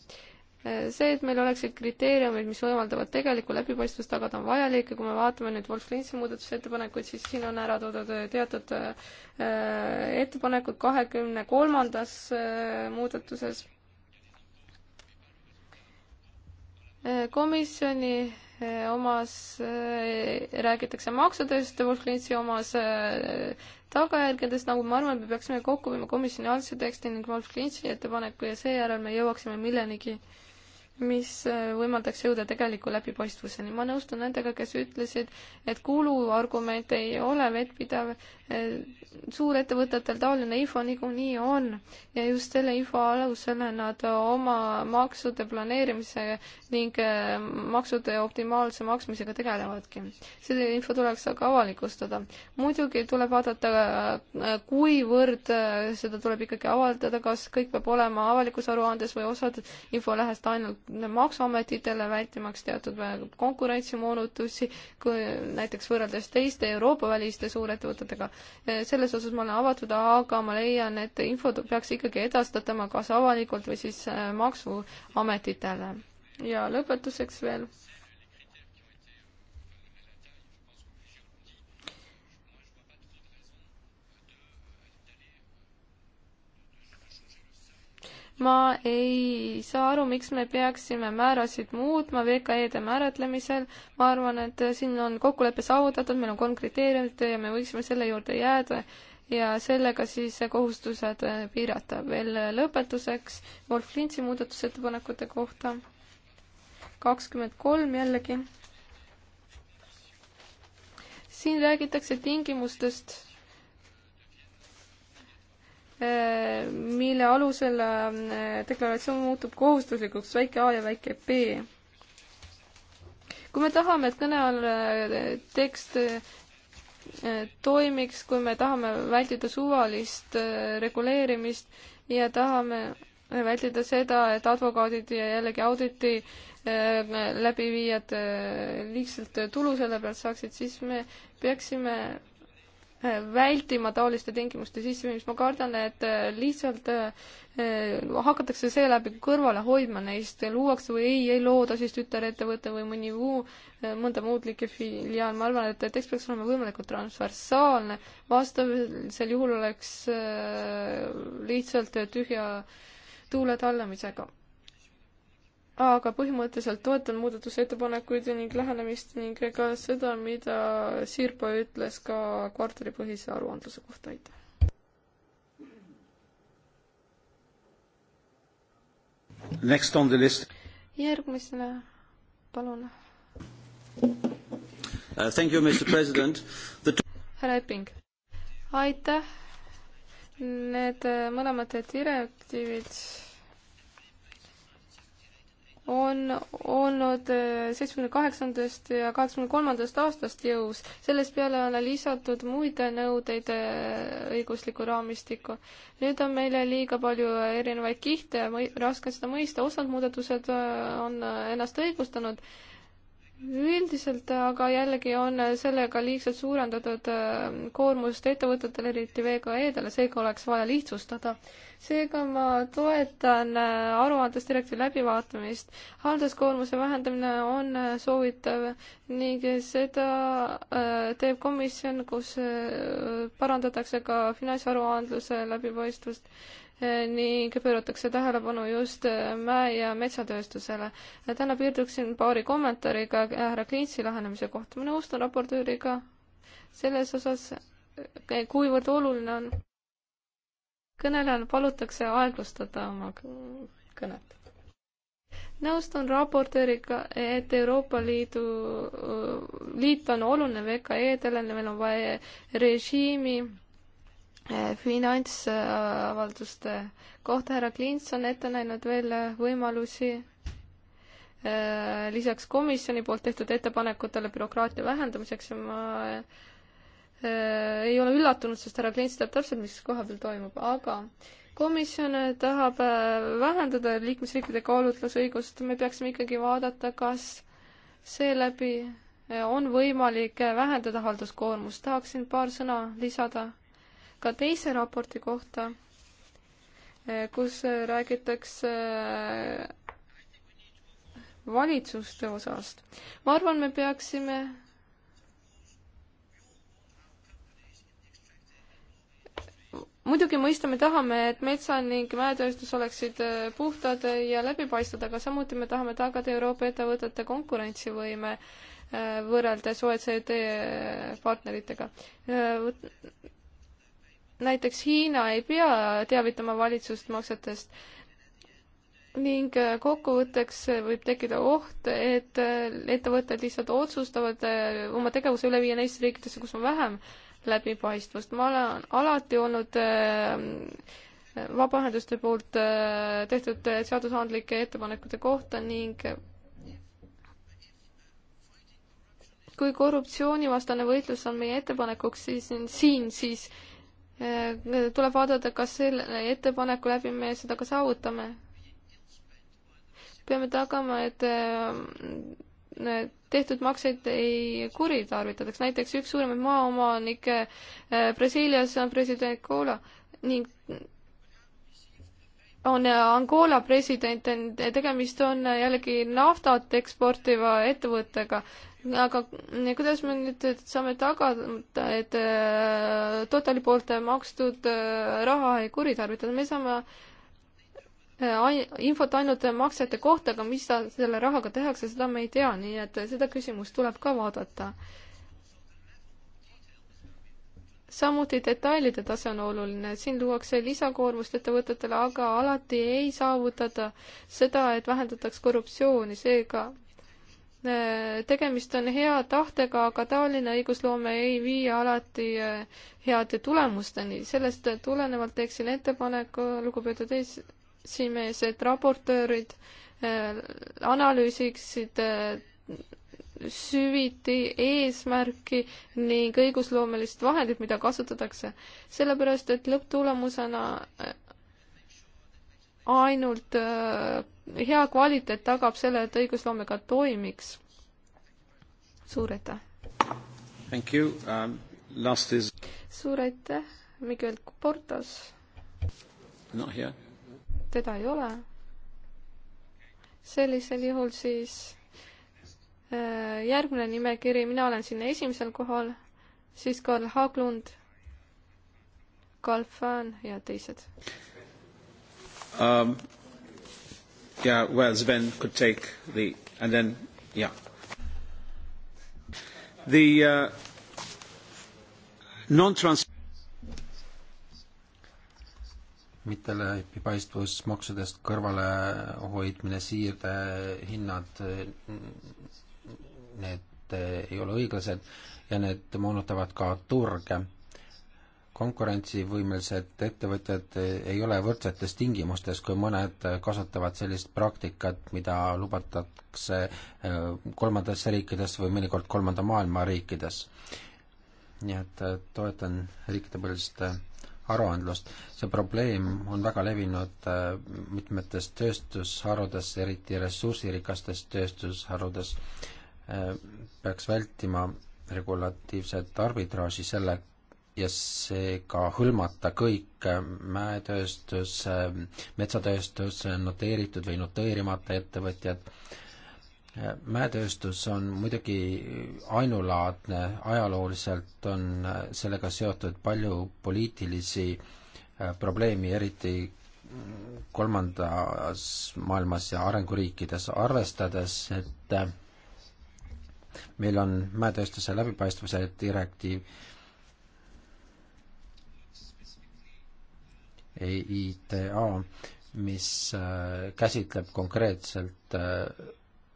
see, et meil oleksid kriteeriumid, mis võimaldavad tegelikku läbipaistvust tagada, on vajalik ja kui me vaatame nüüd Wolf Lintsi muudatusettepanekuid, siis siin on ära toodud äh, teatud äh, ettepanekud kahekümne kolmandas äh, muudatuses. komisjoni omas räägitakse maksudest, Wolf Lintsi omas tagajärgedest, nagu ma arvan, me peaksime kokku viima komisjoni algse teksti ning Wolf Klintsi ettepaneku ja seejärel me jõuaksime millenigi äh, mis äh, võimaldaks jõuda tegeliku läbipaistvuseni. ma nõustun nendega, kes ütlesid, et kuluargument ei ole vettpidav. Äh, suurettevõtetel taoline info niikuinii on ja just selle info alusel nad oma maksude planeerimise ning äh, maksude optimaalse maksmisega tegelevadki. seda info tuleks aga avalikustada. muidugi tuleb vaadata, kuivõrd seda tuleb ikkagi avaldada, kas kõik peab olema avalikus aruandes või osad info lähest ainult maksuametitele, vältimaks teatud konkurentsimoonutusi, kui näiteks võrreldes teiste Euroopa väliste suurettevõtetega. selles osas ma olen avatud, aga ma leian, et info peaks ikkagi edastatama kas avalikult või siis äh, maksuametitele. ja lõpetuseks veel ma ei saa aru, miks me peaksime määrasid muutma VKE-de määratlemisel. ma arvan, et siin on kokkulepe saavutatud, meil on kolm kriteeriumit ja me võiksime selle juurde jääda ja sellega siis kohustused piirata. veel lõpetuseks Wolf Lintsi muudatusettepanekute kohta. kakskümmend kolm jällegi. siin räägitakse tingimustest mille alusel äh, deklaratsioon muutub kohustuslikuks väike A ja väike B. kui me tahame, et kõne all äh, tekst äh, toimiks, kui me tahame vältida suvalist reguleerimist ja tahame vältida seda, et advokaadid ja jällegi auditi läbiviijad liigselt tulu selle pealt saaksid, siis me peaksime vältima taoliste tingimuste sisseviimist, ma kardan, et äh, lihtsalt äh, hakatakse seeläbi kõrvale hoidma neist, luuakse või ei, ei looda siis tütarettevõte või mõni muu, äh, mõnda muud liiki filiaal, ma arvan, et tekst peaks olema võimalikult transversaalne, vastavusel juhul oleks lihtsalt tühja tuule tallamisega aga põhimõtteliselt toetan muudatusettepanekuid ning lähenemist ning ka seda, mida Sirpa ütles ka kvartalipõhise aruandluse kohta, aitäh. Next on the list. järgmisena, palun uh,. Thank you, Mr President The.... härra Epping, aitäh. Need uh, mõlemad direktiivid on olnud äh, seitsmekümne kaheksandast ja kaheksakümne kolmandast aastast jõus. sellest peale on lisatud muid nõudeid äh, õiguslikku raamistikku. nüüd on meile liiga palju erinevaid kihte, raske on seda mõista, osad muudatused äh, on ennast õigustanud, üldiselt aga jällegi on sellega liigselt suurendatud koormust ettevõtetele, eriti VKE-dele, seega oleks vaja lihtsustada seega ma toetan äh, aruandlusdirektiivi läbivaatamist. halduskoormuse vähendamine on äh, soovitav ning seda äh, teeb komisjon, kus parandatakse ka finantsaruandluse läbipaistvust ning pööratakse tähelepanu just mäe- ja metsatööstusele. täna piirduksin paari kommentaariga härra Klintsi lähenemise kohta. ma nõustun raportööriga selles osas, kuivõrd oluline on kõnelejal palutakse aeglustada oma kõnet. nõustun raportööriga, et Euroopa Liidu, liit on oluline VKE-dele, meil on vaja režiimi eh, finantsavalduste kohta härra Klints on ette näinud veel võimalusi eh, lisaks komisjoni poolt tehtud ettepanekutele bürokraatia vähendamiseks ja ma Äh, ei ole üllatunud, sest härra Klint teab täpselt, mis koha peal toimub, aga komisjon äh, tahab äh, vähendada liikmesriikide kaalutlusõigust, me peaksime ikkagi vaadata, kas seeläbi on võimalik vähendada halduskoormust. tahaksin paar sõna lisada ka teise raporti kohta, kus räägitakse valitsuste osast. ma arvan, me peaksime muidugi mõistame, tahame, et metsa ning mäetööstus oleksid äh, puhtad ja läbipaistvad, aga samuti me tahame tagada Euroopa ettevõtete konkurentsivõime äh, võrreldes OECD äh, partneritega. näiteks Hiina ei pea teavitama valitsust maksetest ning kokkuvõtteks võib tekkida oht, et ettevõtted lihtsalt otsustavad oma tegevuse üle viia neisse riikidesse, kus on vähem läbipaistvust. ma olen alati olnud äh, vabaühenduste poolt äh, tehtud seadusandlike ettepanekute kohta ning kui korruptsioonivastane võitlus on meie ettepanekuks, siis siin, siis äh, tuleb vaadata, kas selle ettepaneku läbi me seda ka saavutame. peame tagama, et tehtud makseid ei kuritarvitataks. näiteks üks suurimaid maaomanikke äh, Brasiilias on president Angola ning on äh, Angola president, tegemist on äh, jällegi naftat eksportiva ettevõttega. aga kuidas me nüüd saame tagada, et totali poolt makstud raha ei kuritarvitada, me saame äh, Äh, infot ainult maksete kohta, aga mis selle rahaga tehakse, seda me ei tea, nii et seda küsimust tuleb ka vaadata. samuti detailide tase on oluline, siin luuakse lisakoormust ettevõtetele, aga alati ei saavutata seda, et vähendataks korruptsiooni, seega äh, tegemist on hea tahtega, aga taoline õigusloome ei vii alati äh, heade tulemusteni, sellest tulenevalt teeksin ettepaneku, lugupeetud ees-, esimees, et raportöörid äh, analüüsiksid äh, süviti eesmärki ning õigusloomelist vahendit, mida kasutatakse. sellepärast, et lõpptulemusena äh, ainult hea kvaliteet tagab selle, et õigusloome ka toimiks. suur aitäh! Thank you um,, last is suur aitäh, Miguel Portas! noh, jah teda ei ole. sellisel juhul siis äh, järgmine nimekiri, mina olen siin esimesel kohal, siis Karl Haaglund, Karl Fahn ja teised um,. Yeah, well, Sven could take the and then yeah. The uh, non-trans- mitte läbipaistvus, maksudest kõrvalehoidmine, siirdehinnad, need ei ole õiglased ja need moonutavad ka turge. konkurentsivõimelised ettevõtjad ei ole võrdsetes tingimustes, kui mõned kasutavad sellist praktikat, mida lubatakse äh, kolmandates riikides või mõnikord kolmanda maailma riikides. nii et äh, toetan riikidepõhist äh, aruandlust. see probleem on väga levinud äh, mitmetes tööstusharudes, eriti ressursirikastes tööstusharudes. Äh, peaks vältima regulatiivset arbitraaži selle ja seega hõlmata kõik äh, mäetööstus, metsatööstus, noteeritud või noteerimata ettevõtjad, mäetööstus on muidugi ainulaadne, ajalooliselt on sellega seotud palju poliitilisi äh, probleemi, eriti kolmandas maailmas ja arenguriikides, arvestades, et äh, meil on mäetööstuse läbipaistvuse direktiiv EITA, mis äh, käsitleb konkreetselt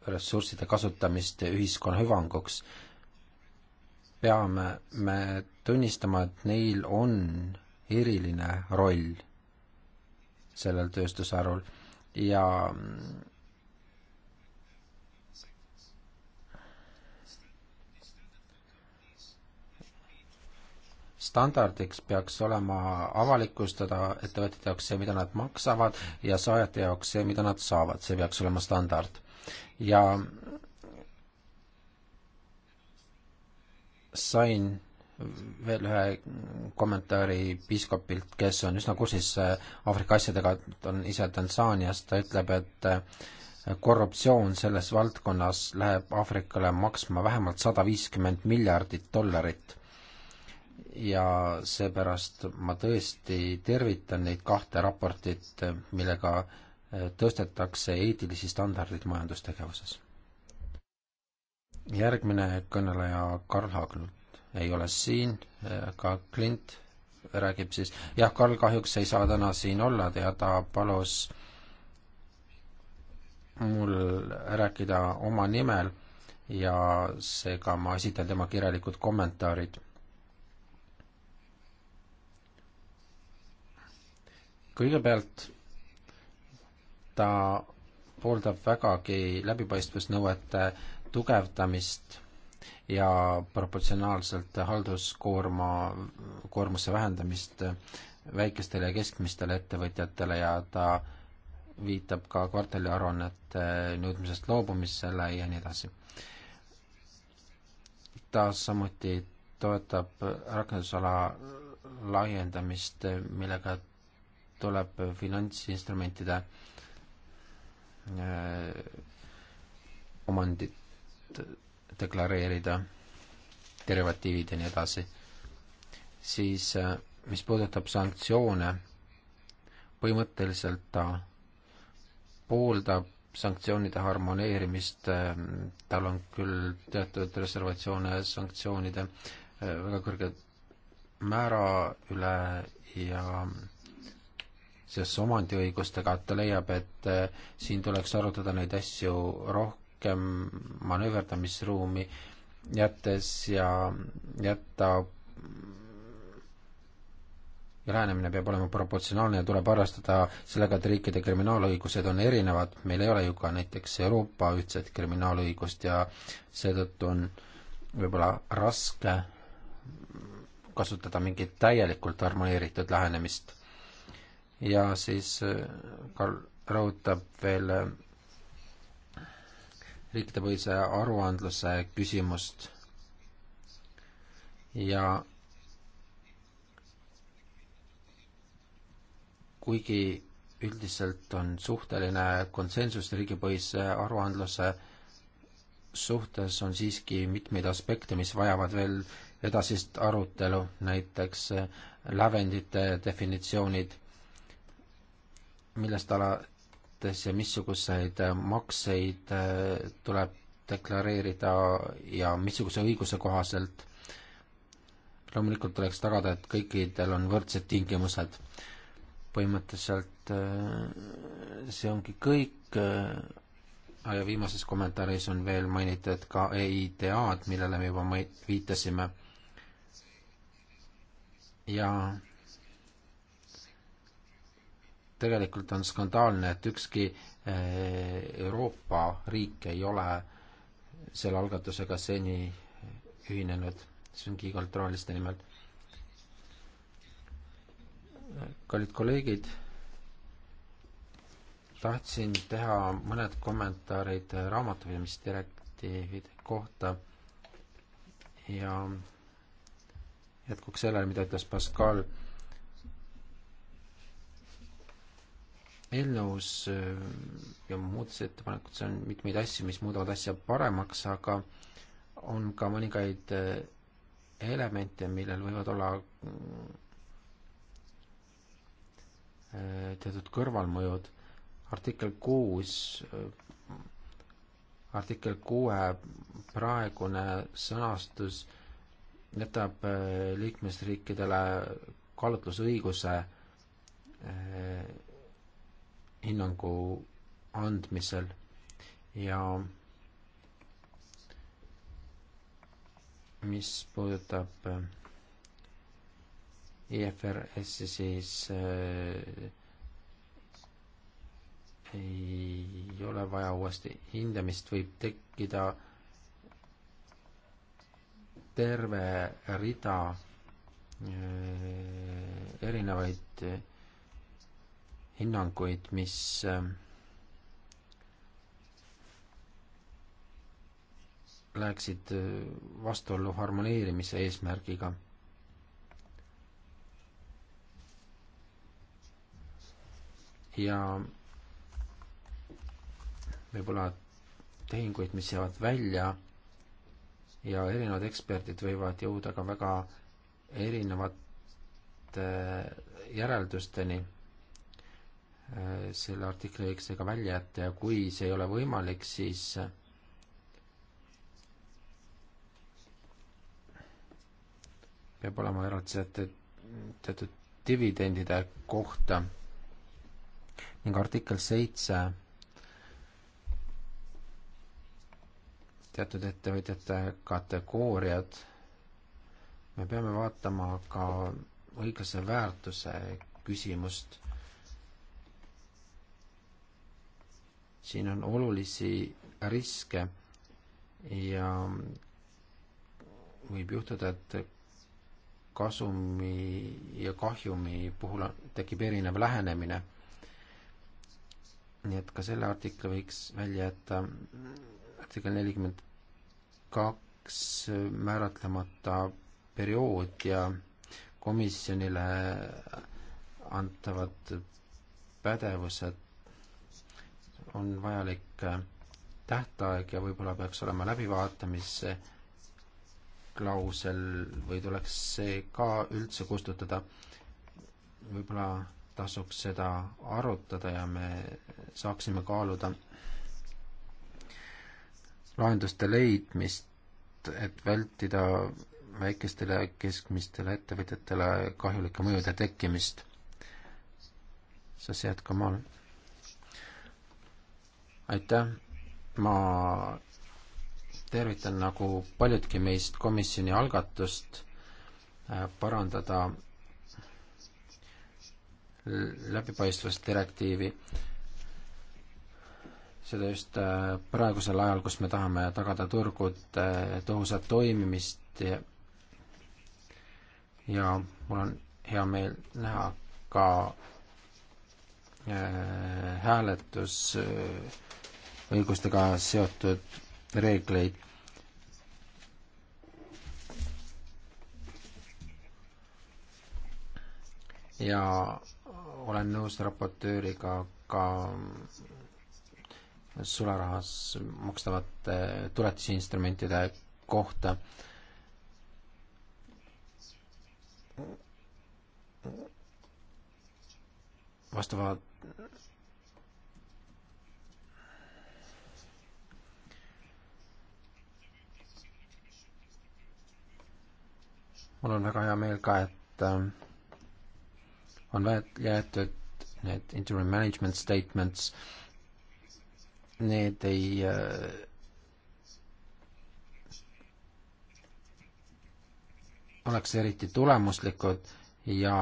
ressursside kasutamist ühiskonna hüvanguks, peame me tunnistama, et neil on eriline roll sellel tööstusharul ja standardiks peaks olema avalikustada ettevõtjate jaoks see, mida nad maksavad ja saajate jaoks see, mida nad saavad, see peaks olema standard ja sain veel ühe kommentaari piiskopilt, kes on üsna kursis äh, Aafrika asjadega, ta on ise Tansaaniast, ta ütleb, et äh, korruptsioon selles valdkonnas läheb Aafrikale maksma vähemalt sada viiskümmend miljardit dollarit. ja seepärast ma tõesti tervitan neid kahte raportit, millega äh, Äh, tõstetakse eetilisi standardeid majandustegevuses. järgmine kõneleja Karl Haaglund ei ole siin, ka äh, Clint räägib siis, jah, Karl kahjuks ei saa täna siin olla ja ta palus mul rääkida oma nimel ja seega ma esitan tema kirjalikud kommentaarid. kõigepealt ta pooldab vägagi läbipaistvusnõuete tugevdamist ja proportsionaalselt halduskoorma, koormuse vähendamist väikestele ja keskmistele ettevõtjatele ja ta viitab ka kvartaliaruannete nõudmisest loobumisele ja nii edasi. ta samuti toetab rakendusala laiendamist, millega tuleb finantsinstrumentide äh, Äh, omandit deklareerida, derivatiivid ja nii edasi, siis äh, mis puudutab sanktsioone, põhimõtteliselt ta pooldab sanktsioonide harmoneerimist, äh, tal on küll teatud reservatsioone sanktsioonide väga kõrge määra üle ja seoses omandiõigustega, et ta leiab, et eh, siin tuleks arutada neid asju rohkem manööverdamisruumi jättes ja jätta ja lähenemine peab olema proportsionaalne ja tuleb arvestada sellega, et riikide kriminaalõigused on erinevad, meil ei ole ju ka näiteks Euroopa ühtset kriminaalõigust ja seetõttu on võib-olla raske kasutada mingit täielikult harmoneeritud lähenemist ja siis äh, Karl rõhutab veel äh, riikidepõhise aruandluse küsimust ja kuigi üldiselt on suhteline konsensus riigipõhise aruandluse suhtes, on siiski mitmeid aspekte, mis vajavad veel edasist arutelu, näiteks äh, lävendite definitsioonid millest alates ja missuguseid makseid äh, tuleb deklareerida ja missuguse õiguse kohaselt. loomulikult tuleks tagada, et kõikidel on võrdsed tingimused. põhimõtteliselt äh, see ongi kõik. Äh, ja viimases kommentaaris on veel mainitud ka EITA-d, millele me juba viitasime. ja tegelikult on skandaalne, et ükski eh, Euroopa riik ei ole selle algatusega seni ühinenud, see on Kiigalt roheliste nimel. kallid kolleegid, tahtsin teha mõned kommentaarid raamatupidamisdirektiivide kohta ja jätkuks sellele, mida ütles Pascal eelnõus äh, ja muudatusettepanekud, see on mitmeid asju, mis muudavad asja paremaks, aga on ka mõningaid äh, elemente, millel võivad olla äh, teatud kõrvalmõjud. artikkel kuus, artikkel kuue praegune sõnastus jätab liikmesriikidele kaalutlusõiguse hinnangu andmisel ja mis puudutab IFRS-i, äh, e siis äh, ei ole vaja uuesti hindamist, võib tekkida terve rida äh, erinevaid äh, hinnanguid, mis äh, läheksid äh, vastuollu harmoneerimise eesmärgiga. ja võib-olla tehinguid, mis jäävad välja ja erinevad eksperdid võivad jõuda ka väga erinevate äh, järeldusteni Äh, selle artikli lõikesega välja jätta ja kui see ei ole võimalik, siis äh, peab olema eraldised teatud dividendide kohta ning artikkel seitse teatud ettevõtjate kategooriad, me peame vaatama ka õiglase väärtuse küsimust siin on olulisi riske ja võib juhtuda, et kasumi ja kahjumi puhul on, tekib erinev lähenemine. nii et ka selle artikli võiks välja jätta artikkel nelikümmend kaks määratlemata periood ja komisjonile antavad pädevused on vajalik äh, tähtaeg ja võib-olla peaks olema läbivaatamise klausel või tuleks see ka üldse kustutada. võib-olla tasuks seda arutada ja me saaksime kaaluda lahenduste leidmist, et vältida väikestele ja keskmistele ettevõtjatele kahjulike mõjude tekkimist. sa sead ka maal aitäh, ma tervitan nagu paljudki meist komisjoni algatust äh, parandada läbipaistvusdirektiivi, seda just äh, praegusel ajal, kus me tahame tagada turgude äh, tõhusat toimimist ja, ja mul on hea meel näha ka Äh, hääletusõigustega äh, seotud reegleid. ja olen nõus raportööriga ka sularahas makstavate tuletisinstrumentide kohta vastavad mul on väga hea meel ka, et äh, on jäetud need interim management statements, need ei äh, oleks eriti tulemuslikud ja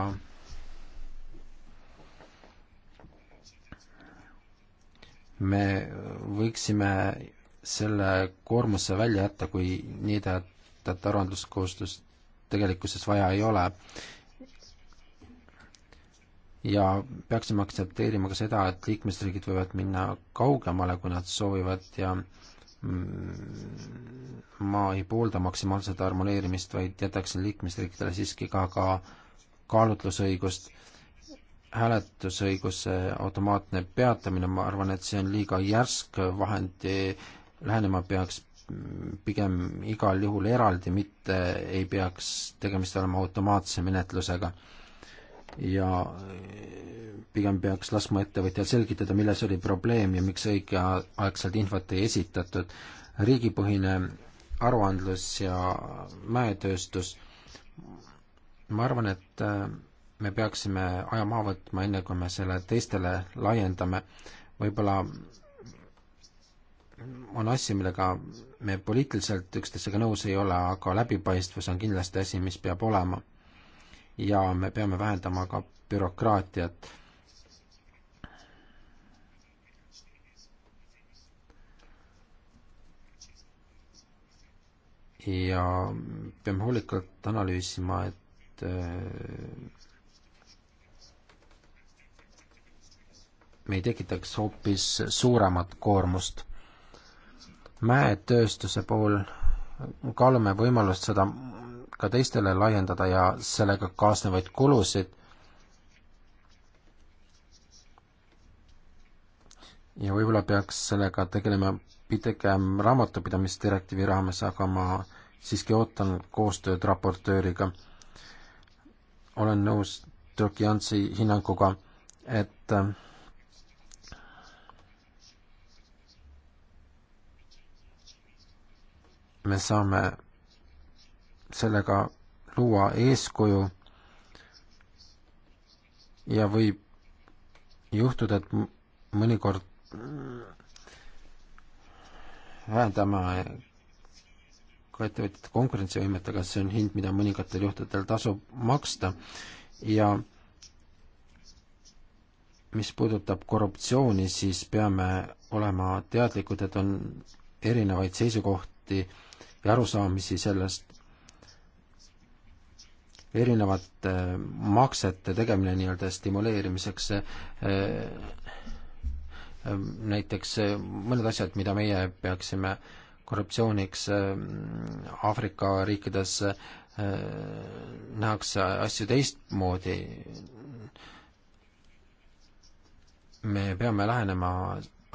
me võiksime selle koormuse välja jätta, kui niidetata aruandluskohustust tegelikkuses vaja ei ole. ja peaksime aktsepteerima ka seda, et liikmesriigid võivad minna kaugemale, kui nad soovivad ja mm, ma ei poolda maksimaalset harmoneerimist, vaid jätaksin liikmesriikidele siiski ka, ka kaalutlusõigust äh, hääletusõiguse automaatne peatamine, ma arvan, et see on liiga järsk vahend, lähenema peaks pigem igal juhul eraldi, mitte ei peaks tegemist olema automaatse menetlusega. ja pigem peaks laskma ettevõtjal selgitada, milles oli probleem ja miks õigeaegselt infot ei esitatud. riigipõhine aruandlus ja mäetööstus, ma arvan, et äh, me peaksime aja maha võtma, enne kui me selle teistele laiendame. võib-olla on asju, millega me poliitiliselt üksteisega nõus ei ole, aga läbipaistvus on kindlasti asi, mis peab olema. ja me peame vähendama ka bürokraatiat. ja peame hoolikalt analüüsima, et äh, me ei tekitaks hoopis suuremat koormust. mäetööstuse puhul kaalume võimalust seda ka teistele laiendada ja sellega kaasnevaid kulusid ja võib-olla peaks sellega tegelema pigem raamatupidamisdirektiivi raames, aga ma siiski ootan koostööd raportööriga. olen nõus Türki Antsi hinnanguga, et äh, me saame sellega luua eeskuju ja võib juhtuda, et mõnikord vähendame ka ettevõtjate konkurentsivõimet, aga see on hind, mida mõningatel juhtudel tasub maksta ja mis puudutab korruptsiooni, siis peame olema teadlikud, et on erinevaid seisukohti või arusaamisi sellest. erinevate eh, maksete tegemine nii-öelda stimuleerimiseks, eh, eh, näiteks mõned asjad, mida meie peaksime korruptsiooniks Aafrika riikides nähakse asju teistmoodi. me peame lähenema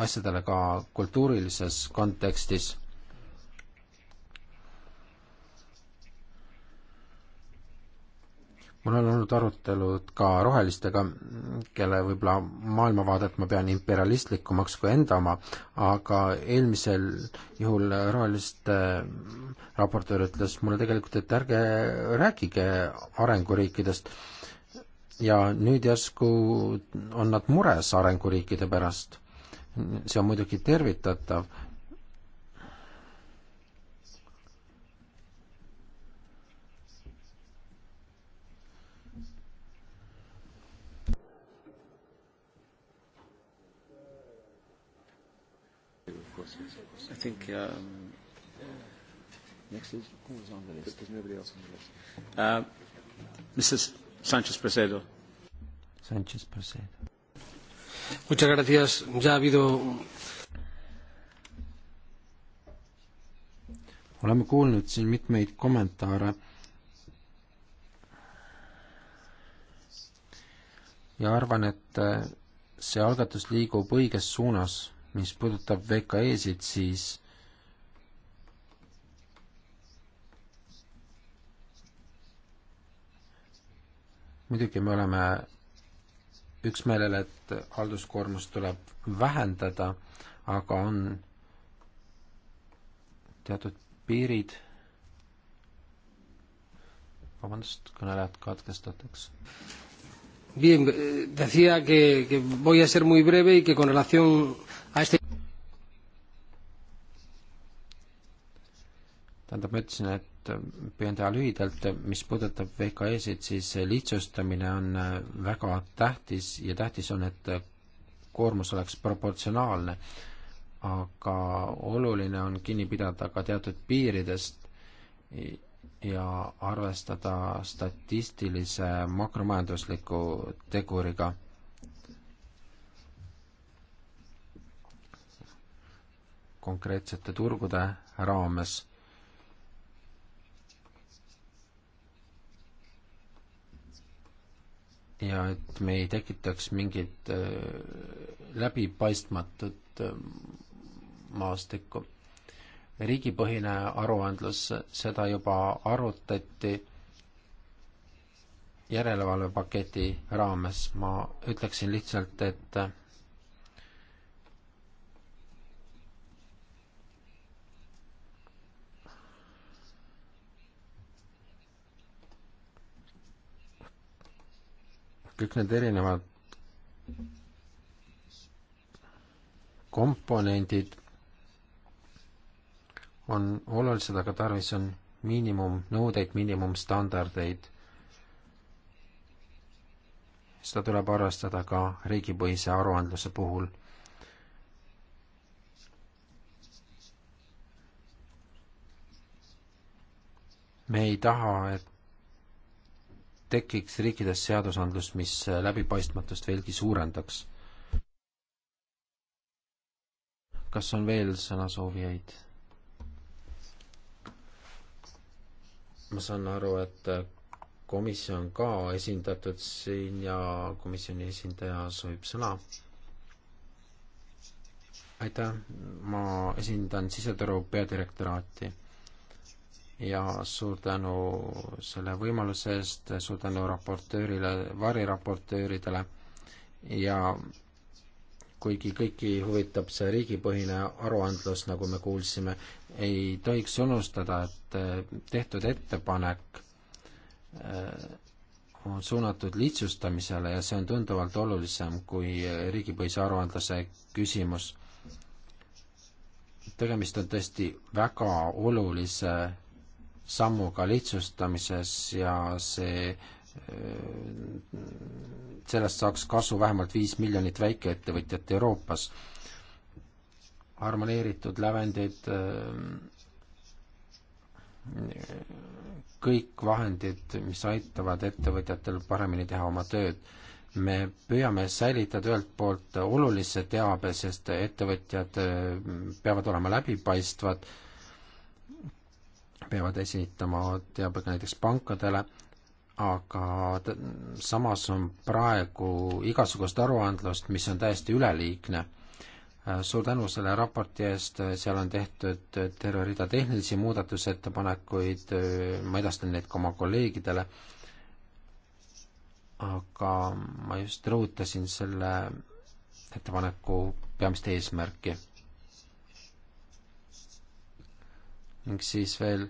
asjadele ka kultuurilises kontekstis mul on olnud arutelud ka rohelistega, kelle võib-olla maailmavaadet ma pean imperialistlikumaks kui enda oma, aga eelmisel juhul roheliste raportöör ütles mulle tegelikult, et ärge rääkige arenguriikidest ja nüüd järsku on nad mures arenguriikide pärast. see on muidugi tervitatav think um, next is who was on the list? There's nobody else on the list. Uh, Mrs. Sánchez Presedo. Sánchez Presedo. Muchas gracias. Ya ha habido. oleme kuulnud siin mitmeid kommentaare ja arvan, et äh, see algatus liigub õiges suunas mis puudutab VKE-sid, siis muidugi me oleme üksmeelel, et halduskoormust tuleb vähendada, aga on teatud piirid. vabandust, kõnelejad katkestatakse. Bien, decía que, que voy a ser muy breve y que con relación tähendab, ma ütlesin, et püüan teha lühidalt, mis puudutab VKE-sid, siis lihtsustamine on väga tähtis ja tähtis on, et koormus oleks proportsionaalne, aga oluline on kinni pidada ka teatud piiridest ja arvestada statistilise makromajandusliku teguriga. konkreetsete turgude raames ja et me ei tekitaks mingit äh, läbipaistmatut äh, maastikku. riigipõhine aruandlus, seda juba arutati järelevalvepaketi raames, ma ütleksin lihtsalt, et kõik need erinevad komponendid on olulised, aga tarvis on miinimumnõudeid, miinimumstandardeid. seda tuleb arvestada ka riigipõhise aruandluse puhul. me ei taha, et tekiks riikides seadusandlus, mis läbipaistmatust veelgi suurendaks. kas on veel sõnasoovijaid? ma saan aru, et komisjon ka esindatud siin ja komisjoni esindaja soovib sõna. aitäh, ma esindan siseturu peadirektoraati ja suur tänu selle võimaluse eest, suur tänu raportöörile, variraportööridele ja kuigi kõiki huvitab see riigipõhine aruandlus, nagu me kuulsime, ei tohiks unustada, et eh, tehtud ettepanek eh, on suunatud lihtsustamisele ja see on tunduvalt olulisem kui riigipõhise aruandluse küsimus. tegemist on tõesti väga olulise sammuga lihtsustamises ja see sellest saaks kasu vähemalt viis miljonit väikeettevõtjat Euroopas. harmoneeritud lävendid, kõik vahendid, mis aitavad ettevõtjatel paremini teha oma tööd. me püüame säilitada ühelt poolt olulise teabe, sest ettevõtjad peavad olema läbipaistvad peavad esitama teabega näiteks pankadele, aga samas on praegu igasugust aruandlust, mis on täiesti üleliigne äh, suur tänu selle raporti eest, seal on tehtud äh, terve rida tehnilisi muudatusettepanekuid, äh, ma edastan need ka oma kolleegidele, aga ma just rõhutasin selle ettepaneku peamist eesmärki. ning siis veel,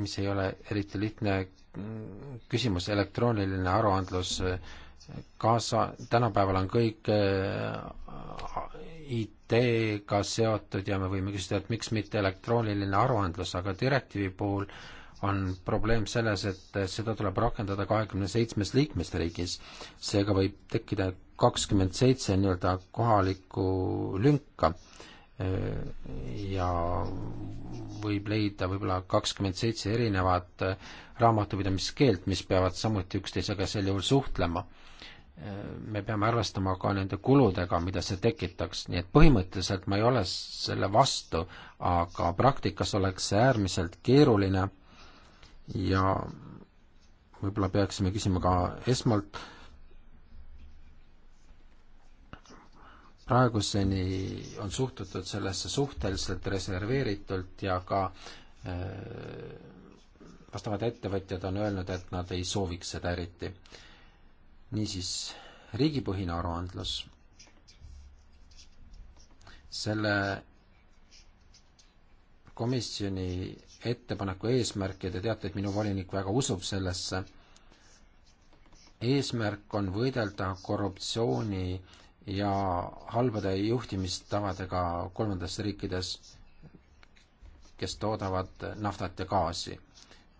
mis ei ole eriti lihtne küsimus, elektrooniline aruandlus, eh, kaasa, tänapäeval on kõik eh, IT-ga seotud ja me võime küsida, et miks mitte elektrooniline aruandlus, aga direktiivi puhul on probleem selles, et eh, seda tuleb rakendada kahekümne seitsmes liikmesriigis. seega võib tekkida kakskümmend seitse nii-öelda kohalikku lünka ja võib leida võib-olla kakskümmend seitse erinevat äh, raamatupidamiskeelt, mis peavad samuti üksteisega sel juhul suhtlema. me peame arvestama ka nende kuludega, mida see tekitaks, nii et põhimõtteliselt ma ei ole selle vastu, aga praktikas oleks see äärmiselt keeruline ja võib-olla peaksime küsima ka esmalt äh, praeguseni on suhtutud sellesse suhteliselt reserveeritult ja ka äh, vastavad ettevõtjad on öelnud, et nad ei sooviks seda eriti. niisiis, riigipõhine aruandlus, selle komisjoni ettepaneku eesmärk ja te teate, et minu volinik väga usub sellesse, eesmärk on võidelda korruptsiooni ja halbade juhtimistavadega kolmandates riikides, kes toodavad naftat ja gaasi,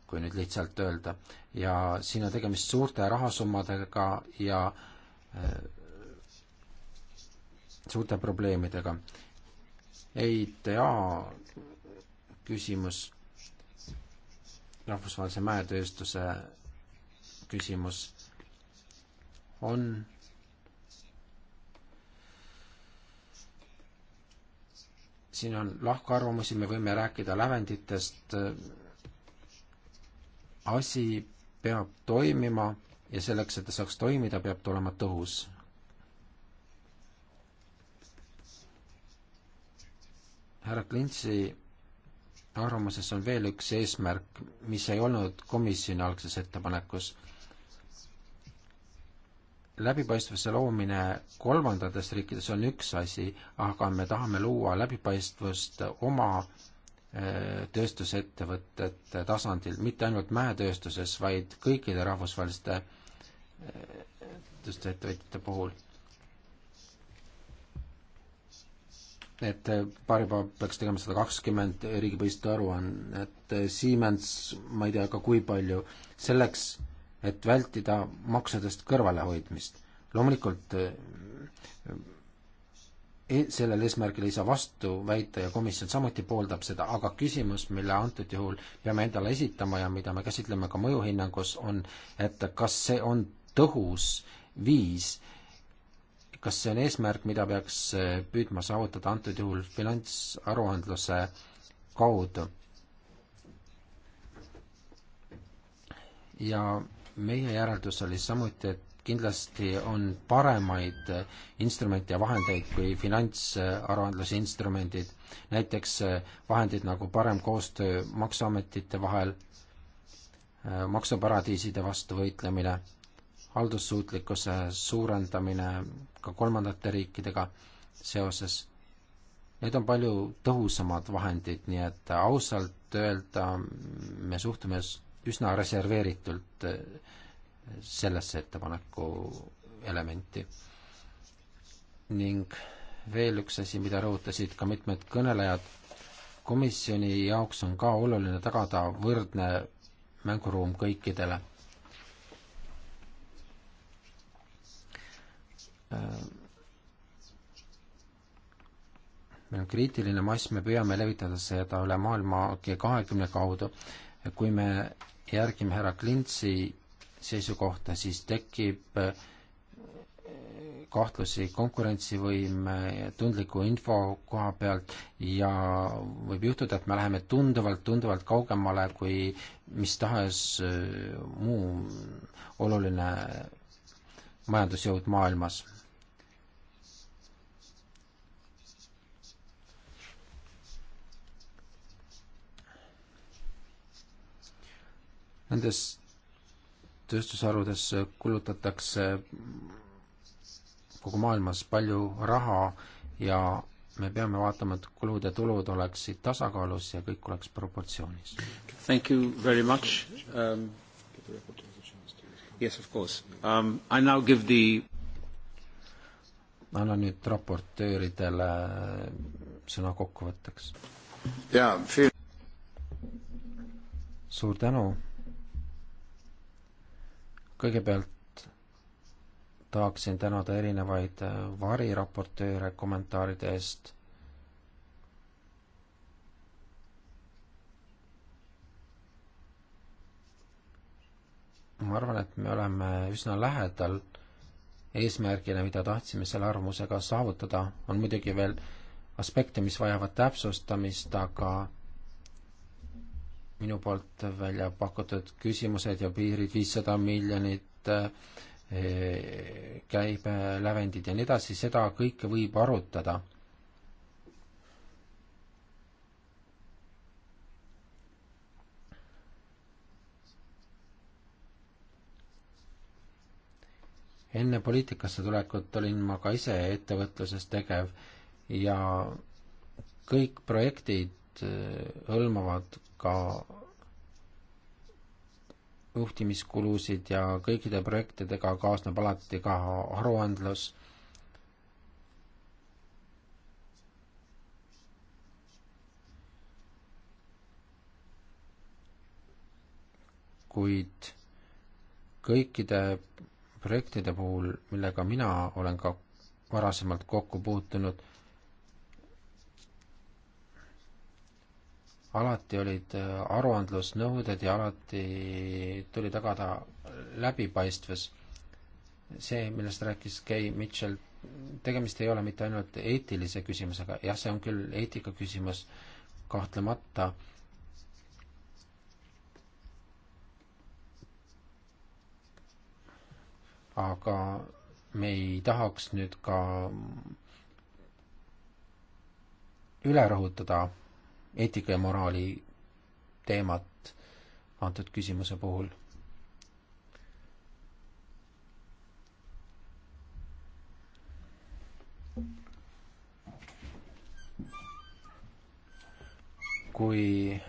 kui nüüd lihtsalt öelda. ja siin on tegemist suurte rahasummadega ja äh, suurte probleemidega. EITA küsimus, rahvusvahelise mäetööstuse küsimus on siin on lahkarvamusi, me võime rääkida lävenditest, asi peab toimima ja selleks, et ta saaks toimida, peab ta olema tõhus. härra Klintsi arvamuses on veel üks eesmärk, mis ei olnud komisjoni algses ettepanekus läbipaistvuse loomine kolmandates riikides on üks asi, aga me tahame luua läbipaistvust oma eh, tööstusettevõtete tasandil, mitte ainult mäetööstuses, vaid kõikide rahvusvaheliste eh, tööstusettevõtjate puhul. et eh, Pariba peaks tegema sada kakskümmend riigipõhist aruannet, Siemens, ma ei tea ka kui palju, selleks et vältida maksudest kõrvalehoidmist. loomulikult eh, e-, sellel eesmärgil ei saa vastu väita ja komisjon samuti pooldab seda, aga küsimus, mille antud juhul peame endale esitama ja mida me käsitleme ka mõjuhinnangus, on, et kas see on tõhus viis, kas see on eesmärk, mida peaks eh, püüdma saavutada antud juhul finantsaruandluse kaudu? ja meie järeldus oli samuti, et kindlasti on paremaid instrumente ja vahendeid kui finantsaruandluse instrumendid, näiteks äh, vahendid nagu parem koostöö Maksuametite vahel, äh, maksuparadiiside vastu võitlemine, haldussuutlikkuse suurendamine ka kolmandate riikidega seoses need on palju tõhusamad vahendid, nii et äh, ausalt öelda me suhtume üsna reserveeritult eh, sellesse ettepaneku elementi. ning veel üks asi, mida rõhutasid ka mitmed kõnelejad, komisjoni jaoks on ka oluline tagada võrdne mänguruum kõikidele. meil on kriitiline mass, me püüame levitada seda üle maailma G kahekümne kaudu, kui me järgime härra Klintsi seisukohta, siis tekib äh, kahtlusi konkurentsivõime tundliku info koha pealt ja võib juhtuda, et me läheme tunduvalt, tunduvalt kaugemale kui mis tahes äh, muu oluline majandusjõud maailmas nendes tööstusharudes kulutatakse kogu maailmas palju raha ja me peame vaatama, et kulud ja tulud oleksid tasakaalus ja kõik oleks proportsioonis. Thank you very much um,. Yes, of course um,. I now give the annan nüüd raportööridele sõna kokkuvõtteks. jaa, suur tänu kõigepealt tahaksin tänada erinevaid äh, variraportööre kommentaaride eest. ma arvan, et me oleme üsna lähedal eesmärgile, mida tahtsime selle arvamusega saavutada, on muidugi veel aspekte, mis vajavad täpsustamist, aga minu poolt välja pakutud küsimused ja piirid, viissada miljonit eh, käibelävendid ja nii edasi, seda kõike võib arutada. enne poliitikasse tulekut olin ma ka ise ettevõtluses tegev ja kõik projektid Äh, hõlmavad ka juhtimiskulusid ja kõikide projektidega kaasneb alati ka aruandlus. kuid kõikide projektide puhul, millega mina olen ka varasemalt kokku puutunud alati olid äh, aruandlusnõuded ja alati tuli tagada läbipaistvus. see, millest rääkis Kay Mitchell, tegemist ei ole mitte ainult eetilise küsimusega, jah, see on küll eetika küsimus kahtlemata, aga me ei tahaks nüüd ka üle rõhutada eetika ja moraali teemat antud küsimuse puhul. kui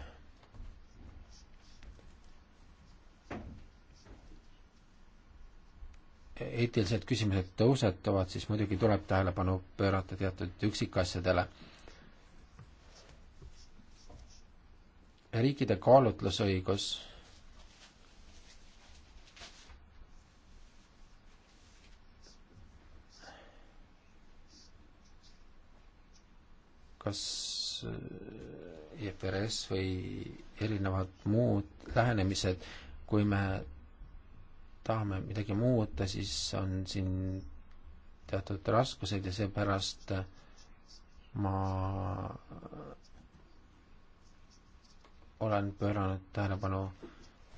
eetilised küsimused tõusetuvad, siis muidugi tuleb tähelepanu pöörata teatud üksikasjadele riikide kaalutlusõigus kas äh, EPRS või erinevad muud lähenemised, kui me tahame midagi muuta, siis on siin teatud raskused ja seepärast ma olen pööranud tähelepanu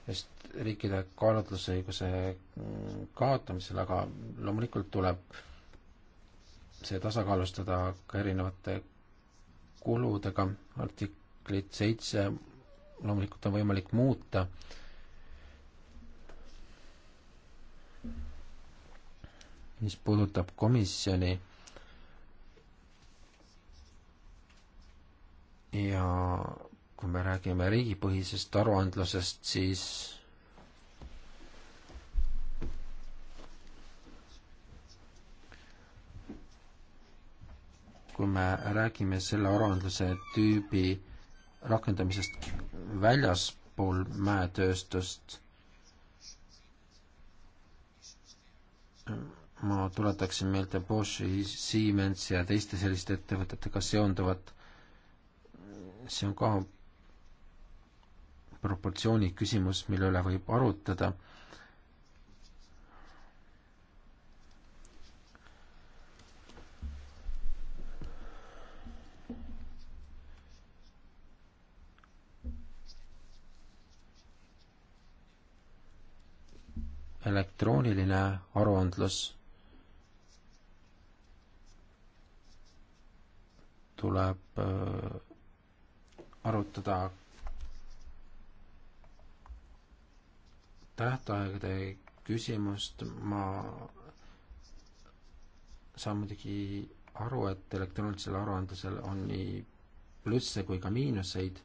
just riikide kaalutlusõiguse kaotamisele, aga loomulikult tuleb see tasakaalustada ka erinevate kuludega, artiklit seitse loomulikult on võimalik muuta, mis puudutab komisjoni ja kui me räägime riigipõhisest aruandlusest, siis kui me räägime selle aruandluse tüübi rakendamisest väljaspool mäetööstust, ma tuletaksin meelde Bosch'i, Siemensi ja teiste selliste ettevõtetega seonduvat, see on ka proportsiooni küsimus, mille üle võib arutada. elektrooniline aruandlus tuleb äh, arutada tähtaegade küsimust ma saan muidugi aru, et elektroonilisel aruandlusel on nii plusse kui ka miinuseid.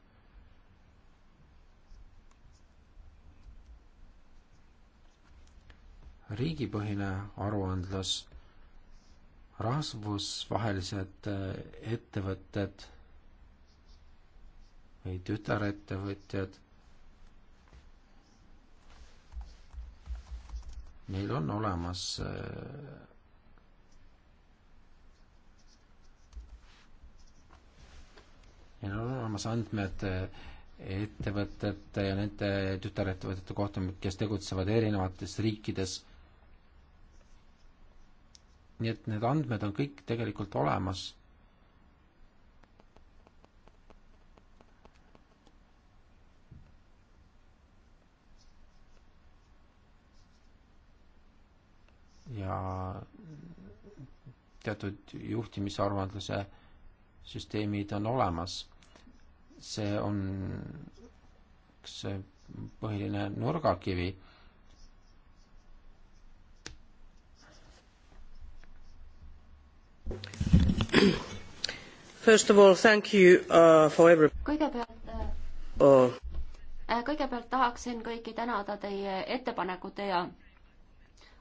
riigipõhine aruandlus, rahvusvahelised äh, ettevõtted või tütarettevõtjad meil on olemas äh, meil on olemas andmed äh, ettevõtete ja nende tütarettevõtete kohta, kes tegutsevad erinevates riikides. nii et need andmed on kõik tegelikult olemas ja teatud juhtimisaruandluse süsteemid on olemas. see on üks põhiline nurgakivi First of all, thank you uh, for every- kõigepealt oh. Äh, kõigepealt tahaksin kõiki tänada teie ettepanekute ja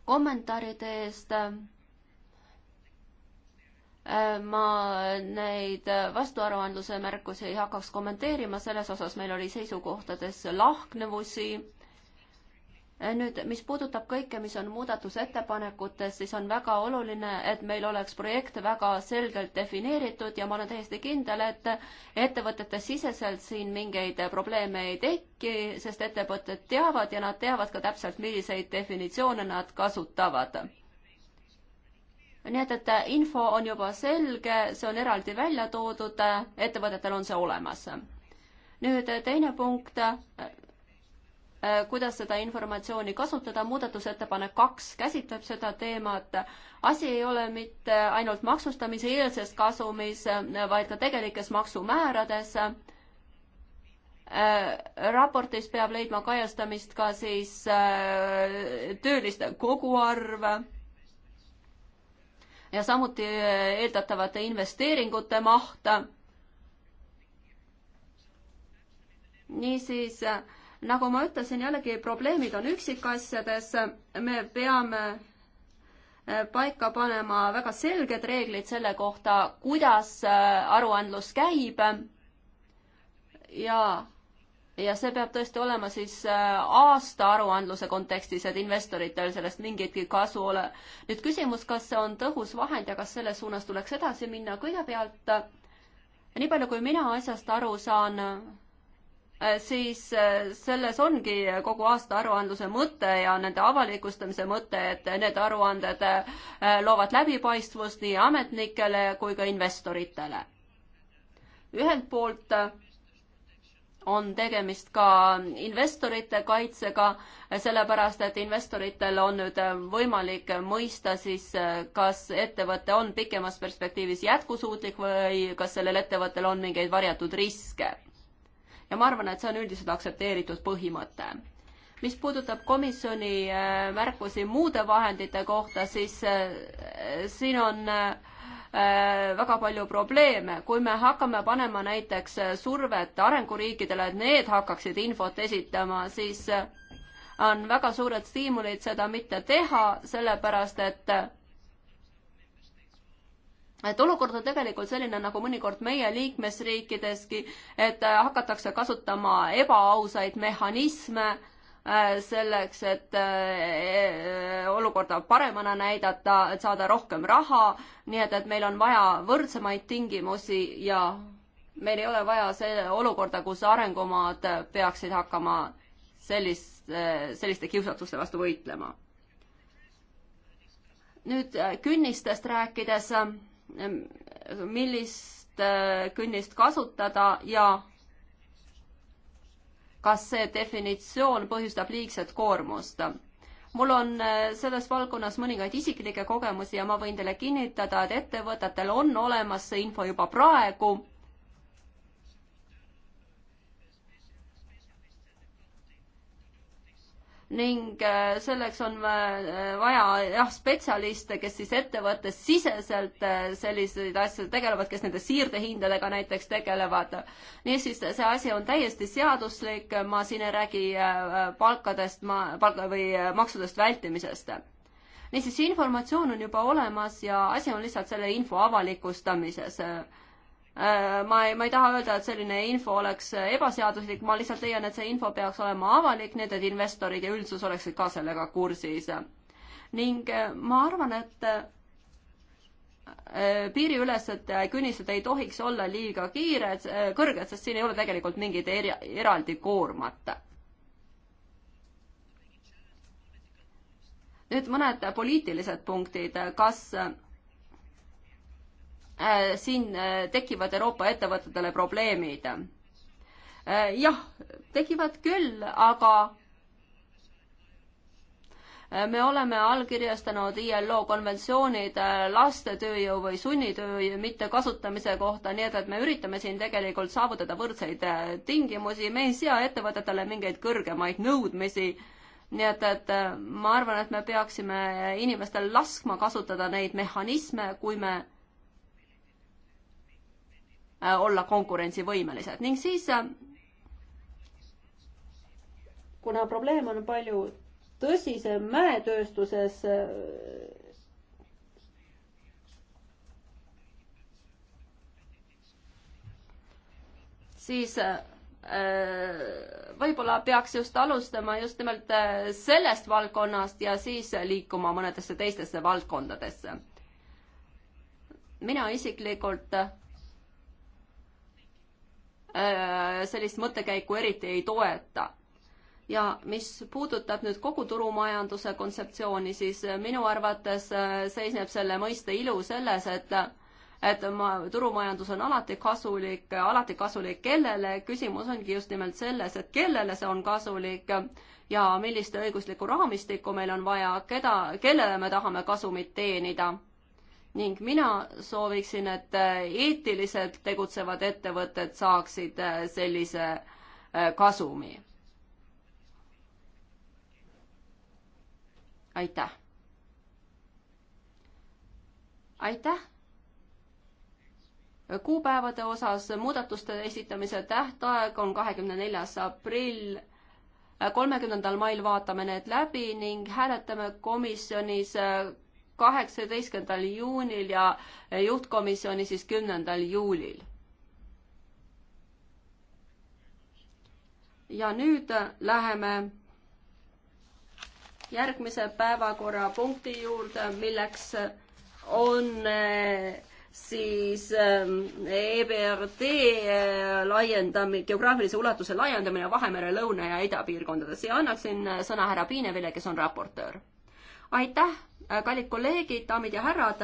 kommentaaride eest. ma neid vastuaruandluse märkusi ei hakkaks kommenteerima, selles osas meil oli seisukohtades lahknevusi nüüd, mis puudutab kõike, mis on muudatusettepanekutes, siis on väga oluline, et meil oleks projekt väga selgelt defineeritud ja ma olen täiesti kindel, et ettevõtete siseselt siin mingeid probleeme ei teki, sest ettevõtted teavad ja nad teavad ka täpselt, milliseid definitsioone nad kasutavad nii et, et info on juba selge, see on eraldi välja toodud, ettevõtetel on see olemas. nüüd teine punkt, Äh, kuidas seda informatsiooni kasutada. muudatusettepanek kaks käsitleb seda teemat. asi ei ole mitte ainult maksustamise eelses kasumis, äh, vaid ka tegelikes maksumäärades. Äh, raportis peab leidma kajastamist ka siis tööliste koguarv ja samuti eeldatavate investeeringute maht. niisiis äh, nagu ma ütlesin, jällegi probleemid on üksikasjades, me peame äh, paika panema väga selged reeglid selle kohta, kuidas äh, aruandlus käib ja, ja see peab tõesti olema siis äh, aasta aruandluse kontekstis, et investoritel sellest mingitki kasu ole. nüüd küsimus, kas see on tõhus vahend ja kas selles suunas tuleks edasi minna, kõigepealt nii palju, kui mina asjast aru saan, Äh, siis äh, selles ongi kogu aastaaruandluse mõte ja nende avalikustamise mõte, et need aruanded äh, loovad läbipaistvust nii ametnikele kui ka investoritele. ühelt poolt on tegemist ka investorite kaitsega, sellepärast et investoritel on nüüd võimalik mõista siis, kas ettevõte on pikemas perspektiivis jätkusuutlik või kas sellel ettevõttel on mingeid varjatud riske ja ma arvan, et see on üldiselt aktsepteeritud põhimõte. mis puudutab komisjoni äh, märkusi muude vahendite kohta, siis äh, siin on äh, väga palju probleeme, kui me hakkame panema näiteks survet arenguriikidele, et need hakkaksid infot esitama, siis on väga suured stiimulid seda mitte teha, sellepärast et et olukord on tegelikult selline, nagu mõnikord meie liikmesriikideski, et äh, hakatakse kasutama ebaausaid mehhanisme äh, selleks, et äh, olukorda paremana näidata, et saada rohkem raha, nii et, et meil on vaja võrdsemaid tingimusi ja meil ei ole vaja see olukorda, kus arengumaad peaksid hakkama sellist, selliste kiusatuste vastu võitlema. nüüd künnistest rääkides Ähm, millist äh, künnist kasutada ja kas see definitsioon põhjustab liigset koormust. mul on äh, selles valdkonnas mõningaid isiklikke kogemusi ja ma võin teile kinnitada, et ettevõtetel on olemas see info juba praegu ning äh, selleks on äh, vaja jah, spetsialiste, kes siis ettevõttes siseselt äh, selliseid asju tegelevad, kes nende siirdehindadega näiteks tegelevad. niisiis, see asi on täiesti seaduslik, ma siin ei räägi palkadest, ma, palka või maksudest vältimisest. niisiis, informatsioon on juba olemas ja asi on lihtsalt selle info avalikustamises Äh, ma ei, ma ei taha öelda, et selline info oleks ebaseaduslik, ma lihtsalt leian, et see info peaks olema avalik, nii et investorid ja üldsus oleksid ka sellega kursis. ning äh, ma arvan, et äh, piiriülesed künnised ei tohiks olla liiga kiired, kõrged, sest siin ei ole tegelikult mingit eri, eraldi koormat. nüüd mõned poliitilised punktid, kas Äh, siin äh, tekivad Euroopa ettevõtetele probleemid. Äh, jah, tekivad küll, aga me oleme allkirjastanud ILO konventsioonid lastetööjõu või sunnitöö mittekasutamise kohta, nii et, et me üritame siin tegelikult saavutada võrdseid tingimusi, me ei sea ettevõtetele mingeid kõrgemaid nõudmisi, nii et, et ma arvan, et me peaksime inimestel laskma kasutada neid mehhanisme, kui me Äh, olla konkurentsivõimelised ning siis äh, kuna probleem on palju tõsisem mäetööstuses, äh, siis võib-olla peaks just alustama just nimelt sellest valdkonnast ja siis liikuma mõnedesse teistesse valdkondadesse. mina isiklikult Äh, sellist mõttekäiku eriti ei toeta. ja mis puudutab nüüd kogu turumajanduse kontseptsiooni, siis minu arvates äh, seisneb selle mõiste ilu selles, et et ma, turumajandus on alati kasulik, alati kasulik kellele, küsimus ongi just nimelt selles, et kellele see on kasulik ja millist õiguslikku raamistikku meil on vaja, keda, kellele me tahame kasumit teenida ning mina sooviksin, et äh, eetiliselt tegutsevad ettevõtted saaksid äh, sellise äh, kasumi. aitäh. aitäh. kuupäevade osas muudatuste esitamise tähtaeg on kahekümne neljas aprill kolmekümnendal mail vaatame need läbi ning hääletame komisjonis kaheksateistkümnendal juunil ja juhtkomisjoni siis kümnendal juulil. ja nüüd läheme järgmise päevakorrapunkti juurde, milleks on eh, siis EBRD ehm, e eh, laiendamine, geograafilise ulatuse laiendamine Vahemere lõuna- ja idapiirkondades ja annaksin eh, sõna härra Piinevile, kes on raportöör aitäh, äh, kallid kolleegid, daamid ja härrad.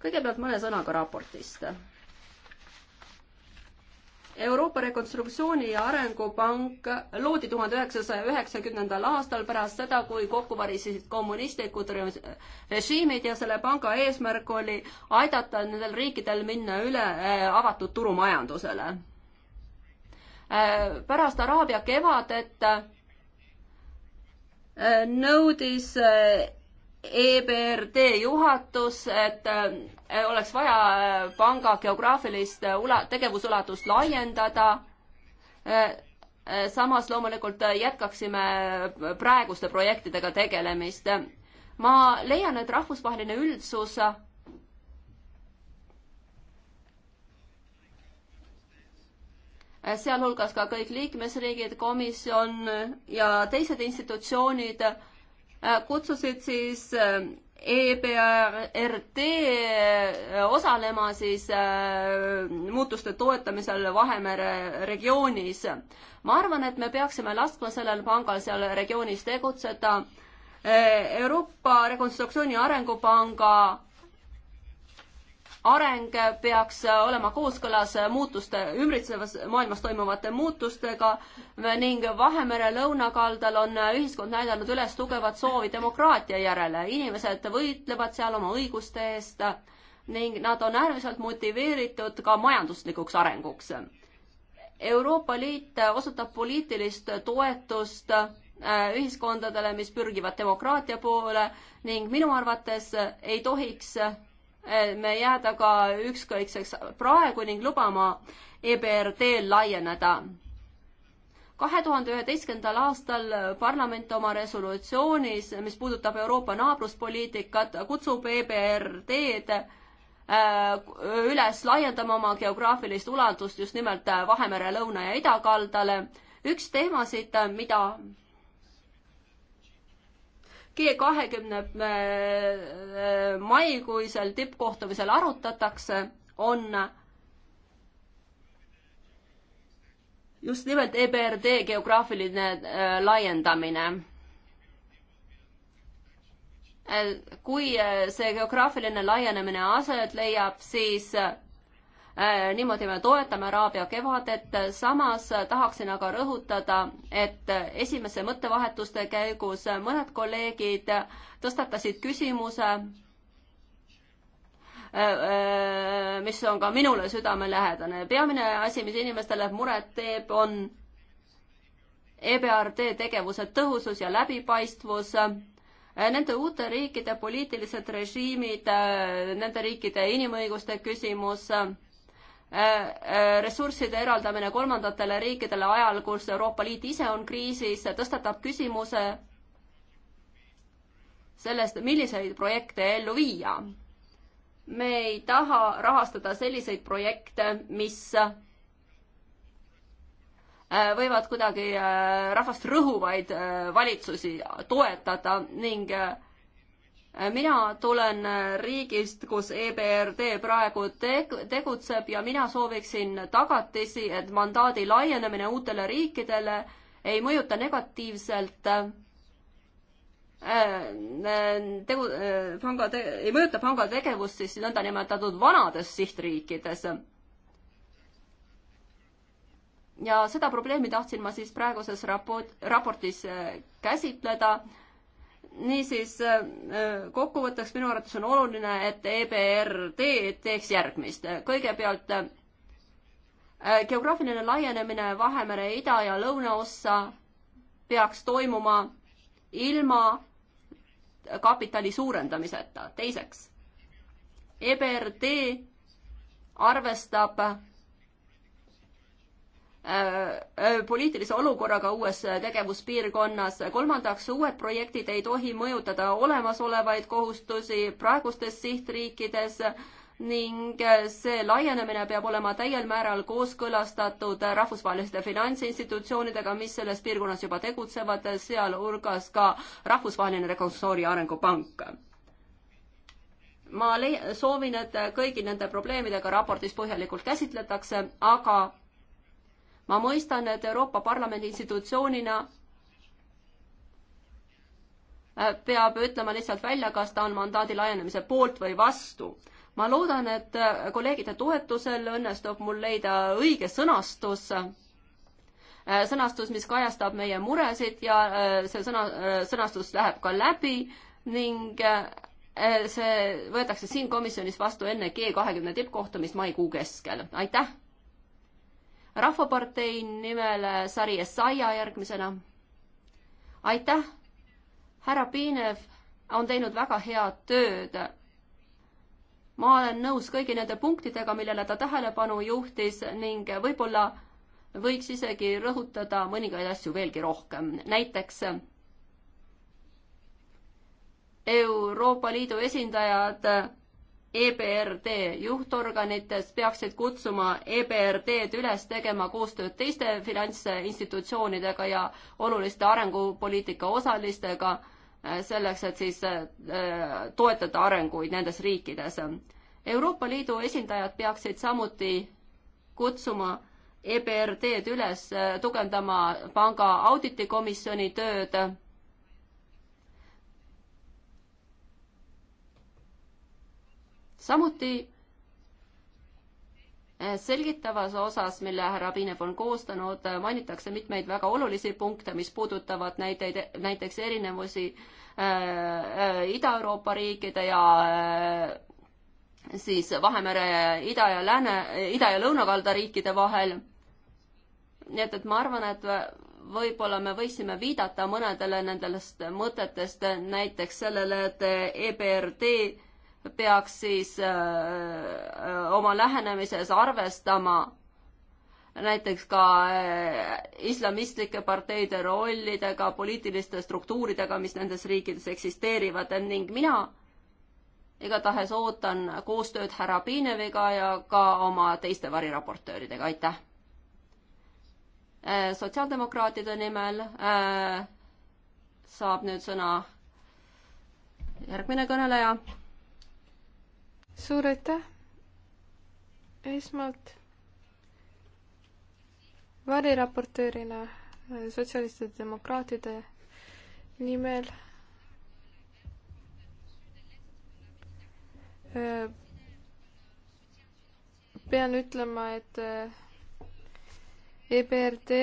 kõigepealt mõne sõnaga raportist Euroopa Rekonstruktsiooni ja Arengupank loodi tuhande üheksasaja üheksakümnendal aastal pärast seda, kui kokku varisesid kommunistlikud režiimid ja selle panga eesmärk oli aidata nendel riikidel minna üle äh, avatud turumajandusele. Äh, pärast Araabia kevadet nõudis äh, EBRD juhatus, et äh, oleks vaja äh, panga geograafilist ula-, tegevusulatust laiendada. samas loomulikult jätkaksime praeguste projektidega tegelemist. ma leian, et rahvusvaheline üldsus sealhulgas ka kõik liikmesriigid, komisjon ja teised institutsioonid äh, kutsusid siis äh, EBRD äh, osalema siis muutuste toetamisel Vahemere regioonis. ma arvan, et me peaksime laskma sellel pangal seal regioonis tegutseda. Euroopa Rekonstruktsiooni Arengupanga areng peaks olema kooskõlas muutuste, ümbritsevas maailmas toimuvate muutustega ning Vahemere lõunakaldal on ühiskond näidanud üles tugevat soovi demokraatia järele. inimesed võitlevad seal oma õiguste eest ning nad on äärmiselt motiveeritud ka majanduslikuks arenguks. Euroopa Liit osutab poliitilist toetust äh, ühiskondadele, mis pürgivad demokraatia poole ning minu arvates ei tohiks me jääda ka ükskõikseks praegu ning lubama EBRD-l laieneda. kahe tuhande üheteistkümnendal aastal parlament oma resolutsioonis, mis puudutab Euroopa naabruspoliitikat, kutsub EBRD-d äh, üles laiendama oma geograafilist ulatust just nimelt Vahemere lõuna ja idakaldale. üks teemasid, mida G kahekümne äh, äh, maikuisel tippkohtumisel arutatakse, on just nimelt EBRD geograafiline äh, laiendamine. kui see geograafiline laienemine aset leiab, siis Äh, niimoodi me toetame Araabia kevadet, samas tahaksin aga rõhutada, et esimese mõttevahetuste käigus mõned kolleegid tõstatasid küsimuse, äh, äh, mis on ka minule südamelähedane. peamine asi, mis inimestele muret teeb, on EBRD tegevuse tõhusus ja läbipaistvus nende uute riikide poliitilised režiimid, nende riikide inimõiguste küsimus, Äh, äh, ressursside eraldamine kolmandatele riikidele ajal, kus Euroopa Liit ise on kriisis, tõstatab küsimuse sellest, milliseid projekte ellu viia. me ei taha rahastada selliseid projekte, mis äh, võivad kuidagi rahvast rõhuvaid valitsusi toetada ning mina tulen äh, riigist, kus EBRD praegu teg-, tegutseb ja mina sooviksin tagatisi, et mandaadi laienemine uutele riikidele ei mõjuta negatiivselt äh, äh, tegu-, panga te-, ei mõjuta panga tegevust siis nõndanimetatud vanades sihtriikides. ja seda probleemi tahtsin ma siis praeguses raport, raportis käsitleda niisiis äh, kokkuvõtteks minu arvates on oluline, et EBRD teeks järgmist. kõigepealt äh, geograafiline laienemine Vahemere ida ja lõunaossa peaks toimuma ilma kapitali suurendamiseta. teiseks, EBRD arvestab Äh, äh, poliitilise olukorraga uues tegevuspiirkonnas. kolmandaks, uued projektid ei tohi mõjutada olemasolevaid kohustusi praegustes sihtriikides ning äh, see laienemine peab olema täiel määral kooskõlastatud rahvusvaheliste finantsinstitutsioonidega, mis selles piirkonnas juba tegutsevad, sealhulgas ka Rahvusvaheline Rekonstruktsiooni Arengupank. ma soovin, et kõigi nende probleemidega raportis põhjalikult käsitletakse, aga ma mõistan, et Euroopa Parlamendi institutsioonina äh, peab ütlema lihtsalt välja, kas ta on mandaadi laienemise poolt või vastu. ma loodan, et äh, kolleegide toetusel õnnestub mul leida õige sõnastus, äh, sõnastus, mis kajastab meie muresid ja see sõna, sõnastus läheb ka läbi ning see võetakse siin komisjonis vastu enne G kahekümne tippkohtumist maikuu keskel. aitäh! rahvapartei nimel äh, Sari Essaia järgmisena. aitäh, härra Piinev on teinud väga head tööd. ma olen nõus kõigi nende punktidega, millele ta tähelepanu juhtis ning võib-olla võiks isegi rõhutada mõningaid asju veelgi rohkem, näiteks Euroopa Liidu esindajad EBRD juhtorganites peaksid kutsuma EBRD-d üles tegema koostööd teiste finantsinstitutsioonidega ja oluliste arengupoliitika osalistega äh, selleks, et siis äh, toetada arenguid nendes riikides. Euroopa Liidu esindajad peaksid samuti kutsuma EBRD-d üles äh, tugevdama panga auditikomisjoni tööd samuti eh, selgitavas osas, mille härra Piinev on koostanud, eh, mainitakse mitmeid väga olulisi punkte, mis puudutavad näiteid, näiteks erinevusi äh, Ida-Euroopa riikide ja äh, siis Vahemere ida ja lääne, ida ja lõunakalda riikide vahel. nii et, et ma arvan, et võib-olla me võiksime viidata mõnedele nendest mõtetest, näiteks sellele, et EBRD peaks siis öö, äh, äh, oma lähenemises arvestama näiteks ka äh, islamistlike parteide rollidega, poliitiliste struktuuridega, mis nendes riikides eksisteerivad ning mina igatahes ootan koostööd härra Piineviga ja ka oma teiste variraportööridega, aitäh! sotsiaaldemokraatide nimel äh, saab nüüd sõna järgmine kõneleja suur aitäh. esmalt variraportöörina sotsialistide demokraatide nimel äh, pean ütlema, et äh, EBRD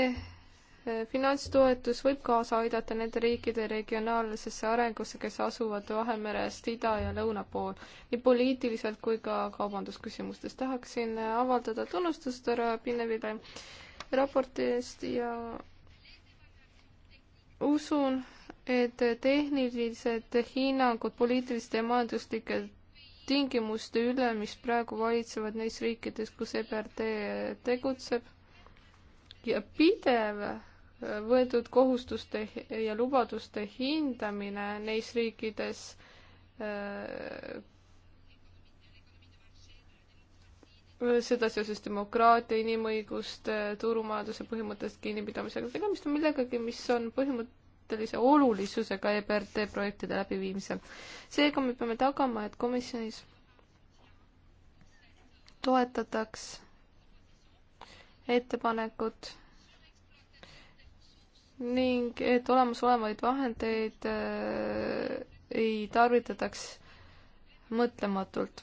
finantstoetus võib kaasa aidata nende riikide regionaalsesse arengusse, kes asuvad Vahemerest ida ja lõuna pool, nii poliitiliselt kui ka kaubandusküsimustes. tahaksin avaldada tunnustust härra Pinnevile raporti eest ja usun, et tehnilised hinnangud poliitiliste ja majanduslike tingimuste üle, mis praegu valitsevad neis riikides, kus EBRD tegutseb ja pidev võetud kohustuste ja lubaduste hindamine neis riikides äh, seda seoses demokraatia, inimõiguste, turumajanduse põhimõttest kinnipidamisega, tegemist on millegagi, mis on põhimõttelise olulisusega EBRD projektide läbiviimisel. seega me peame tagama, et komisjonis toetataks ettepanekut ning et olemasolevaid vahendeid äh, ei tarvitataks mõtlematult.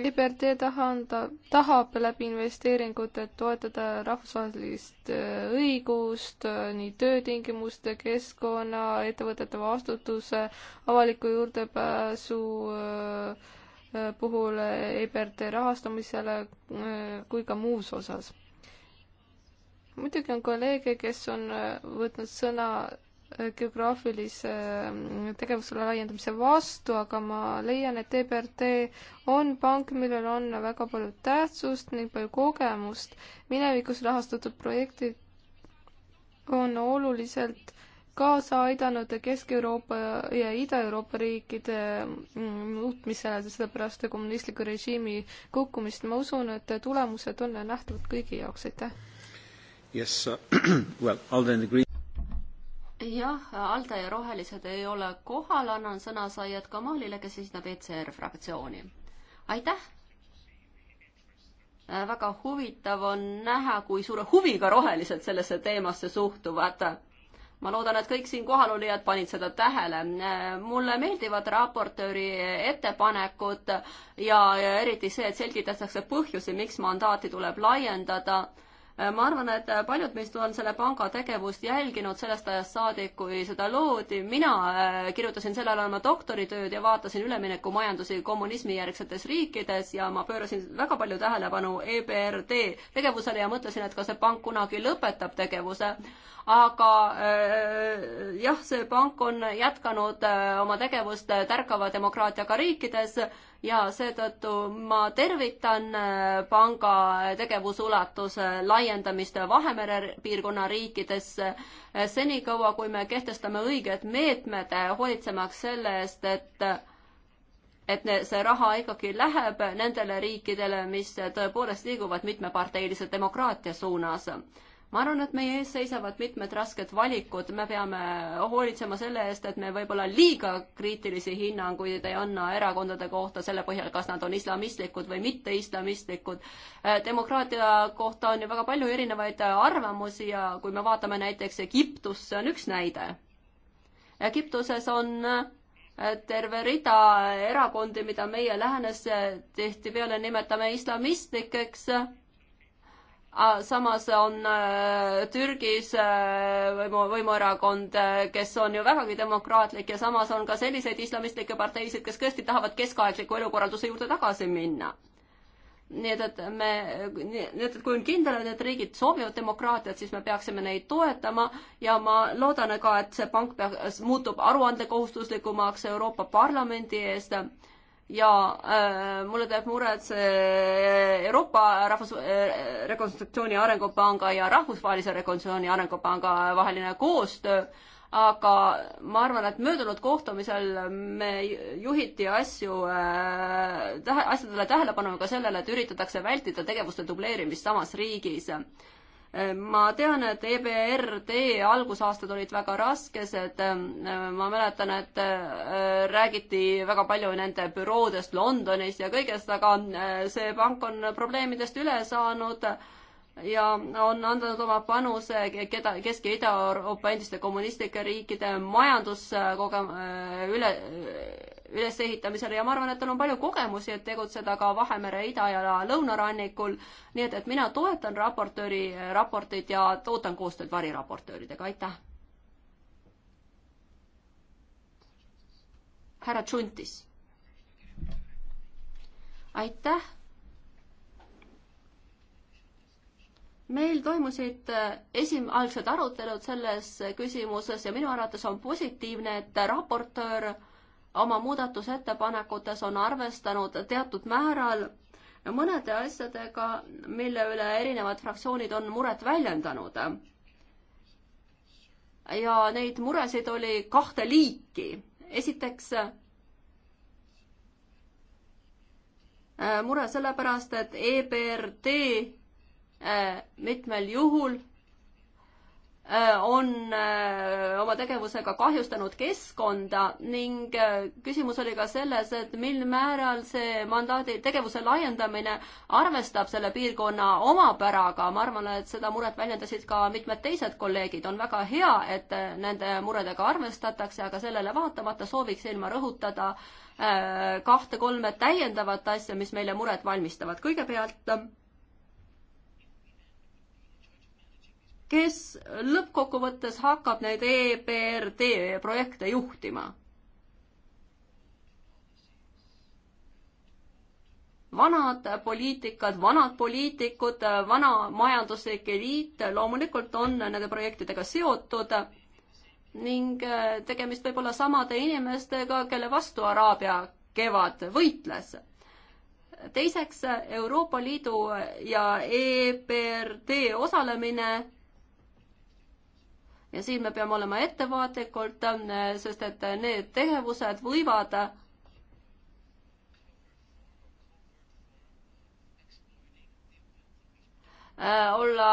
EBRD taha anda, tahab läbi investeeringute toetada rahvusvahelist äh, õigust, äh, nii töötingimuste, keskkonna, ettevõtete vastutuse, avaliku juurdepääsu äh, puhul EBRD rahastamisele kui ka muus osas muidugi on kolleege, kes on äh, võtnud sõna äh, geograafilise äh, tegevusala laiendamise vastu, aga ma leian, et EBRD on pank, millel on väga palju tähtsust ning palju kogemust. minevikus rahastatud projektid on oluliselt kaasa aidanud Kesk-Euroopa ja Ida-Euroopa riikide mm, muutmisele, sellepärast kommunistliku režiimi kukkumist. ma usun, et tulemused on nähtavad kõigi jaoks, aitäh! Yes, *clears throat* well, Alde and the Green. jah, Alde ja Rohelised ei ole kohal, annan sõna Saiet Kamalile, kes esindab ECR fraktsiooni. aitäh! Äh, väga huvitav on näha, kui suure huviga rohelised sellesse teemasse suhtuvad. ma loodan, et kõik siin kohalolijad panid seda tähele. Äh, mulle meeldivad raportööri ettepanekud ja eriti see, et selgitatakse põhjusi, miks mandaati tuleb laiendada ma arvan, et paljud meist on selle panga tegevust jälginud sellest ajast saadik, kui seda loodi. mina äh, kirjutasin sel ajal oma doktoritööd ja vaatasin üleminekumajandusi kommunismijärgsetes riikides ja ma pöörasin väga palju tähelepanu EBRD tegevusele ja mõtlesin, et kas see pank kunagi lõpetab tegevuse aga äh, jah, see pank on jätkanud äh, oma tegevust äh, tärkava demokraatiaga riikides ja seetõttu ma tervitan panga tegevusulatuse laiendamist Vahemere piirkonna riikidesse senikaua, kui me kehtestame õiged meetmed, hoolitsemaks selle eest, et et see raha ikkagi läheb nendele riikidele, mis tõepoolest liiguvad mitmeparteilise demokraatia suunas ma arvan, et meie ees seisavad mitmed rasked valikud, me peame hoolitsema selle eest, et me võib-olla liiga kriitilisi hinnanguid ei anna erakondade kohta selle põhjal, kas nad on islamistlikud või mitte-islamistlikud. Äh, demokraatia kohta on ju väga palju erinevaid arvamusi ja kui me vaatame näiteks Egiptust, see on üks näide. Egiptuses on äh, terve rida erakondi, mida meie läänes äh, tihtipeale nimetame islamistlikeks samas on äh, Türgis äh, võimu, võimuerakond, äh, kes on ju vägagi demokraatlik ja samas on ka selliseid islamistlikke parteisid, kes tõesti tahavad keskaegliku elukorralduse juurde tagasi minna. nii et, et me, nii et, et kui on kindel, et need riigid soovivad demokraatiat, siis me peaksime neid toetama ja ma loodan ka, et see pank peaks, muutub aruandekohustuslikumaks Euroopa Parlamendi eest ja äh, mulle teeb muret see äh, Euroopa Rahvus- äh,, Rekonstruktsiooni Arengupanga ja Rahvusvahelise Rekonstruktsiooni Arengupanga vaheline koostöö, aga ma arvan, et möödunud kohtumisel me juhiti asju äh,, tähe, asjadele tähelepanu ka sellele, et üritatakse vältida tegevuste dubleerimist samas riigis äh, ma tean, et EBRD algusaastad olid väga raskesed. ma mäletan, et äh, räägiti väga palju nende büroodest Londonis ja kõigest, aga äh, see pank on probleemidest üle saanud ja on andnud oma panuse keda, Kesk- ja Ida-Euroopa endiste kommunistlike riikide majanduskoge-, üle, ülesehitamisele ja ma arvan, et tal on palju kogemusi, et tegutseda ka Vahemere ida- ja lõunarannikul. nii et, et mina toetan raportööri eh, raportit ja ootan koostööd variraportööridega, aitäh. härra Tšuntis. aitäh. meil toimusid eh, esimesed arutelud selles küsimuses ja minu arvates on positiivne, et raportöör oma muudatusettepanekutes on arvestanud teatud määral mõnede asjadega, mille üle erinevad fraktsioonid on muret väljendanud. ja neid muresid oli kahte liiki. esiteks äh, mure sellepärast, et EBRD äh, mitmel juhul Äh, on äh, oma tegevusega kahjustanud keskkonda ning äh, küsimus oli ka selles, et mil määral see mandaadi tegevuse laiendamine arvestab selle piirkonna omapäraga. ma arvan, et seda muret väljendasid ka mitmed teised kolleegid. on väga hea, et nende muredega arvestatakse, aga sellele vaatamata sooviksin ma rõhutada kahte-kolme täiendavat asja, mis meile muret valmistavad. kõigepealt kes lõppkokkuvõttes hakkab neid EBRD projekte juhtima? vanad poliitikad, vanad poliitikud, vana majanduslik eliit loomulikult on nende projektidega seotud ning äh, tegemist võib olla samade inimestega, kelle vastu Araabia kevad võitles teiseks Euroopa Liidu ja EBRD osalemine ja siin me peame olema ettevaatlikult, äh, sest et äh, need tegevused võivad äh, olla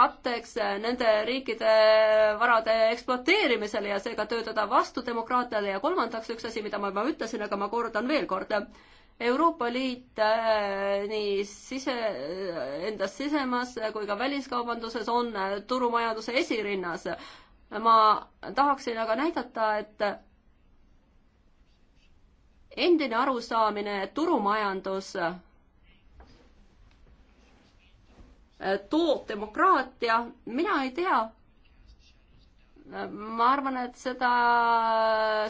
katteks nende riikide varade ekspluateerimisele ja seega töötada vastu demokraatiale ja kolmandaks üks asi, mida ma juba ütlesin, aga ma kordan veel kord Euroopa Liit äh, nii sise, endas sisemas kui ka väliskaubanduses on äh, turumajanduse esirinnas. ma tahaksin aga näidata, et endine arusaamine, et turumajandus äh, toob demokraatia, mina ei tea ma arvan, et seda,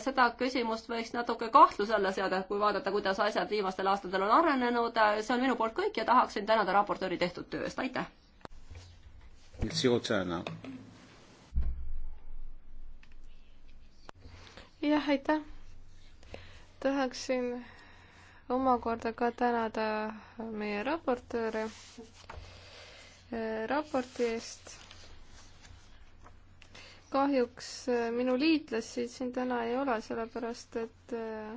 seda küsimust võiks natuke kahtluse alla seada, kui vaadata, kuidas asjad viimastel aastatel on arenenud. see on minu poolt kõik ja tahaksin tänada raportööri tehtud töö eest, aitäh! jah, aitäh! tahaksin omakorda ka tänada meie raportööre raporti eest kahjuks äh, minu liitlasid siin täna ei ole, sellepärast et äh,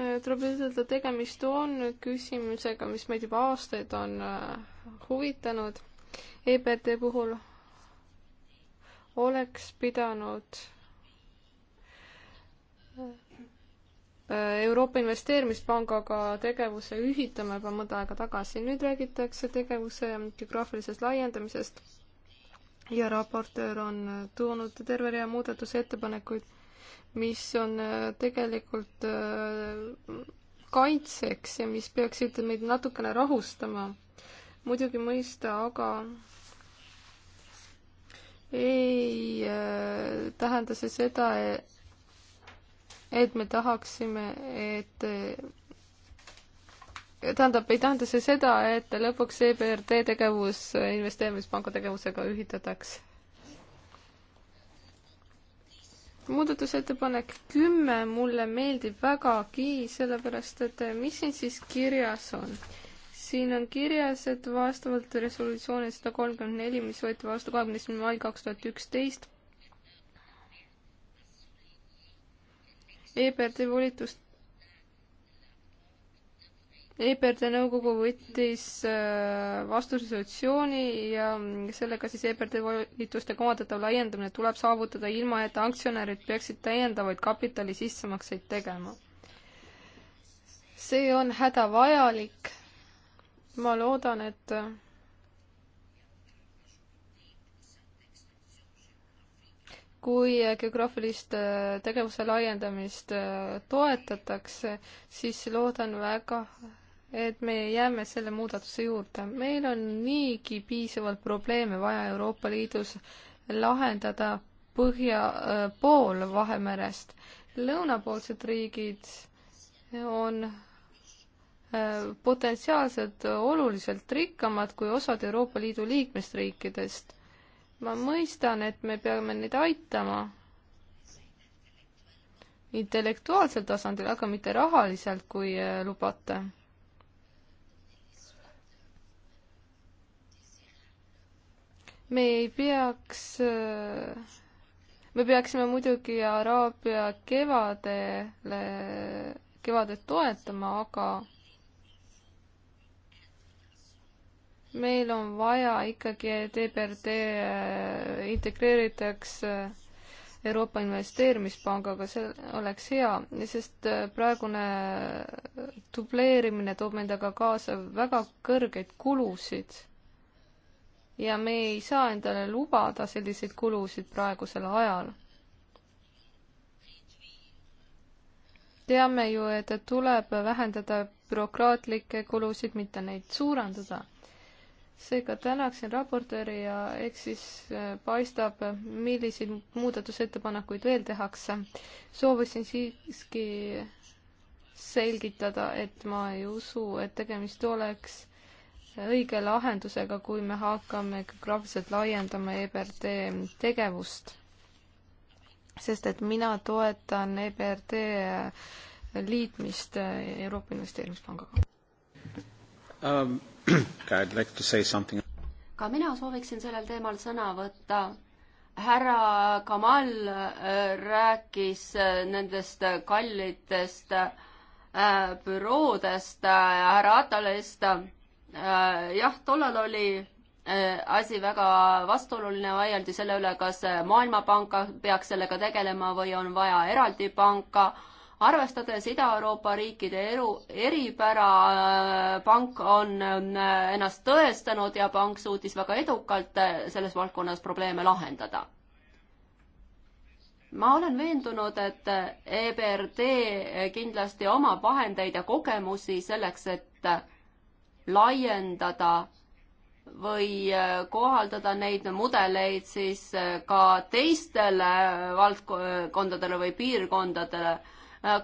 äh, tuleb ütelda, tegemist on küsimusega, mis meid juba aastaid on huvitanud. EBRD puhul oleks pidanud Euroopa Investeerimispangaga tegevuse ühitama juba mõnda aega tagasi. nüüd räägitakse tegevuse geograafilisest laiendamisest ja raportöör on toonud terve rea muudatusettepanekuid, mis on äh, tegelikult äh, kaitseks ja mis peaksid meid natukene rahustama. muidugi mõista, aga ei äh, tähenda see seda, et me tahaksime, et tähendab, ei tähenda see seda, et lõpuks EBRD tegevus investeerimispanga tegevusega ühitatakse. muudatusettepanek kümme mulle meeldib vägagi, sellepärast et mis siin siis kirjas on? siin on kirjas, et vastavalt resolutsioonile sada kolmkümmend neli, mis võeti vastu kahekümne esimene mai kaks tuhat üksteist, EBRD volitust EBRD nõukogu võttis äh, vastu resolutsiooni ja sellega siis EBRD volituste komandatav laiendamine tuleb saavutada ilma, et aktsionärid peaksid täiendavaid kapitali sissemakseid tegema. see on hädavajalik. ma loodan, et kui geograafilist äh, tegevuse laiendamist äh, toetatakse, siis loodan väga, et me jääme selle muudatuse juurde. meil on niigi piisavalt probleeme vaja Euroopa Liidus lahendada põhja äh, pool Vahemerest. lõunapoolsed riigid on äh, potentsiaalselt oluliselt rikkamad kui osad Euroopa Liidu liikmesriikidest. ma mõistan, et me peame neid aitama intellektuaalsel tasandil, aga mitte rahaliselt, kui äh, lubate me ei peaks, me peaksime muidugi Araabia kevadele, kevadet toetama, aga meil on vaja ikkagi, et EBRD äh, integreeritaks äh, Euroopa Investeerimispangaga, see oleks hea, sest äh, praegune dubleerimine toob endaga kaasa väga kõrgeid kulusid ja me ei saa endale lubada selliseid kulusid praegusel ajal. teame ju, et tuleb vähendada bürokraatlikke kulusid, mitte neid suurendada. seega tänaksin raportööri ja eks siis äh, paistab, milliseid muudatusettepanekuid veel tehakse. soovisin siiski selgitada, et ma ei usu, et tegemist oleks õige lahendusega, kui me hakkame geograafiliselt laiendama EBRD tegevust. sest et mina toetan EBRD liitmist Euroopa Investeerimispangaga um,. *clears throat* Like ka mina sooviksin sellel teemal sõna võtta härra Kamal äh, rääkis äh, nendest kallitest äh, büroodest ja härra Atalist Äh, jah, tollal oli äh, asi väga vastuoluline, vaieldi selle üle, kas äh, Maailmapank peaks sellega tegelema või on vaja eraldi panka. arvestades Ida-Euroopa riikide eru, eripära, pank on ennast tõestanud ja pank suutis väga edukalt selles valdkonnas probleeme lahendada. ma olen veendunud, et EBRD kindlasti omab vahendeid ja kogemusi selleks, et laiendada või äh, kohaldada neid mudeleid siis äh, ka teistele valdkondadele äh, või piirkondadele,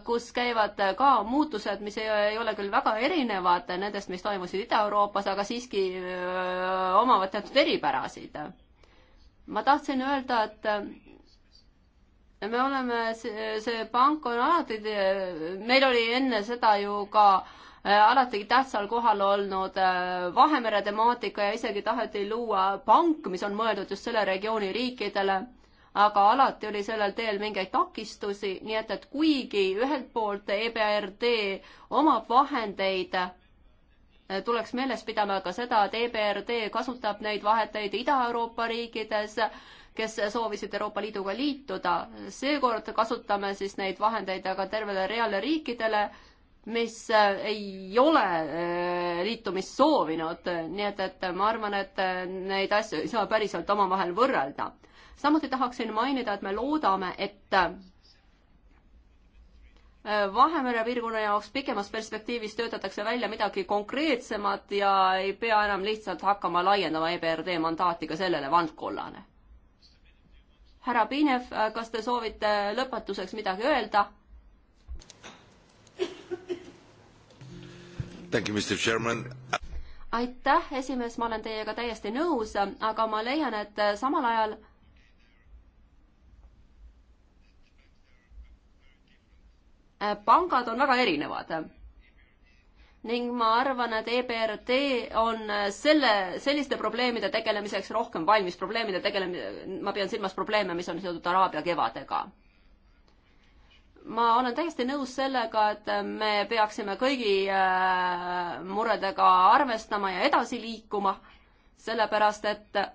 kus käivad ka muutused, mis ei ole küll väga erinevad nendest, mis toimusid Ida-Euroopas, aga siiski omavad teatud eripärasid. ma tahtsin öelda, et me oleme, see pank on alati, meil oli enne seda ju ka äh, Äh, alati tähtsal kohal olnud äh, Vahemere temaatika ja isegi taheti luua pank, mis on mõeldud just selle regiooni riikidele, aga alati oli sellel teel mingeid takistusi, nii et, et kuigi ühelt poolt EBRD omab vahendeid, äh, tuleks meeles pidama ka seda, et EBRD kasutab neid vahendeid Ida-Euroopa riikides, kes soovisid Euroopa Liiduga liituda. seekord kasutame siis neid vahendeid aga tervele reale riikidele mis äh, ei ole äh, liitumist soovinud, nii et, et ma arvan, et äh, neid asju ei saa päriselt omavahel võrrelda. samuti tahaksin mainida, et me loodame, et Vahemere piirkonna jaoks pikemas perspektiivis töötatakse välja midagi konkreetsemat ja ei pea enam lihtsalt hakkama laiendama EBRD mandaati ka sellele valdkonnale. härra Pinev, kas te soovite lõpetuseks midagi öelda? aitäh, esimees, ma olen teiega täiesti nõus, aga ma leian, et äh, samal ajal äh, pangad on väga erinevad. ning ma arvan, et EBRD on äh, selle, selliste probleemide tegelemiseks rohkem valmis, probleemide tegelemine, ma pean silmas probleeme, mis on seotud Araabia kevadega ma olen täiesti nõus sellega, et me peaksime kõigi äh, muredega arvestama ja edasi liikuma, sellepärast et äh,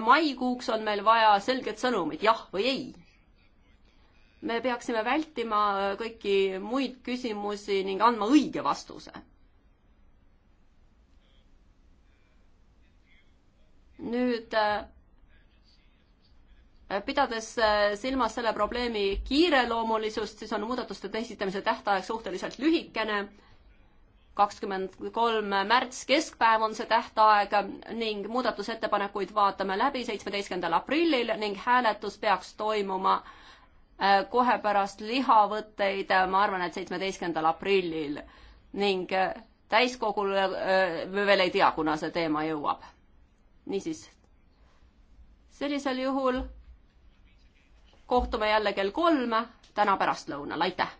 maikuuks on meil vaja selget sõnumit, jah või ei. me peaksime vältima äh, kõiki muid küsimusi ning andma õige vastuse. nüüd pidades äh, silmas selle probleemi kiireloomulisust, siis on muudatuste esitamise tähtaeg suhteliselt lühikene. kakskümmend kolm märts keskpäev on see tähtaeg ning muudatusettepanekuid vaatame läbi seitsmeteistkümnendal aprillil ning hääletus peaks toimuma äh, kohe pärast lihavõtteid, äh, ma arvan, et seitsmeteistkümnendal aprillil ning täiskogul me veel ei tea, kuna see teema jõuab. niisiis, sellisel juhul kohtume jälle kell kolm täna pärastlõunal, aitäh!